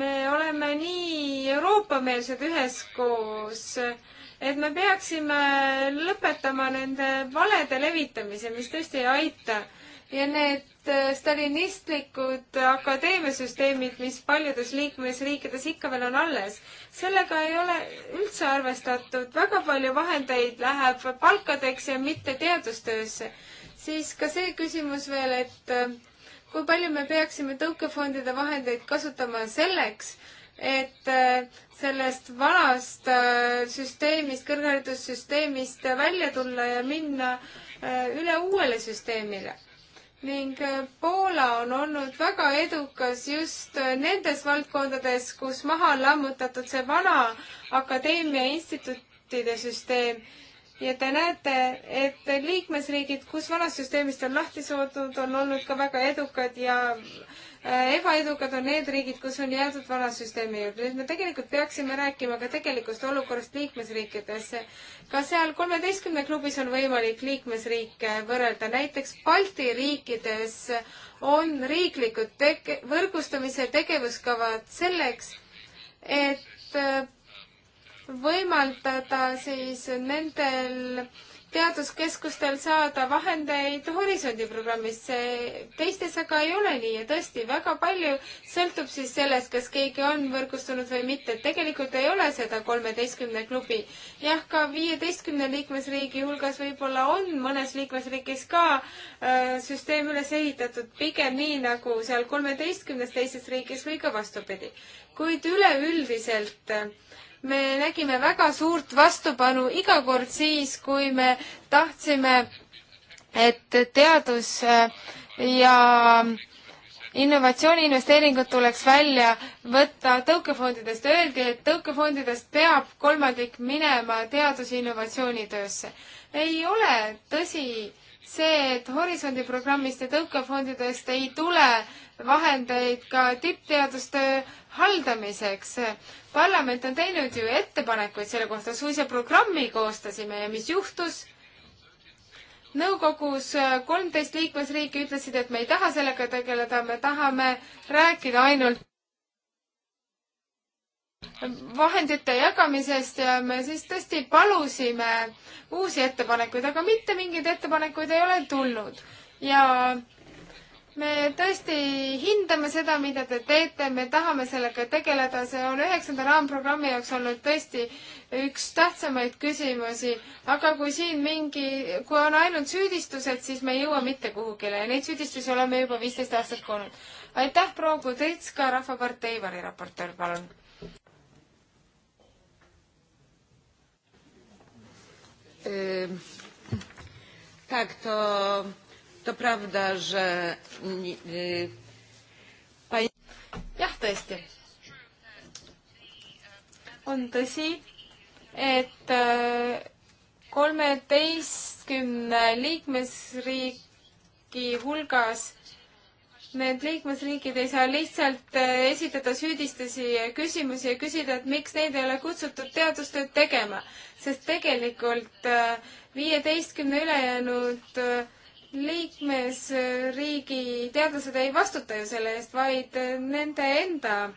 me oleme nii Euroopa-meelsed üheskoos, et me peaksime lõpetama nende valede levitamise, mis tõesti ei aita äh, ja need äh, stalinistlikud akadeemiasüsteemid, mis paljudes liikmesriikides ikka veel on alles, sellega ei ole üldse arvestatud, väga palju vahendeid läheb palkadeks ja mitte teadustöösse. siis ka see küsimus veel, et äh, kui palju me peaksime tõukefondide vahendeid kasutama selleks, et äh, sellest vanast süsteemist, kõrgharidussüsteemist välja tulla ja minna üle uuele süsteemile ning äh, Poola on olnud väga edukas just äh, nendes valdkondades, kus maha on lammutatud see vana akadeemia instituutide süsteem. ja te näete, et liikmesriigid, kus vanast süsteemist on lahti soodud, on olnud ka väga edukad ja Äh, ebaedukad on need riigid, kus on jäädud vana süsteemi juurde. nüüd me tegelikult peaksime rääkima ka tegelikust olukorrast liikmesriikides. ka seal kolmeteistkümne klubis on võimalik liikmesriike võrrelda. näiteks Balti riikides on riiklikud tege-, võrgustamise tegevuskavad selleks, et äh, võimaldada siis nendel äh, teaduskeskustel saada vahendeid Horisondi programmist, see teistes aga ei ole nii ja tõesti väga palju sõltub siis sellest, kas keegi on võrgustunud või mitte, et tegelikult ei ole seda kolmeteistkümne klubi. jah, ka viieteistkümne liikmesriigi hulgas võib-olla on mõnes liikmesriigis ka äh, süsteem üles ehitatud pigem nii, nagu seal kolmeteistkümnes teises riigis või ka vastupidi. kuid üleüldiselt äh, me nägime väga suurt vastupanu iga kord siis, kui me tahtsime, et teadus äh, ja innovatsiooniinvesteeringud tuleks välja võtta tõukefondidest. Öeldi, et tõukefondidest peab kolmandik minema teadus- ja innovatsioonitöösse. ei ole tõsi see, et Horisondi programmist ja tõukefondidest ei tule vahendeid ka tippteaduste haldamiseks. parlament on teinud ju ettepanekuid selle kohta, suisa programmi koostasime ja mis juhtus? nõukogus kolmteist liikmesriiki ütlesid, et me ei taha sellega tegeleda, me tahame rääkida ainult vahendite jagamisest ja me siis tõesti palusime uusi ettepanekuid, aga mitte mingeid ettepanekuid ei ole tulnud. ja me tõesti hindame seda, mida te teete, me tahame sellega tegeleda, see on üheksanda raamprogrammi jaoks olnud tõesti üks tähtsamaid küsimusi, aga kui siin mingi, kui on ainult süüdistused, siis me ei jõua mitte kuhugile ja neid süüdistusi oleme juba viisteist aastat kuulnud. aitäh, proua Kudritska, Rahvapartei variraportöör, palun. Ehm, tak, to To prawda, że... jah, tõesti. on tõsi, et äh, kolmeteistkümne liikmesriigi hulgas need liikmesriigid ei saa lihtsalt äh, esitada süüdistusi ja küsimusi ja küsida, et miks neid ei ole kutsutud teadustööd tegema, sest tegelikult äh, viieteistkümne ülejäänud äh, liikmesriigi teadlased ei vastuta ju selle eest, vaid nende enda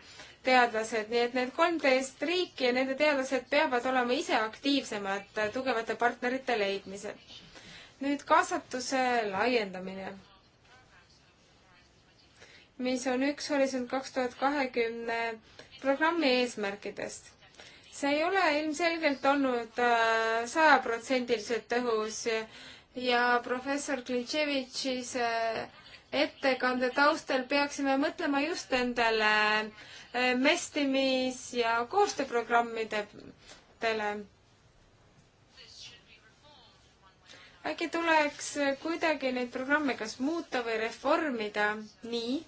teadlased, nii et need kolmteist riiki ja nende teadlased peavad olema ise aktiivsemad tugevate partnerite leidmisel. nüüd kaasatuse laiendamine, mis on üks Horisont kaks tuhat kahekümne programmi eesmärkidest see ei ole ilmselgelt olnud äh, sajaprotsendiliselt tõhus äh, ja professor Klitševitšise ettekande taustal peaksime mõtlema just nendele e, mestimis- ja koostööprogrammidele. äkki tuleks kuidagi neid programme kas muuta või reformida nii,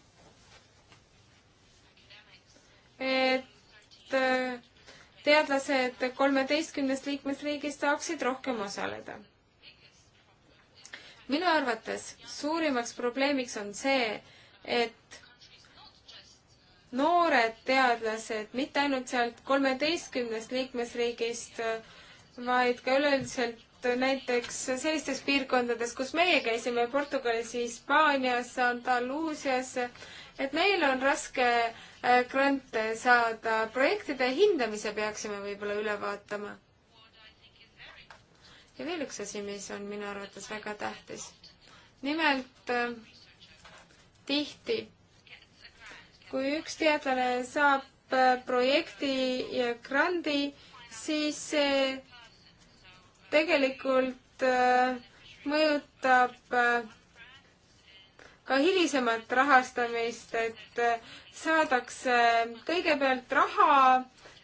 et e, teadlased kolmeteistkümnest liikmesriigist saaksid rohkem osaleda minu arvates suurimaks probleemiks on see, et noored teadlased mitte ainult sealt kolmeteistkümnest liikmesriigist, vaid ka üleüldiselt näiteks sellistes piirkondades, kus meie käisime Portugalis, Hispaanias, Andaluusias, et neil on raske äh, grante saada. projektide hindamise peaksime võib-olla üle vaatama ja veel üks asi, mis on minu arvates väga tähtis. nimelt äh, tihti, kui üks teadlane saab äh, projekti ja grandi, siis see tegelikult äh, mõjutab ka hilisemat rahastamist, et saadakse kõigepealt raha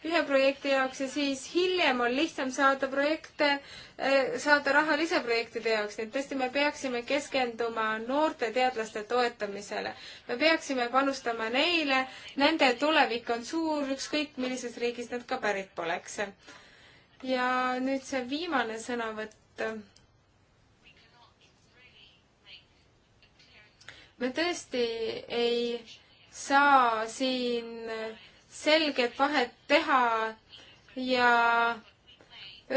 ühe projekti jaoks ja siis hiljem on lihtsam saada projekte, eh, saada raha lisaprojektide jaoks, nii et tõesti me peaksime keskenduma noorte teadlaste toetamisele. me peaksime panustama neile, nende tulevik on suur, ükskõik millisest riigist nad ka pärit poleks. ja nüüd see viimane sõnavõtt me tõesti ei saa siin selget vahet teha ja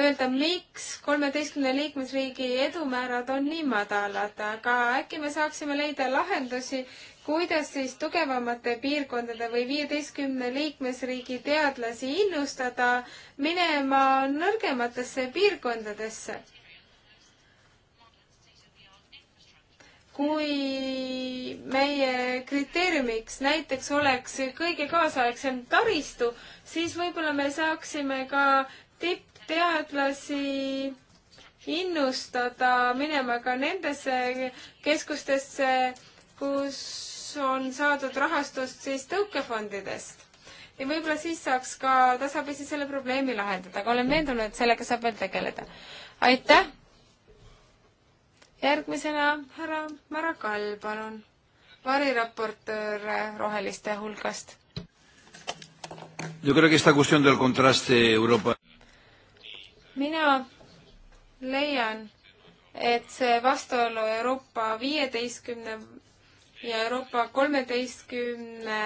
öelda, miks kolmeteistkümne liikmesriigi edumäärad on nii madalad, aga äkki me saaksime leida lahendusi, kuidas siis tugevamate piirkondade või viieteistkümne liikmesriigi teadlasi innustada minema nõrgematesse piirkondadesse kui meie kriteeriumiks näiteks oleks kõige kaasaegsem taristu, siis võib-olla me saaksime ka tippteadlasi innustada minema ka nendesse keskustesse, kus on saadud rahastust siis tõukefondidest. ja võib-olla siis saaks ka tasapisi selle probleemi lahendada, aga olen veendunud, et sellega saab veel tegeleda. aitäh! järgmisena härra Marakal, palun, variraportöör Roheliste hulgast. mina leian, et see vastuolu Euroopa viieteistkümne ja Euroopa kolmeteistkümne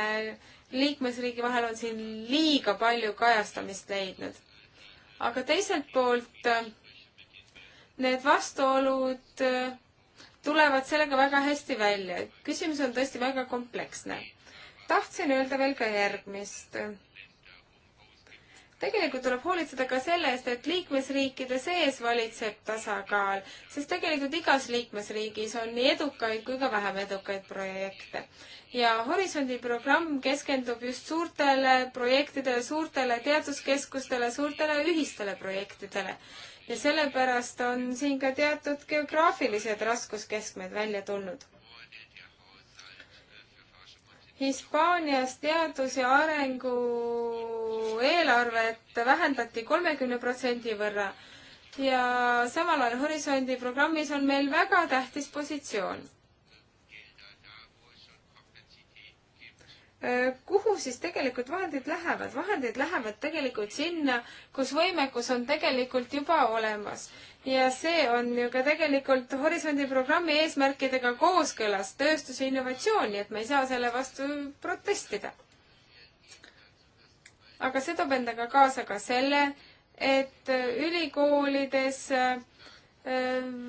liikmesriigi vahel on siin liiga palju kajastamist leidnud. aga teiselt poolt need vastuolud äh, tulevad sellega väga hästi välja. küsimus on tõesti väga kompleksne. tahtsin öelda veel ka järgmist. tegelikult tuleb hoolitseda ka selle eest, et liikmesriikide sees valitseb tasakaal, sest tegelikult igas liikmesriigis on nii edukaid kui ka vähem edukaid projekte. ja Horisondi programm keskendub just suurtele projektidele, suurtele teaduskeskustele, suurtele ühistele projektidele ja sellepärast on siin ka teatud geograafilised raskuskeskmed välja tulnud. Hispaanias teadus- ja arengu eelarvet vähendati kolmekümne protsendi võrra ja samal ajal Horisondi programmis on meil väga tähtis positsioon Äh, kuhu siis tegelikult vahendid lähevad? vahendid lähevad tegelikult sinna, kus võimekus on tegelikult juba olemas. ja see on ju ka tegelikult Horisondi programmi eesmärkidega kooskõlas, tööstuse innovatsioon, nii et me ei saa selle vastu protestida. aga see toob endaga kaasa ka selle, et äh, ülikoolides äh,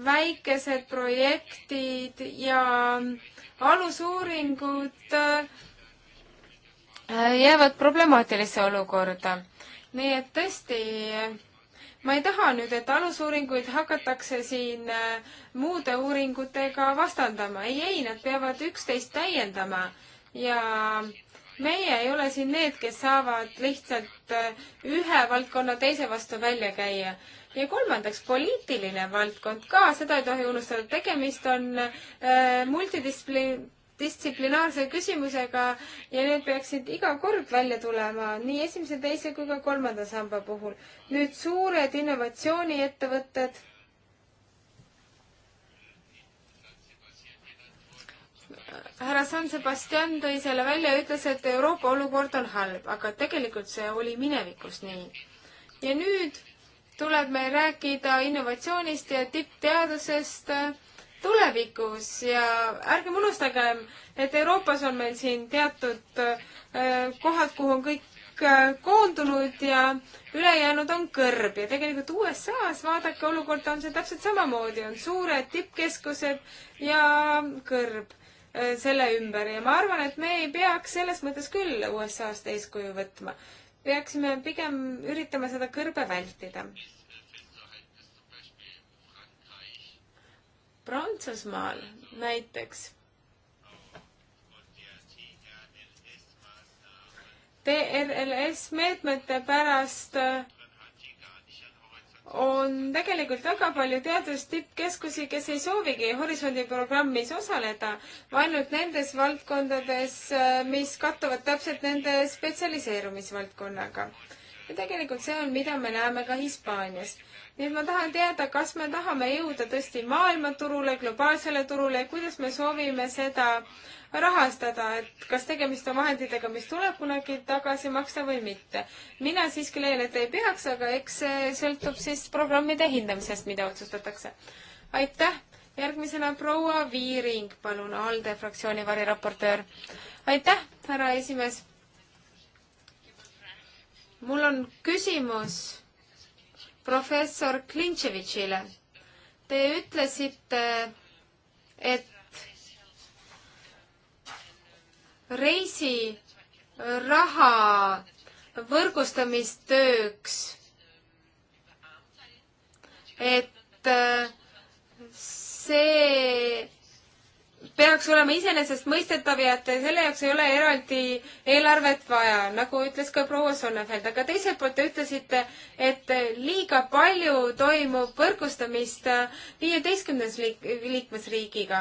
väikesed projektid ja alusuuringud äh, Äh, jäävad problemaatilisse olukorda. nii et tõesti, ma ei taha nüüd, et alusuuringuid hakatakse siin äh, muude uuringutega vastandama. ei, ei, nad peavad üksteist täiendama ja meie ei ole siin need, kes saavad lihtsalt äh, ühe valdkonna teise vastu välja käia. ja kolmandaks, poliitiline valdkond ka, seda ei tohi unustada, tegemist on äh, multidistsiplin-, distsiplinaarse küsimusega ja need peaksid iga kord välja tulema nii esimese, teise kui ka kolmanda samba puhul. nüüd suured innovatsiooniettevõtted. härra San Sebastian tõi selle välja ja ütles, et Euroopa olukord on halb, aga tegelikult see oli minevikus nii. ja nüüd tuleb meil rääkida innovatsioonist ja tippteadusest tulevikus ja ärgem unustagem, et Euroopas on meil siin teatud äh, kohad, kuhu on kõik äh, koondunud ja ülejäänud on kõrb ja tegelikult USA-s, vaadake olukorda, on see täpselt samamoodi, on suured tippkeskused ja kõrb äh, selle ümber ja ma arvan, et me ei peaks selles mõttes küll USA-st eeskuju võtma. peaksime pigem üritama seda kõrbe vältida Prantsusmaal näiteks TRLS meetmete pärast äh, on tegelikult väga palju teadustippkeskusi, kes ei soovigi Horisondi programmis osaleda, ainult nendes valdkondades, äh, mis kattuvad täpselt nende spetsialiseerumisvaldkonnaga. ja tegelikult see on, mida me näeme ka Hispaanias nii et ma tahan teada, kas me tahame jõuda tõesti maailmaturule, globaalsele turule ja kuidas me soovime seda rahastada, et kas tegemist on vahenditega, mis tuleb kunagi tagasi maksta või mitte. mina siiski leian, et ei peaks, aga eks see sõltub siis programmide hindamisest, mida otsustatakse. aitäh! järgmisena proua Viiring, palun, ALDE fraktsiooni variraportöör. aitäh, härra esimees! mul on küsimus professor Klintševitšile. Te ütlesite, et reisiraha võrgustamistööks, et äh, see peaks olema iseenesestmõistetav ja et selle jaoks ei ole eraldi eelarvet vaja, nagu ütles ka proua Sonnefeld, aga teiselt poolt te ütlesite, et liiga palju toimub võrgustamist viieteistkümnes liik-, liikmesriigiga,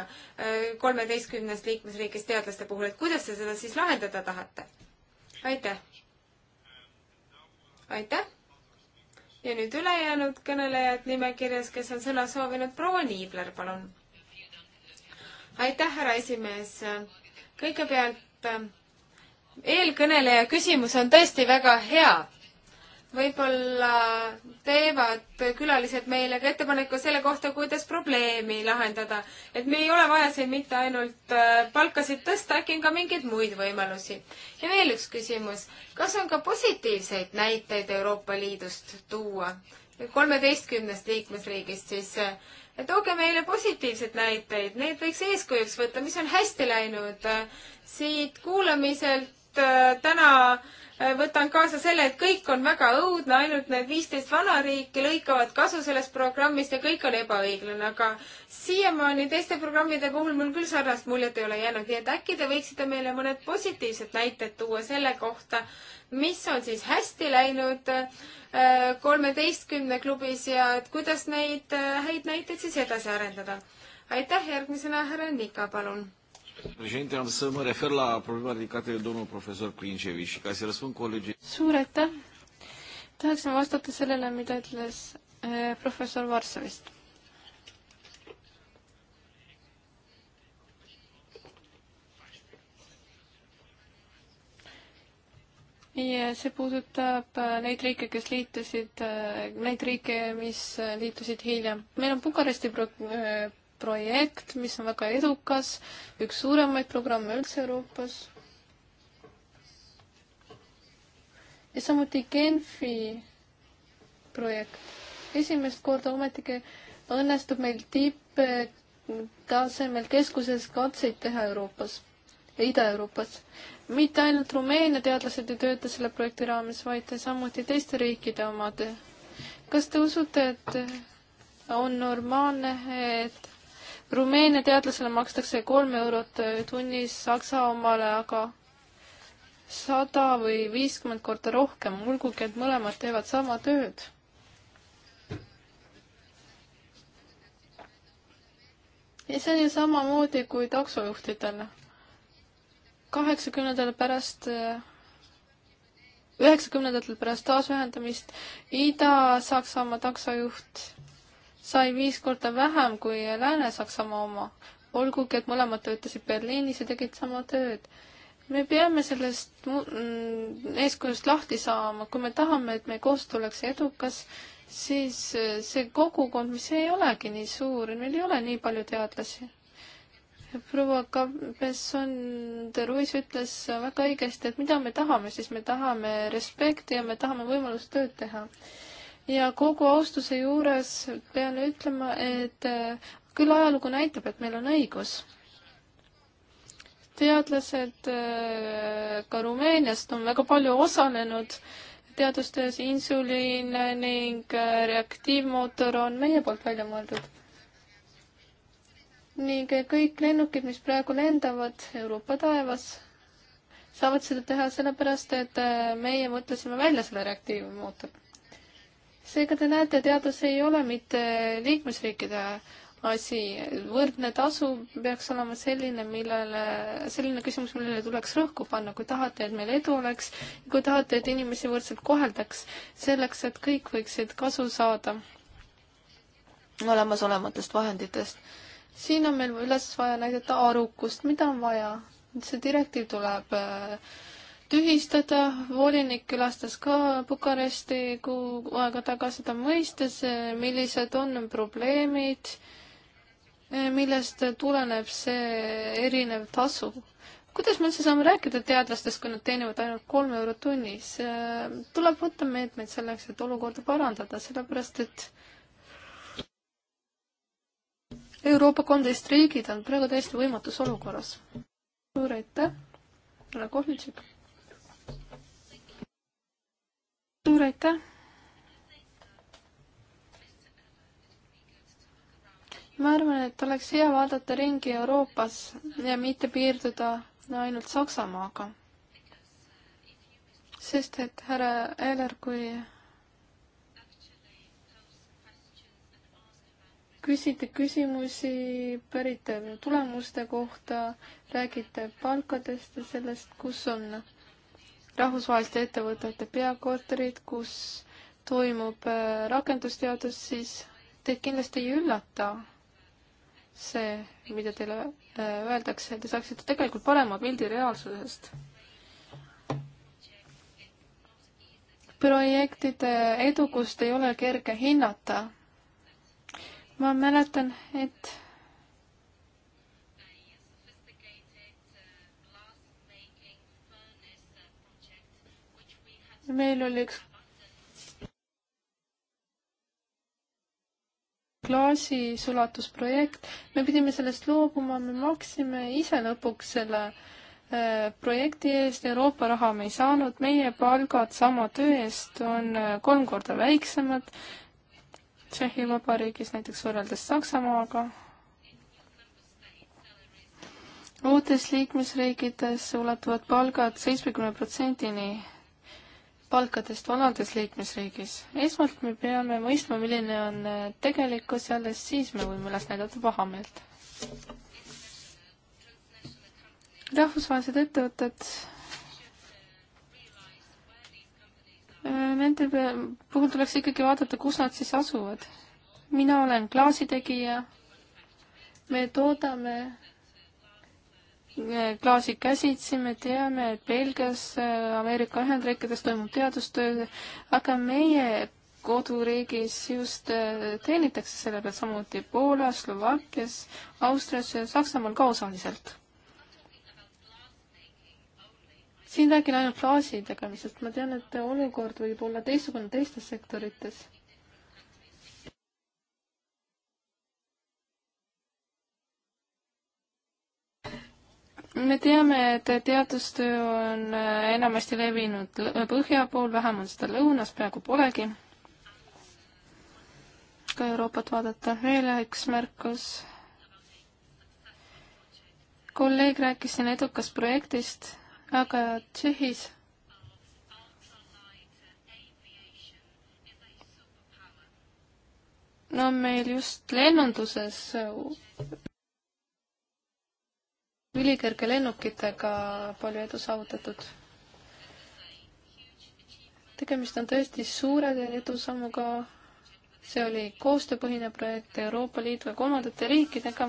kolmeteistkümnes liikmesriigis teadlaste puhul, et kuidas te seda siis lahendada tahate? aitäh! aitäh! ja nüüd ülejäänud kõnelejad nimekirjas, kes on sõna soovinud, proua Niibler, palun aitäh, härra esimees. kõigepealt äh, eelkõneleja küsimus on tõesti väga hea võib-olla teevad külalised meile ka ettepaneku selle kohta, kuidas probleemi lahendada. et me ei ole vaja siin mitte ainult äh, palkasid tõsta, äkki on ka mingeid muid võimalusi. ja veel üks küsimus. kas on ka positiivseid näiteid Euroopa Liidust tuua? kolmeteistkümnest liikmesriigist siis. Äh, tooge meile positiivseid näiteid, neid võiks eeskujuks võtta, mis on hästi läinud. siit kuulamiselt äh, täna äh, võtan kaasa selle, et kõik on väga õudne, ainult need viisteist vanariiki lõikavad kasu sellest programmist ja kõik on ebaõiglane, aga siiamaani teiste programmide puhul mul küll sarnast muljet ei ole jäänud, nii et äkki te võiksite meile mõned positiivsed näited tuua selle kohta, mis on siis hästi läinud äh, kolmeteistkümne klubis ja et kuidas neid äh, häid näiteid siis edasi arendada. aitäh, järgmisena härra Nika, palun președinte, am să mă refer la problema ridicată de domnul profesor Clincevi și ca să răspund colegii. Suur aitäh! tahaksin vastata sellele, mida ütles eh, professor Varssavist. ja see puudutab eh, neid riike, kes liitusid, eh, neid riike, mis liitusid hiljem. meil on Bukaresti pro-, projekt, mis on väga edukas, üks suuremaid programme üldse Euroopas. ja samuti Genfi projekt. esimest korda ometigi õnnestub meil tipptasemel keskuses katseid teha Euroopas, Ida-Euroopas. mitte ainult Rumeenia teadlased ei tööta selle projekti raames, vaid samuti teiste riikide omad. kas te usute, et on normaalne, et Rumeenia teadlasele makstakse kolm eurot tunnis, Saksa omale aga sada või viiskümmend korda rohkem, olgugi et mõlemad teevad sama tööd. ja see on ju samamoodi kui taksojuhtidele. kaheksakümnendatel pärast, üheksakümnendatel pärast taasühendamist Ida-Saksamaa taksojuht sai viis korda vähem kui Lääne-Saksamaa oma. olgugi, et mõlemad töötasid Berliinis ja tegid sama tööd. me peame sellest mm, eeskujust lahti saama, kui me tahame, et meie koostöö oleks edukas, siis äh, see kogukond, mis ei olegi nii suur, meil ei ole nii palju teadlasi. proua Kabeson de Ruiz ütles väga õigesti, et mida me tahame, siis me tahame respekti ja me tahame võimalust tööd teha ja kogu austuse juures pean ütlema, et äh, küll ajalugu näitab, et meil on õigus. teadlased äh, ka Rumeeniast on väga palju osalenud teadustöös, insuliin ning äh, reaktiivmootor on meie poolt välja mõeldud. ning kõik lennukid, mis praegu lendavad Euroopa taevas, saavad seda teha sellepärast, et meie mõtlesime välja selle reaktiivmootori seega te näete, teadus ei ole mitte liikmesriikide asi, võrdne tasu peaks olema selline, millele, selline küsimus, millele tuleks rõhku panna, kui tahate, et meil edu oleks, kui tahate, et inimesi võrdselt koheldaks, selleks, et kõik võiksid kasu saada olemasolevatest vahenditest. siin on meil üles vaja näidata arukust, mida on vaja. see direktiiv tuleb äh, tühistada, volinik külastas ka Bukaresti kuu aega tagasi, ta mõistis, millised on probleemid, millest tuleneb see erinev tasu. kuidas me üldse saame rääkida teadlastest, kui nad teenivad ainult kolm eurot tunnis? tuleb võtta meetmeid selleks, et olukorda parandada, sellepärast et Euroopa kolmteist riigid on praegu täiesti võimatus olukorras. suur aitäh, härra Kohlitšik! suur aitäh! ma arvan, et oleks hea vaadata ringi Euroopas ja mitte piirduda ainult Saksamaaga. sest et härra Eller, kui küsite küsimusi pärit tulemuste kohta, räägite palkadest ja sellest, kus on rahvusvaheliste ettevõtete peakorterid, kus toimub äh, rakendusteadus, siis teid kindlasti ei üllata see, mida teile äh, öeldakse, te saaksite tegelikult parema pildi reaalsusest. projektide edukust ei ole kerge hinnata. ma mäletan, et meil oli üks klaasisulatusprojekt, me pidime sellest loobuma, me maksime ise lõpuks selle äh, projekti eest, Euroopa raha me ei saanud, meie palgad sama töö eest on äh, kolm korda väiksemad, Tšehhi Vabariigis näiteks võrreldes Saksamaaga. uutes liikmesriikides ulatuvad palgad seitsmekümne protsendini palkadest vanades liikmesriigis. esmalt me peame mõistma, milline on äh, tegelikkus ja alles siis me võime üles näidata pahameelt. rahvusvahelised ettevõtted, äh, nende puhul tuleks ikkagi vaadata, kus nad siis asuvad. mina olen klaasitegija, me toodame klaasi käsitsi, me teame, et Belgias, Ameerika Ühendriikides toimub teadustöö, aga meie koduriigis just äh, teenitakse selle pealt samuti Poolas, Slovakkias, Austrias ja Saksamaal ka osaliselt. siin räägin ainult klaasi tegemisest, ma tean, et olukord võib olla teistsugune teistes sektorites me teame, et teadustöö on äh, enamasti levinud põhja pool, vähem on seda lõunas, peaaegu polegi. kui Euroopat vaadata, veel üks märkus. kolleeg rääkis siin edukast projektist, aga Tšehhis no meil just lennunduses ülikerge lennukitega palju edu saavutatud. tegemist on tõesti suure edusammuga. see oli koostööpõhine projekt Euroopa Liidu ja kolmandate riikidega.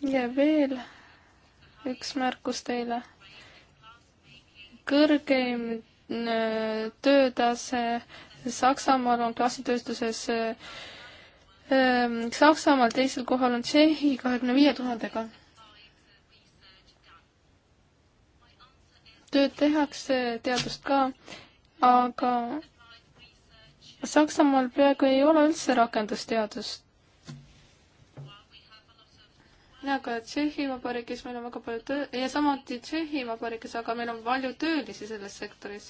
ja veel üks märkus teile. kõrgeim äh, töötase Saksamaal on klassitööstuses äh, Ehm, Saksamaal teisel kohal on Tšehhi kahekümne viie tuhandega. tööd tehakse, teadust ka, aga Saksamaal peaaegu ei ole üldse rakendusteadust. aga Tšehhi Vabariigis meil on väga palju töö- ja samuti Tšehhi Vabariigis, aga meil on palju töölisi selles sektoris.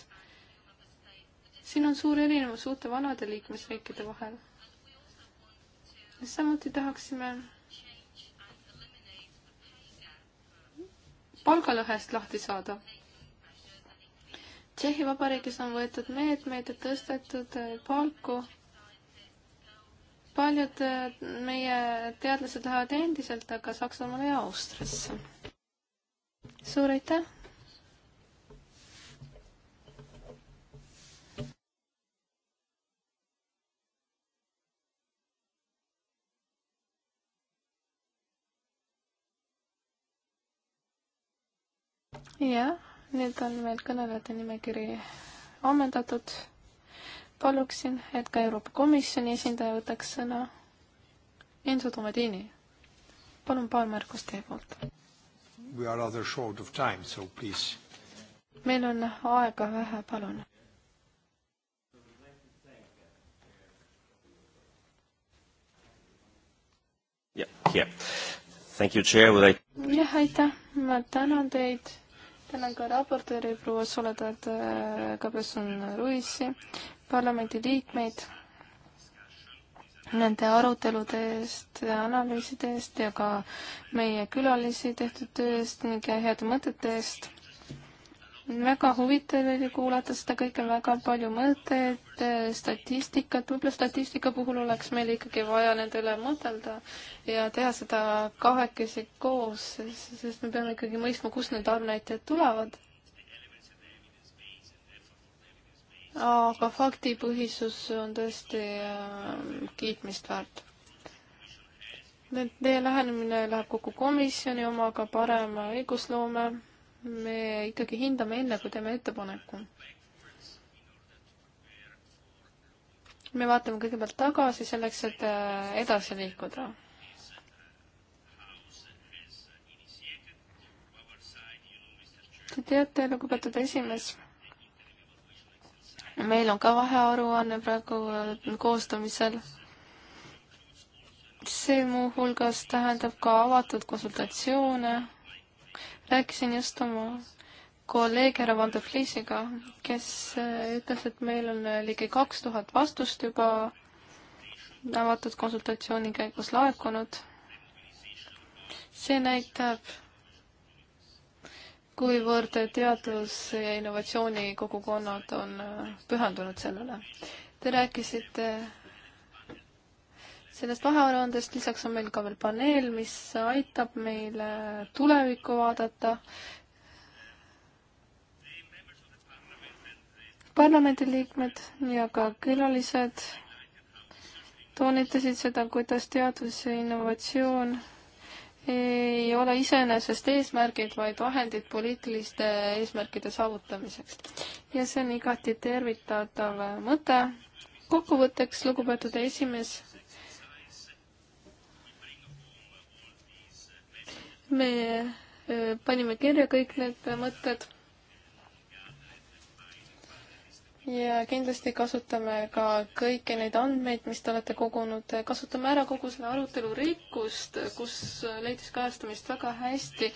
siin on suur erinevus uute vanade liikmesriikide vahel samuti tahaksime palgalõhest lahti saada. Tšehhi Vabariigis on võetud meetmeid, et tõstetud eh, palku. paljud eh, meie teadlased lähevad endiselt aga Saksamaale ja Austriasse. suur aitäh! jah, nüüd on meil kõnelejate nimekiri ammendatud. paluksin, et ka Euroopa Komisjoni esindaja võtaks sõna. Enzo Tomadini, palun paar märkust teie poolt. We are rather short of time, so please. meil on aega vähe, palun jah yeah., aitäh, ma tänan teid tänan ka raportööri proua Soledad Kabesson-Ruissi, äh, parlamendi liikmeid nende arutelude eest, analüüside eest ja ka meie külalisi tehtud töö eest ning heade mõtete eest väga huvitav oli kuulata seda kõike, väga palju mõtteid, statistikat, võib-olla statistika puhul oleks meil ikkagi vaja nende üle mõtelda ja teha seda kahekesi koos, sest me peame ikkagi mõistma, kust need arvnäitajad tulevad. aga faktipõhisus on tõesti ähm, kiitmist väärt Teie lähenemine läheb kokku komisjoni omaga, parema õigusloome me ikkagi hindame enne, kui teeme ettepaneku. me vaatame kõigepealt tagasi selleks, et äh, edasi liikuda. Te teate, lugupeetud esimees, meil on ka vahearuanne praegu äh, koostamisel. see muuhulgas tähendab ka avatud konsultatsioone rääkisin just oma kolleeg härra Valdo Fliisiga, kes äh, ütles, et meil on äh, ligi kaks tuhat vastust juba avatud konsultatsiooni käigus laekunud. see näitab, kuivõrd teadus- ja innovatsioonikogukonnad on äh, pühendunud sellele. Te rääkisite sellest vahearuandest lisaks on meil ka veel paneel, mis aitab meile tulevikku vaadata. parlamendiliikmed ja ka külalised toonitasid seda, kuidas teadus ja innovatsioon ei ole iseenesest eesmärgid, vaid vahendid poliitiliste eesmärkide saavutamiseks. ja see on igati tervitatav mõte. kokkuvõtteks, lugupeetud esimees me äh, panime kirja kõik need mõtted. ja kindlasti kasutame ka kõiki neid andmeid, mis te olete kogunud, kasutame ära kogu selle arutelu rikkust, kus leidis kajastamist väga hästi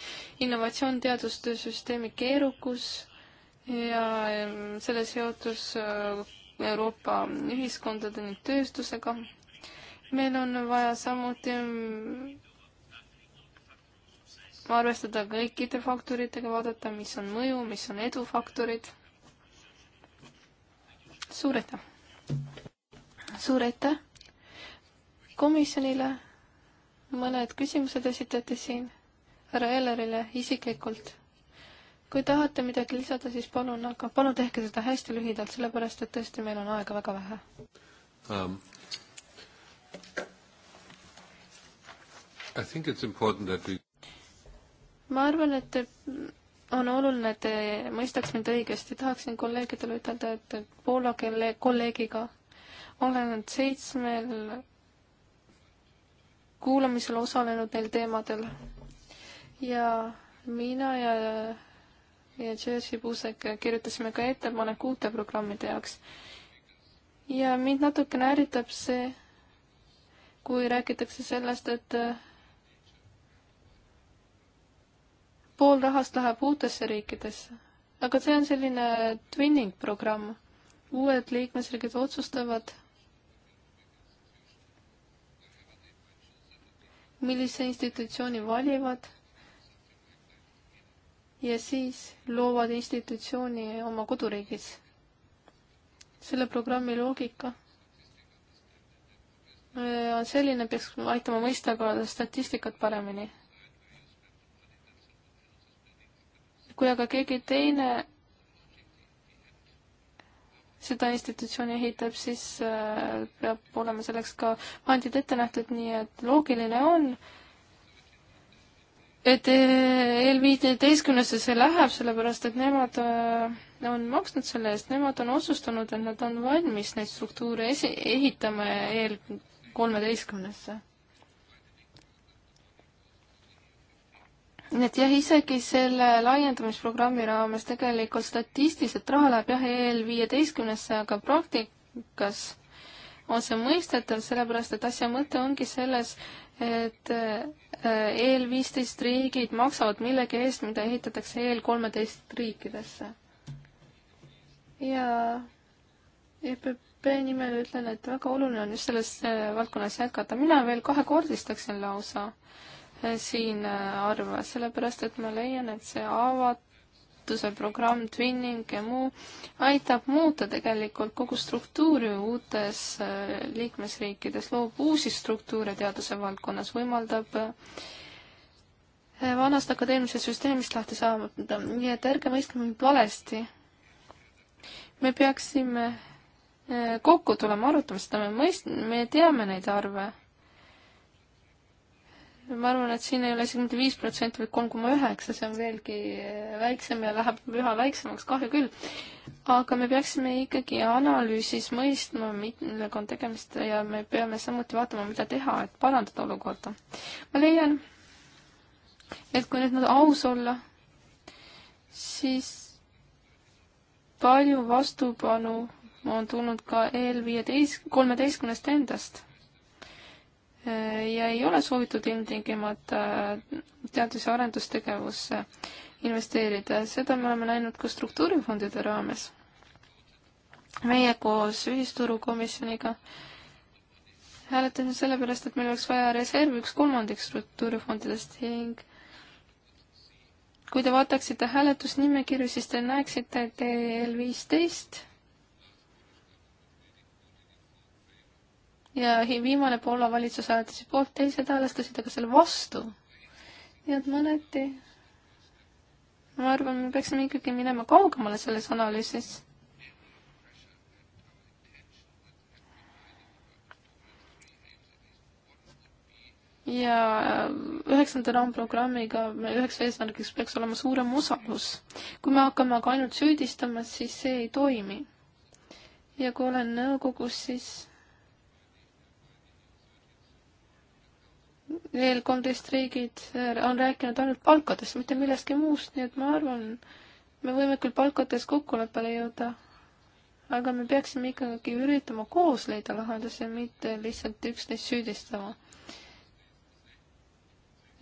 innovatsioon, teadustöösüsteemi keerukus ja ähm, selle seotus äh, Euroopa ühiskondade ning tööstusega. meil on vaja samuti mm, arvestada kõikide faktoritega, vaadata, mis on mõju, mis on edufaktorid. suur aitäh! suur aitäh komisjonile, mõned küsimused esitati siin härra Ellerile isiklikult. kui tahate midagi lisada, siis palun, aga palun tehke seda hästi lühidalt, sellepärast et tõesti, meil on aega väga vähe um.. I think it's important that we ma arvan, et on oluline, et te mõistaks mind õigesti, tahaksin kolleegidele ütelda, et Poola kelle kolleegiga olen seitsmel kuulamisel osalenud neil teemadel ja mina ja, ja Jerzy Puusek kirjutasime ka ettepaneku uute programmide jaoks. ja mind natukene ärritab see, kui räägitakse sellest, et pool rahast läheb uutesse riikidesse. aga see on selline twinning programm. uued liikmesriigid otsustavad, millise institutsiooni valivad ja siis loovad institutsiooni oma koduriigis. selle programmi loogika äh, on selline, peaks aitama mõista ka statistikat paremini kui aga keegi teine seda institutsiooni ehitab, siis äh, peab olema selleks ka vahendid ette nähtud, nii et loogiline on, et EL-viieteistkümnesse see läheb, sellepärast et nemad äh, on maksnud selle eest, nemad on otsustanud, et nad on valmis neid struktuure esi-, ehitama EL kolmeteistkümnesse nii et jah, isegi selle laiendamisprogrammi raames tegelikult statistiliselt raha läheb jah, EL viieteistkümnesse, aga praktikas on see mõistetav, sellepärast et asja mõte ongi selles, et äh, EL viisteist riigid maksavad millegi eest, mida ehitatakse EL kolmeteist riikidesse. ja EPP nimel ütlen, et väga oluline on just selles äh, valdkonnas jätkata, mina veel kahekordistaksin lausa äh, siin äh, arva, sellepärast et ma leian, et see avatuse programm, twinning ja muu aitab muuta tegelikult kogu struktuuri uutes äh, liikmesriikides, loob uusi struktuure teaduse valdkonnas, võimaldab äh, vanast akadeemilisest süsteemist lahti saada, nii et ärge mõistke mind valesti. me peaksime kokku tulema, arutama seda, me mõist-, me teame neid arve ma arvan, et siin ei ole isegi mitte viis protsenti, vaid kolm koma üheksa, see on veelgi eh, väiksem ja läheb üha väiksemaks, kahju küll. aga me peaksime ikkagi analüüsis mõistma, millega on tegemist ja me peame samuti vaatama, mida teha, et parandada olukorda. ma leian, et kui nüüd aus olla, siis palju vastupanu on tulnud ka EL viieteist, kolmeteistkümnest endast ja ei ole soovitud ilmtingimata äh, teadus- ja arendustegevusse investeerida, seda me oleme näinud ka struktuurifondide raames. meie koos ühisturukomisjoniga hääletasime sellepärast, et meil oleks vaja reservi üks kolmandik struktuurifondidest ning kui te vaataksite hääletusnimekirju, siis te näeksite, et EL viisteist ja viimane Poola valitsus hääletas poolt, teised häälestasid aga selle vastu. nii et mõneti ma arvan, me peaksime ikkagi minema kaugemale selles analüüsis. ja äh, üheksanda raamprogrammiga üheks eesmärgiks peaks olema suurem usaldus. kui me hakkame aga ainult süüdistama, siis see ei toimi. ja kui olen nõukogus, siis veel kolmteist riigid äh, on rääkinud ainult palkadest, mitte millestki muust, nii et ma arvan, me võime küll palkades kokkuleppele jõuda, aga me peaksime ikkagi üritama koos leida lahendusi, mitte lihtsalt üksteist süüdistama.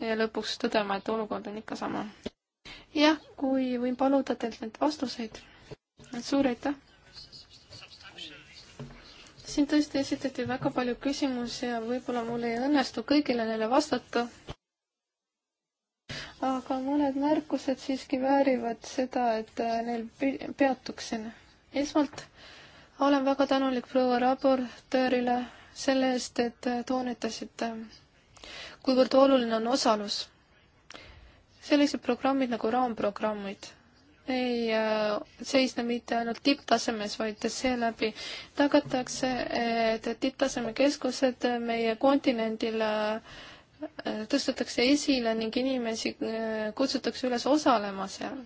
ja lõpuks tõdema, et olukord on ikka sama. jah, kui võin paluda teilt neid vastuseid, suur aitäh! siin tõesti esitati väga palju küsimusi ja võib-olla mul ei õnnestu kõigile neile vastata. aga mõned märkused siiski väärivad seda, et äh, neil peatuksin. esmalt olen väga tänulik proua raportöörile selle eest, et äh, toonitasite, kuivõrd oluline on osalus. sellised programmid nagu raamprogrammid ei äh, seisne mitte ainult tipptasemes, vaid seeläbi tagatakse, et tipptaseme keskused meie kontinendil äh, tõstetakse esile ning inimesi äh, kutsutakse üles osalema seal.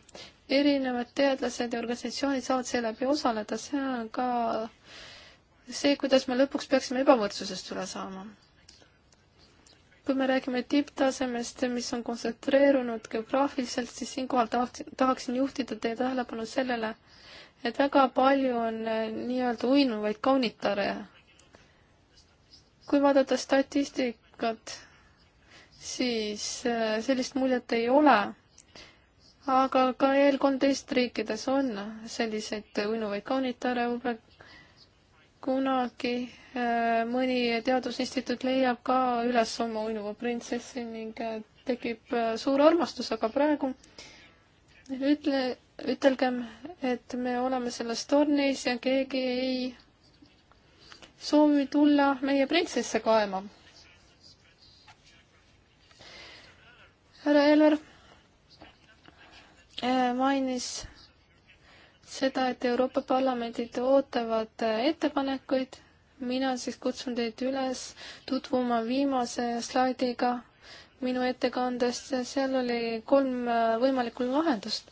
erinevad teadlased ja organisatsioonid saavad seeläbi osaleda, see on ka see, kuidas me lõpuks peaksime ebavõrdsusest üle saama kui me räägime tipptasemest, mis on kontsentreerunud geograafiliselt, siis siinkohal tahaksin, tahaksin juhtida teie tähelepanu sellele, et väga palju on eh, nii-öelda uinuvaid kaunitare. kui vaadata statistikat, siis eh, sellist muljet ei ole aga ka EL kolmteist riikides on selliseid uinuvaid kaunitare, võib-olla kunagi äh, mõni teadusinstituut leiab ka üles oma uinuva printsessi ning äh, tekib äh, suur armastus, aga praegu ütle, ütelgem, et me oleme selles tornis ja keegi ei soovi tulla meie printsesse kaema. härra Elver mainis seda, et Euroopa Parlamendid ootavad äh, ettepanekuid. mina siis kutsun teid üles tutvuma viimase slaidiga minu ettekandest, seal oli kolm äh, võimalikku lahendust.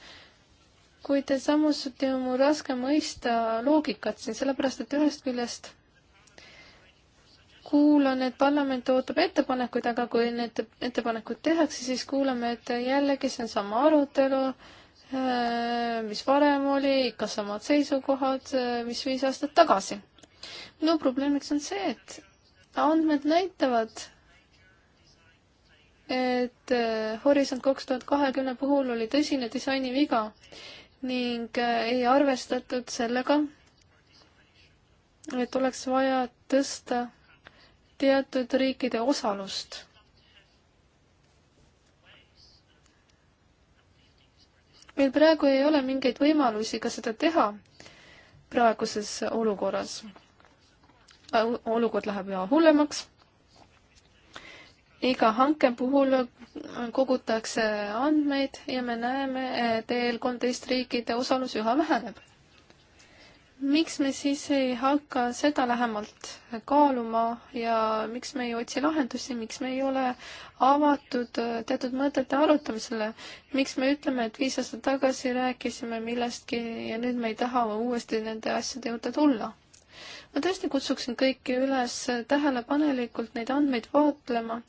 kuid samuti on mul raske mõista loogikat siin, sellepärast et ühest küljest kuulan, et parlament ootab ettepanekuid, aga kui need ettepanekud tehakse, siis kuulame, et jällegi see on sama arutelu mis varem oli, ikka samad seisukohad, mis viis aastat tagasi. minu probleemiks on see, et andmed näitavad, et eh, Horisont kaks tuhat kahekümne puhul oli tõsine disainiviga ning eh, ei arvestatud sellega, et oleks vaja tõsta teatud riikide osalust meil praegu ei ole mingeid võimalusi ka seda teha praeguses olukorras. olukord läheb üha hullemaks. iga hanke puhul kogutakse andmeid ja me näeme, et EL kolmteist riikide osalus üha väheneb miks me siis ei hakka seda lähemalt kaaluma ja miks me ei otsi lahendusi, miks me ei ole avatud äh, teatud mõtete arutamisele, miks me ütleme, et viis aastat tagasi rääkisime millestki ja nüüd me ei taha uuesti nende asjade juurde tulla? ma tõesti kutsuksin kõiki üles tähelepanelikult neid andmeid vaatlema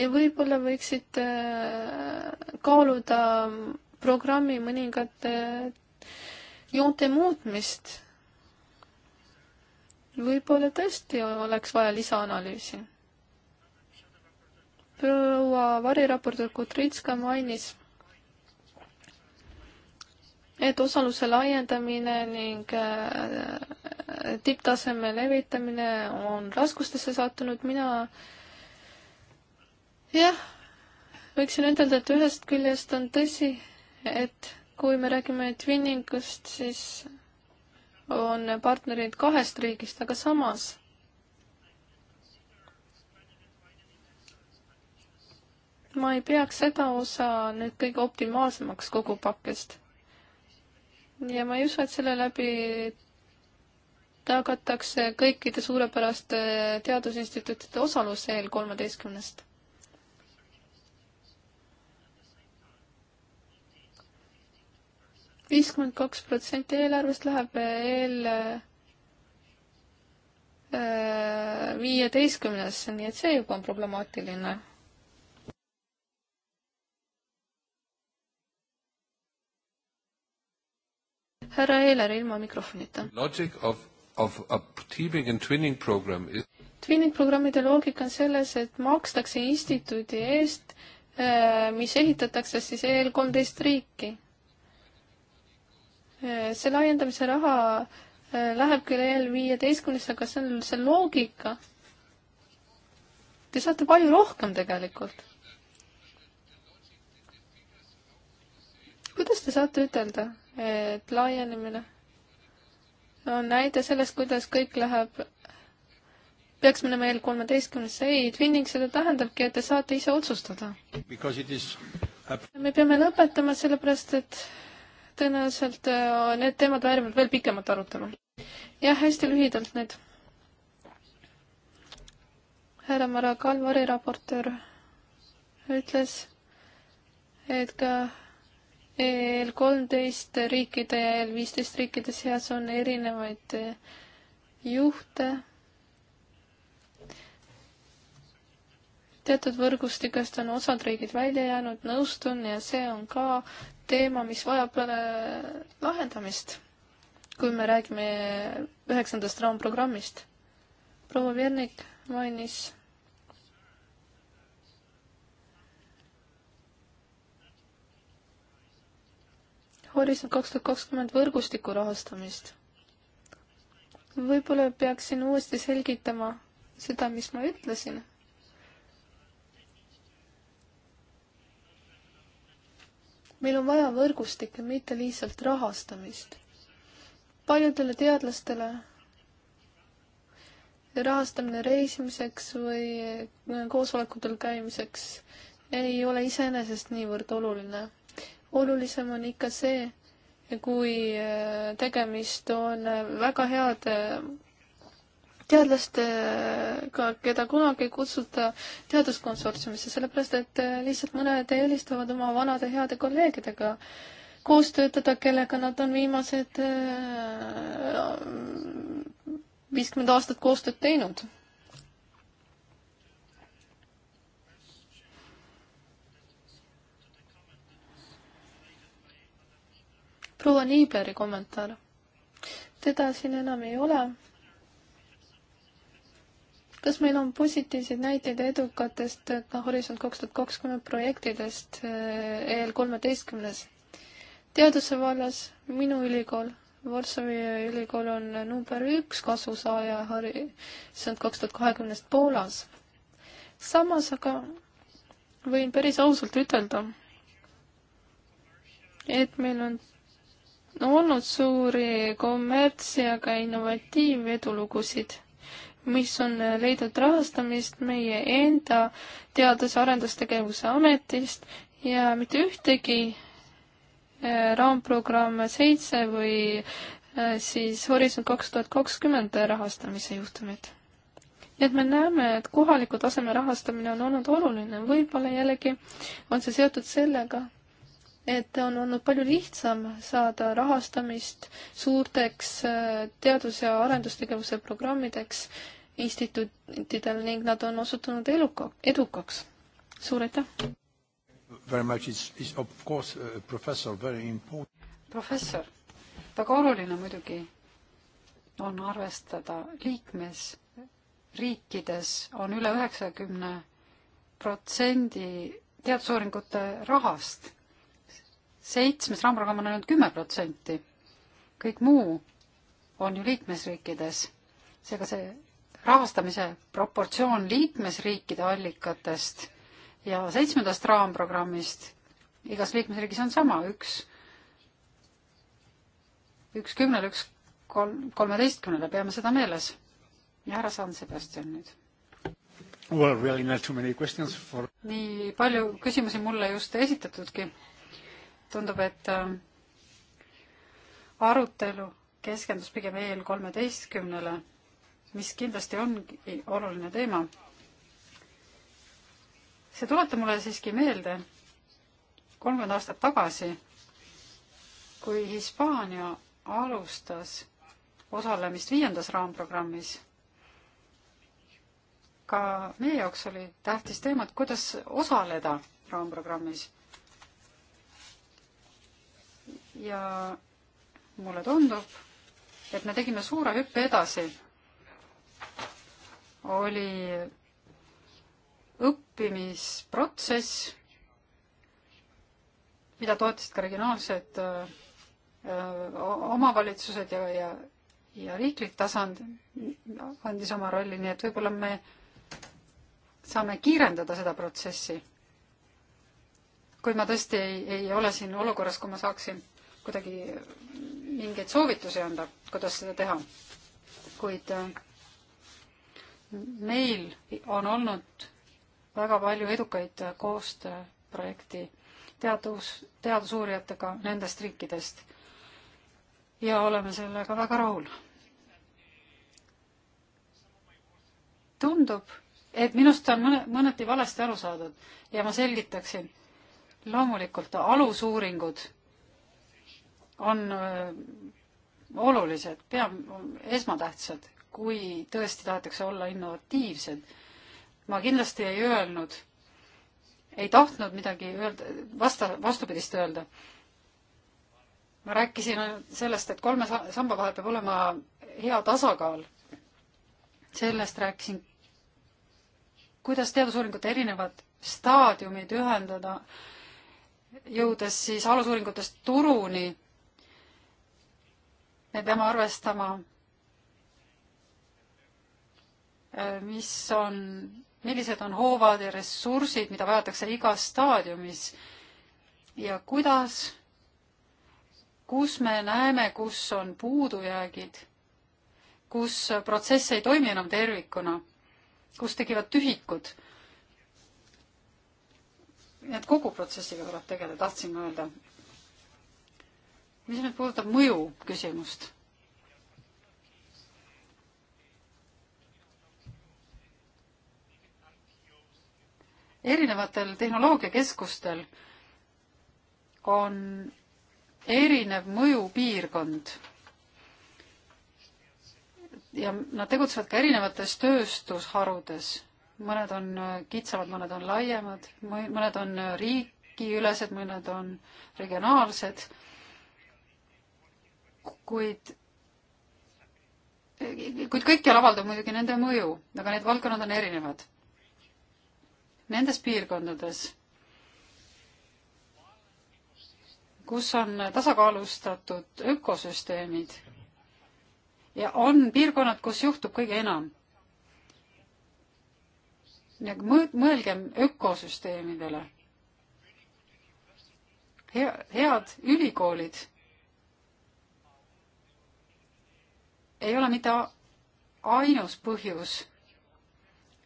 ja võib-olla võiksite äh, kaaluda programmi mõningate joonte muutmist võib-olla tõesti oleks vaja lisaanalüüsi. proua variraportöör Kutritska mainis, et osaluse laiendamine ning äh, tipptaseme levitamine on raskustesse sattunud, mina jah, võiksin ütelda, et ühest küljest on tõsi, et kui me räägime twinningust, siis on partnerid kahest riigist, aga samas ma ei peaks seda osa nüüd kõige optimaalsemaks kogu pakkest. ja ma ei usu, et selle läbi tagatakse kõikide suurepäraste teadusinstituutide osalus EL kolmeteistkümnest viiskümmend kaks protsenti eelarvest läheb veel äh, viieteistkümnesse, nii et see juba on problemaatiline. härra Eeler ilma mikrofonita. Logic of, of a teaming and twinning program is twinning programmide loogika on selles, et makstakse instituudi eest, äh, mis ehitatakse siis EL kolmteist riiki Äh, see laiendamise raha äh, läheb küll EL15-sse, aga see on see loogika. Te saate palju rohkem tegelikult. kuidas te saate ütelda, et laienemine on näide sellest, kuidas kõik läheb, peaks minema EL13-sse, ei, twinning seda tähendabki, et te saate ise otsustada. Is... me peame lõpetama, sellepärast et tõenäoliselt äh, need teemad väärivad veel pikemat arutelu. jah, hästi lühidalt nüüd. härra Mara Kalvari raportöör ütles, et ka EL kolmteist riikide ja EL viisteist riikide seas on erinevaid äh, juhte teatud võrgustikest on osad riigid välja jäänud, nõustun ja see on ka teema, mis vajab äh, lahendamist, kui me räägime üheksandast raamprogrammist. proua Vernik mainis Horisont kaks tuhat kakskümmend võrgustiku rahastamist. võib-olla peaksin uuesti selgitama seda, mis ma ütlesin meil on vaja võrgustikke, mitte lihtsalt rahastamist. paljudele teadlastele rahastamine reisimiseks või äh, koosolekutel käimiseks ei ole iseenesest niivõrd oluline. olulisem on ikka see, kui äh, tegemist on äh, väga heade teadlastega, keda kunagi ei kutsuta teaduskonsortsiumisse, sellepärast et äh, lihtsalt mõned eelistavad oma vanade heade kolleegidega koos töötada, kellega nad on viimased äh, viiskümmend aastat koostööd teinud. proua Niibleri kommentaar. teda siin enam ei ole kas meil on positiivseid näiteid edukatest ka noh, Horisont kaks tuhat kakskümmend projektidest eh, EL kolmeteistkümnes? teaduse vallas minu ülikool, Varssavi ülikool on number üks kasusaaja Horisont kaks tuhat kahekümnest Poolas. samas aga võin päris ausalt ütelda, et meil on olnud suuri kommerts- ja ka innovatiivedulugusid mis on leidnud rahastamist meie enda teadus- ja arendustegevuse ametist ja mitte ühtegi äh, raamprogramm seitse või äh, siis Horisont kaks tuhat kakskümmend rahastamise juhtumid. nii et me näeme, et kohaliku taseme rahastamine on olnud oluline, võib-olla jällegi on see seotud sellega, et on olnud palju lihtsam saada rahastamist suurteks äh, teadus- ja arendustegevuse programmideks instituutidel ning nad on osutunud eluka, edukaks. suur aitäh! Uh, professor, väga oluline muidugi on arvestada liikmesriikides on üle üheksakümne protsendi teadusuuringute rahast seitsmes raamprogramm on ainult kümme protsenti. kõik muu on ju liikmesriikides. seega see rahastamise proportsioon liikmesriikide allikatest ja seitsmendast raamprogrammist igas liikmesriigis on sama, üks, üks kümnele, üks kolm, kolmeteistkümnele, peame seda meeles. ja härra San Sebastian nüüd well,. Really for... nii palju küsimusi mulle just esitatudki tundub, et äh, arutelu keskendus pigem EL kolmeteistkümnele, mis kindlasti ongi oluline teema. see tuletab mulle siiski meelde kolmkümmend aastat tagasi, kui Hispaania alustas osalemist viiendas raamprogrammis. ka meie jaoks oli tähtis teema, et kuidas osaleda raamprogrammis ja mulle tundub, et me tegime suure hüppe edasi. oli õppimisprotsess, mida toetasid ka regionaalsed öö, äh, omavalitsused ja, ja, ja riiklik tasand andis oma rolli, nii et võib-olla me saame kiirendada seda protsessi. kui ma tõesti ei, ei ole siin olukorras, kui ma saaksin kuidagi mingeid soovitusi anda, kuidas seda teha. kuid äh, meil on olnud väga palju edukaid äh, koostööprojekti teadus, teadusuurijatega nendest riikidest. ja oleme sellega väga rahul. tundub, et minust on mõne, mõneti valesti aru saadud ja ma selgitaksin. loomulikult alusuuringud on äh, olulised, pea, esmatähtsad, kui tõesti tahetakse olla innovatiivsed. ma kindlasti ei öelnud, ei tahtnud midagi öelda, vasta, vastupidist öelda. ma rääkisin ainult sellest, et kolme samba vahel peab olema hea tasakaal. sellest rääkisin, kuidas teadusuuringute erinevad staadiumid ühendada, jõudes siis alusuuringutest turuni me peame arvestama, äh, mis on, millised on hoovad ja ressursid, mida vajatakse igas staadiumis ja kuidas, kus me näeme, kus on puudujäägid, kus protsess ei toimi enam tervikuna, kus tekivad tühikud nii et kogu protsessiga tuleb tegeleda, tahtsin öelda mis nüüd puudutab mõju küsimust erinevatel tehnoloogiakeskustel on erinev mõjupiirkond ja nad tegutsevad ka erinevates tööstusharudes. mõned on kitsamad, mõned on laiemad, mõned on riigiülesed, mõned on regionaalsed kuid, kuid kõikjal avaldab muidugi nende mõju, aga need valdkonnad on erinevad. Nendes piirkondades, kus on tasakaalustatud ökosüsteemid ja on piirkonnad, kus juhtub kõige enam mõelgem ökosüsteemidele. hea, head ülikoolid ei ole mitte ainus põhjus,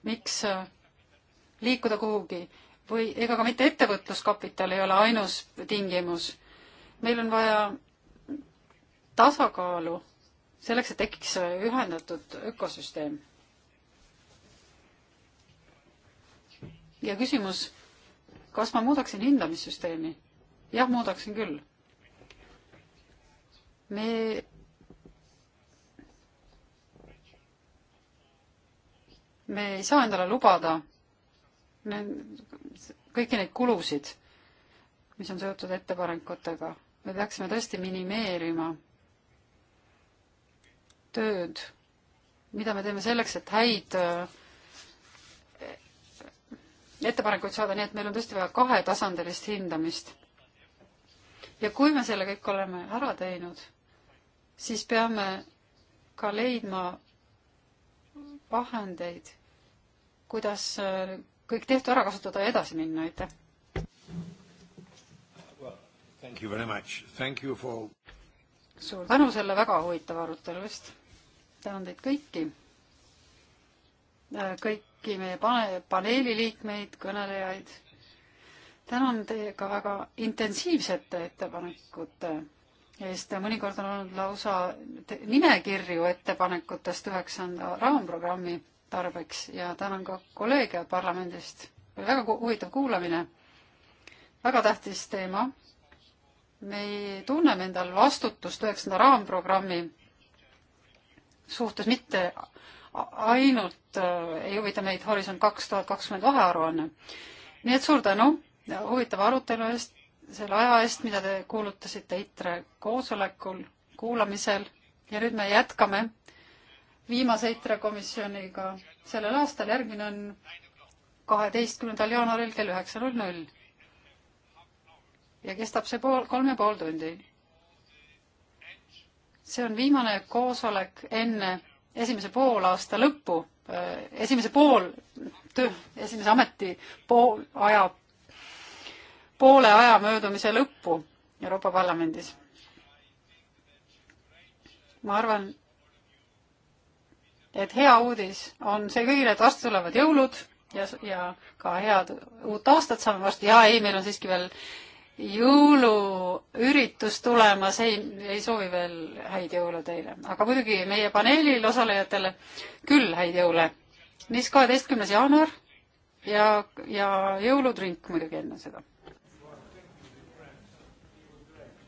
miks äh, liikuda kuhugi või ega ka mitte ettevõtluskapital ei ole ainus tingimus. meil on vaja tasakaalu selleks, et tekiks äh, ühendatud ökosüsteem. ja küsimus, kas ma muudaksin hindamissüsteemi? jah, muudaksin küll. me me ei saa endale lubada me, kõiki neid kulusid, mis on seotud ettepanekutega. me peaksime tõesti minimeerima tööd, mida me teeme selleks, et häid äh, ettepanekuid saada, nii et meil on tõesti vaja kahetasandilist hindamist. ja kui me selle kõik oleme ära teinud, siis peame ka leidma vahendeid, kuidas äh, kõik tehtu ära kasutada ja edasi minna, aitäh! suur tänu selle väga huvitava arutelu eest. tänan teid kõiki, äh, kõiki meie pane-, paneeli liikmeid, kõnelejaid. tänan teie ka väga intensiivsete ettepanekute sest mõnikord on olnud lausa nimekirju ettepanekutest üheksanda raamprogrammi tarbeks ja tänan ka kolleege parlamendist. oli väga huvitav kuulamine. väga tähtis teema. me tunneme endal vastutust üheksanda raamprogrammi suhtes mitte ainult äh, ei huvita meid Horisont kaks tuhat kakskümmend vahearuanne. nii et suur tänu huvitava arutelu eest selle aja eest, mida te kuulutasite ITRE koosolekul, kuulamisel ja nüüd me jätkame viimase ITRE komisjoniga sellel aastal, järgmine on kaheteistkümnendal jaanuaril kell üheksa null null. ja kestab see pool, kolm ja pool tundi. see on viimane koosolek enne esimese poolaasta lõppu, esimese pool töö, esimese ameti pool, aja poole aja möödumise lõppu Euroopa Parlamendis. ma arvan, et hea uudis on see kõigile, et varsti tulevad jõulud ja, ja ka head uut aastat saame varsti. jaa, ei, meil on siiski veel jõuluüritus tulemas, ei, ei soovi veel häid jõule teile, aga muidugi meie paneelil osalejatele küll häid jõule. niisiis kaheteistkümnes jaanuar ja, ja jõulutrink muidugi enne seda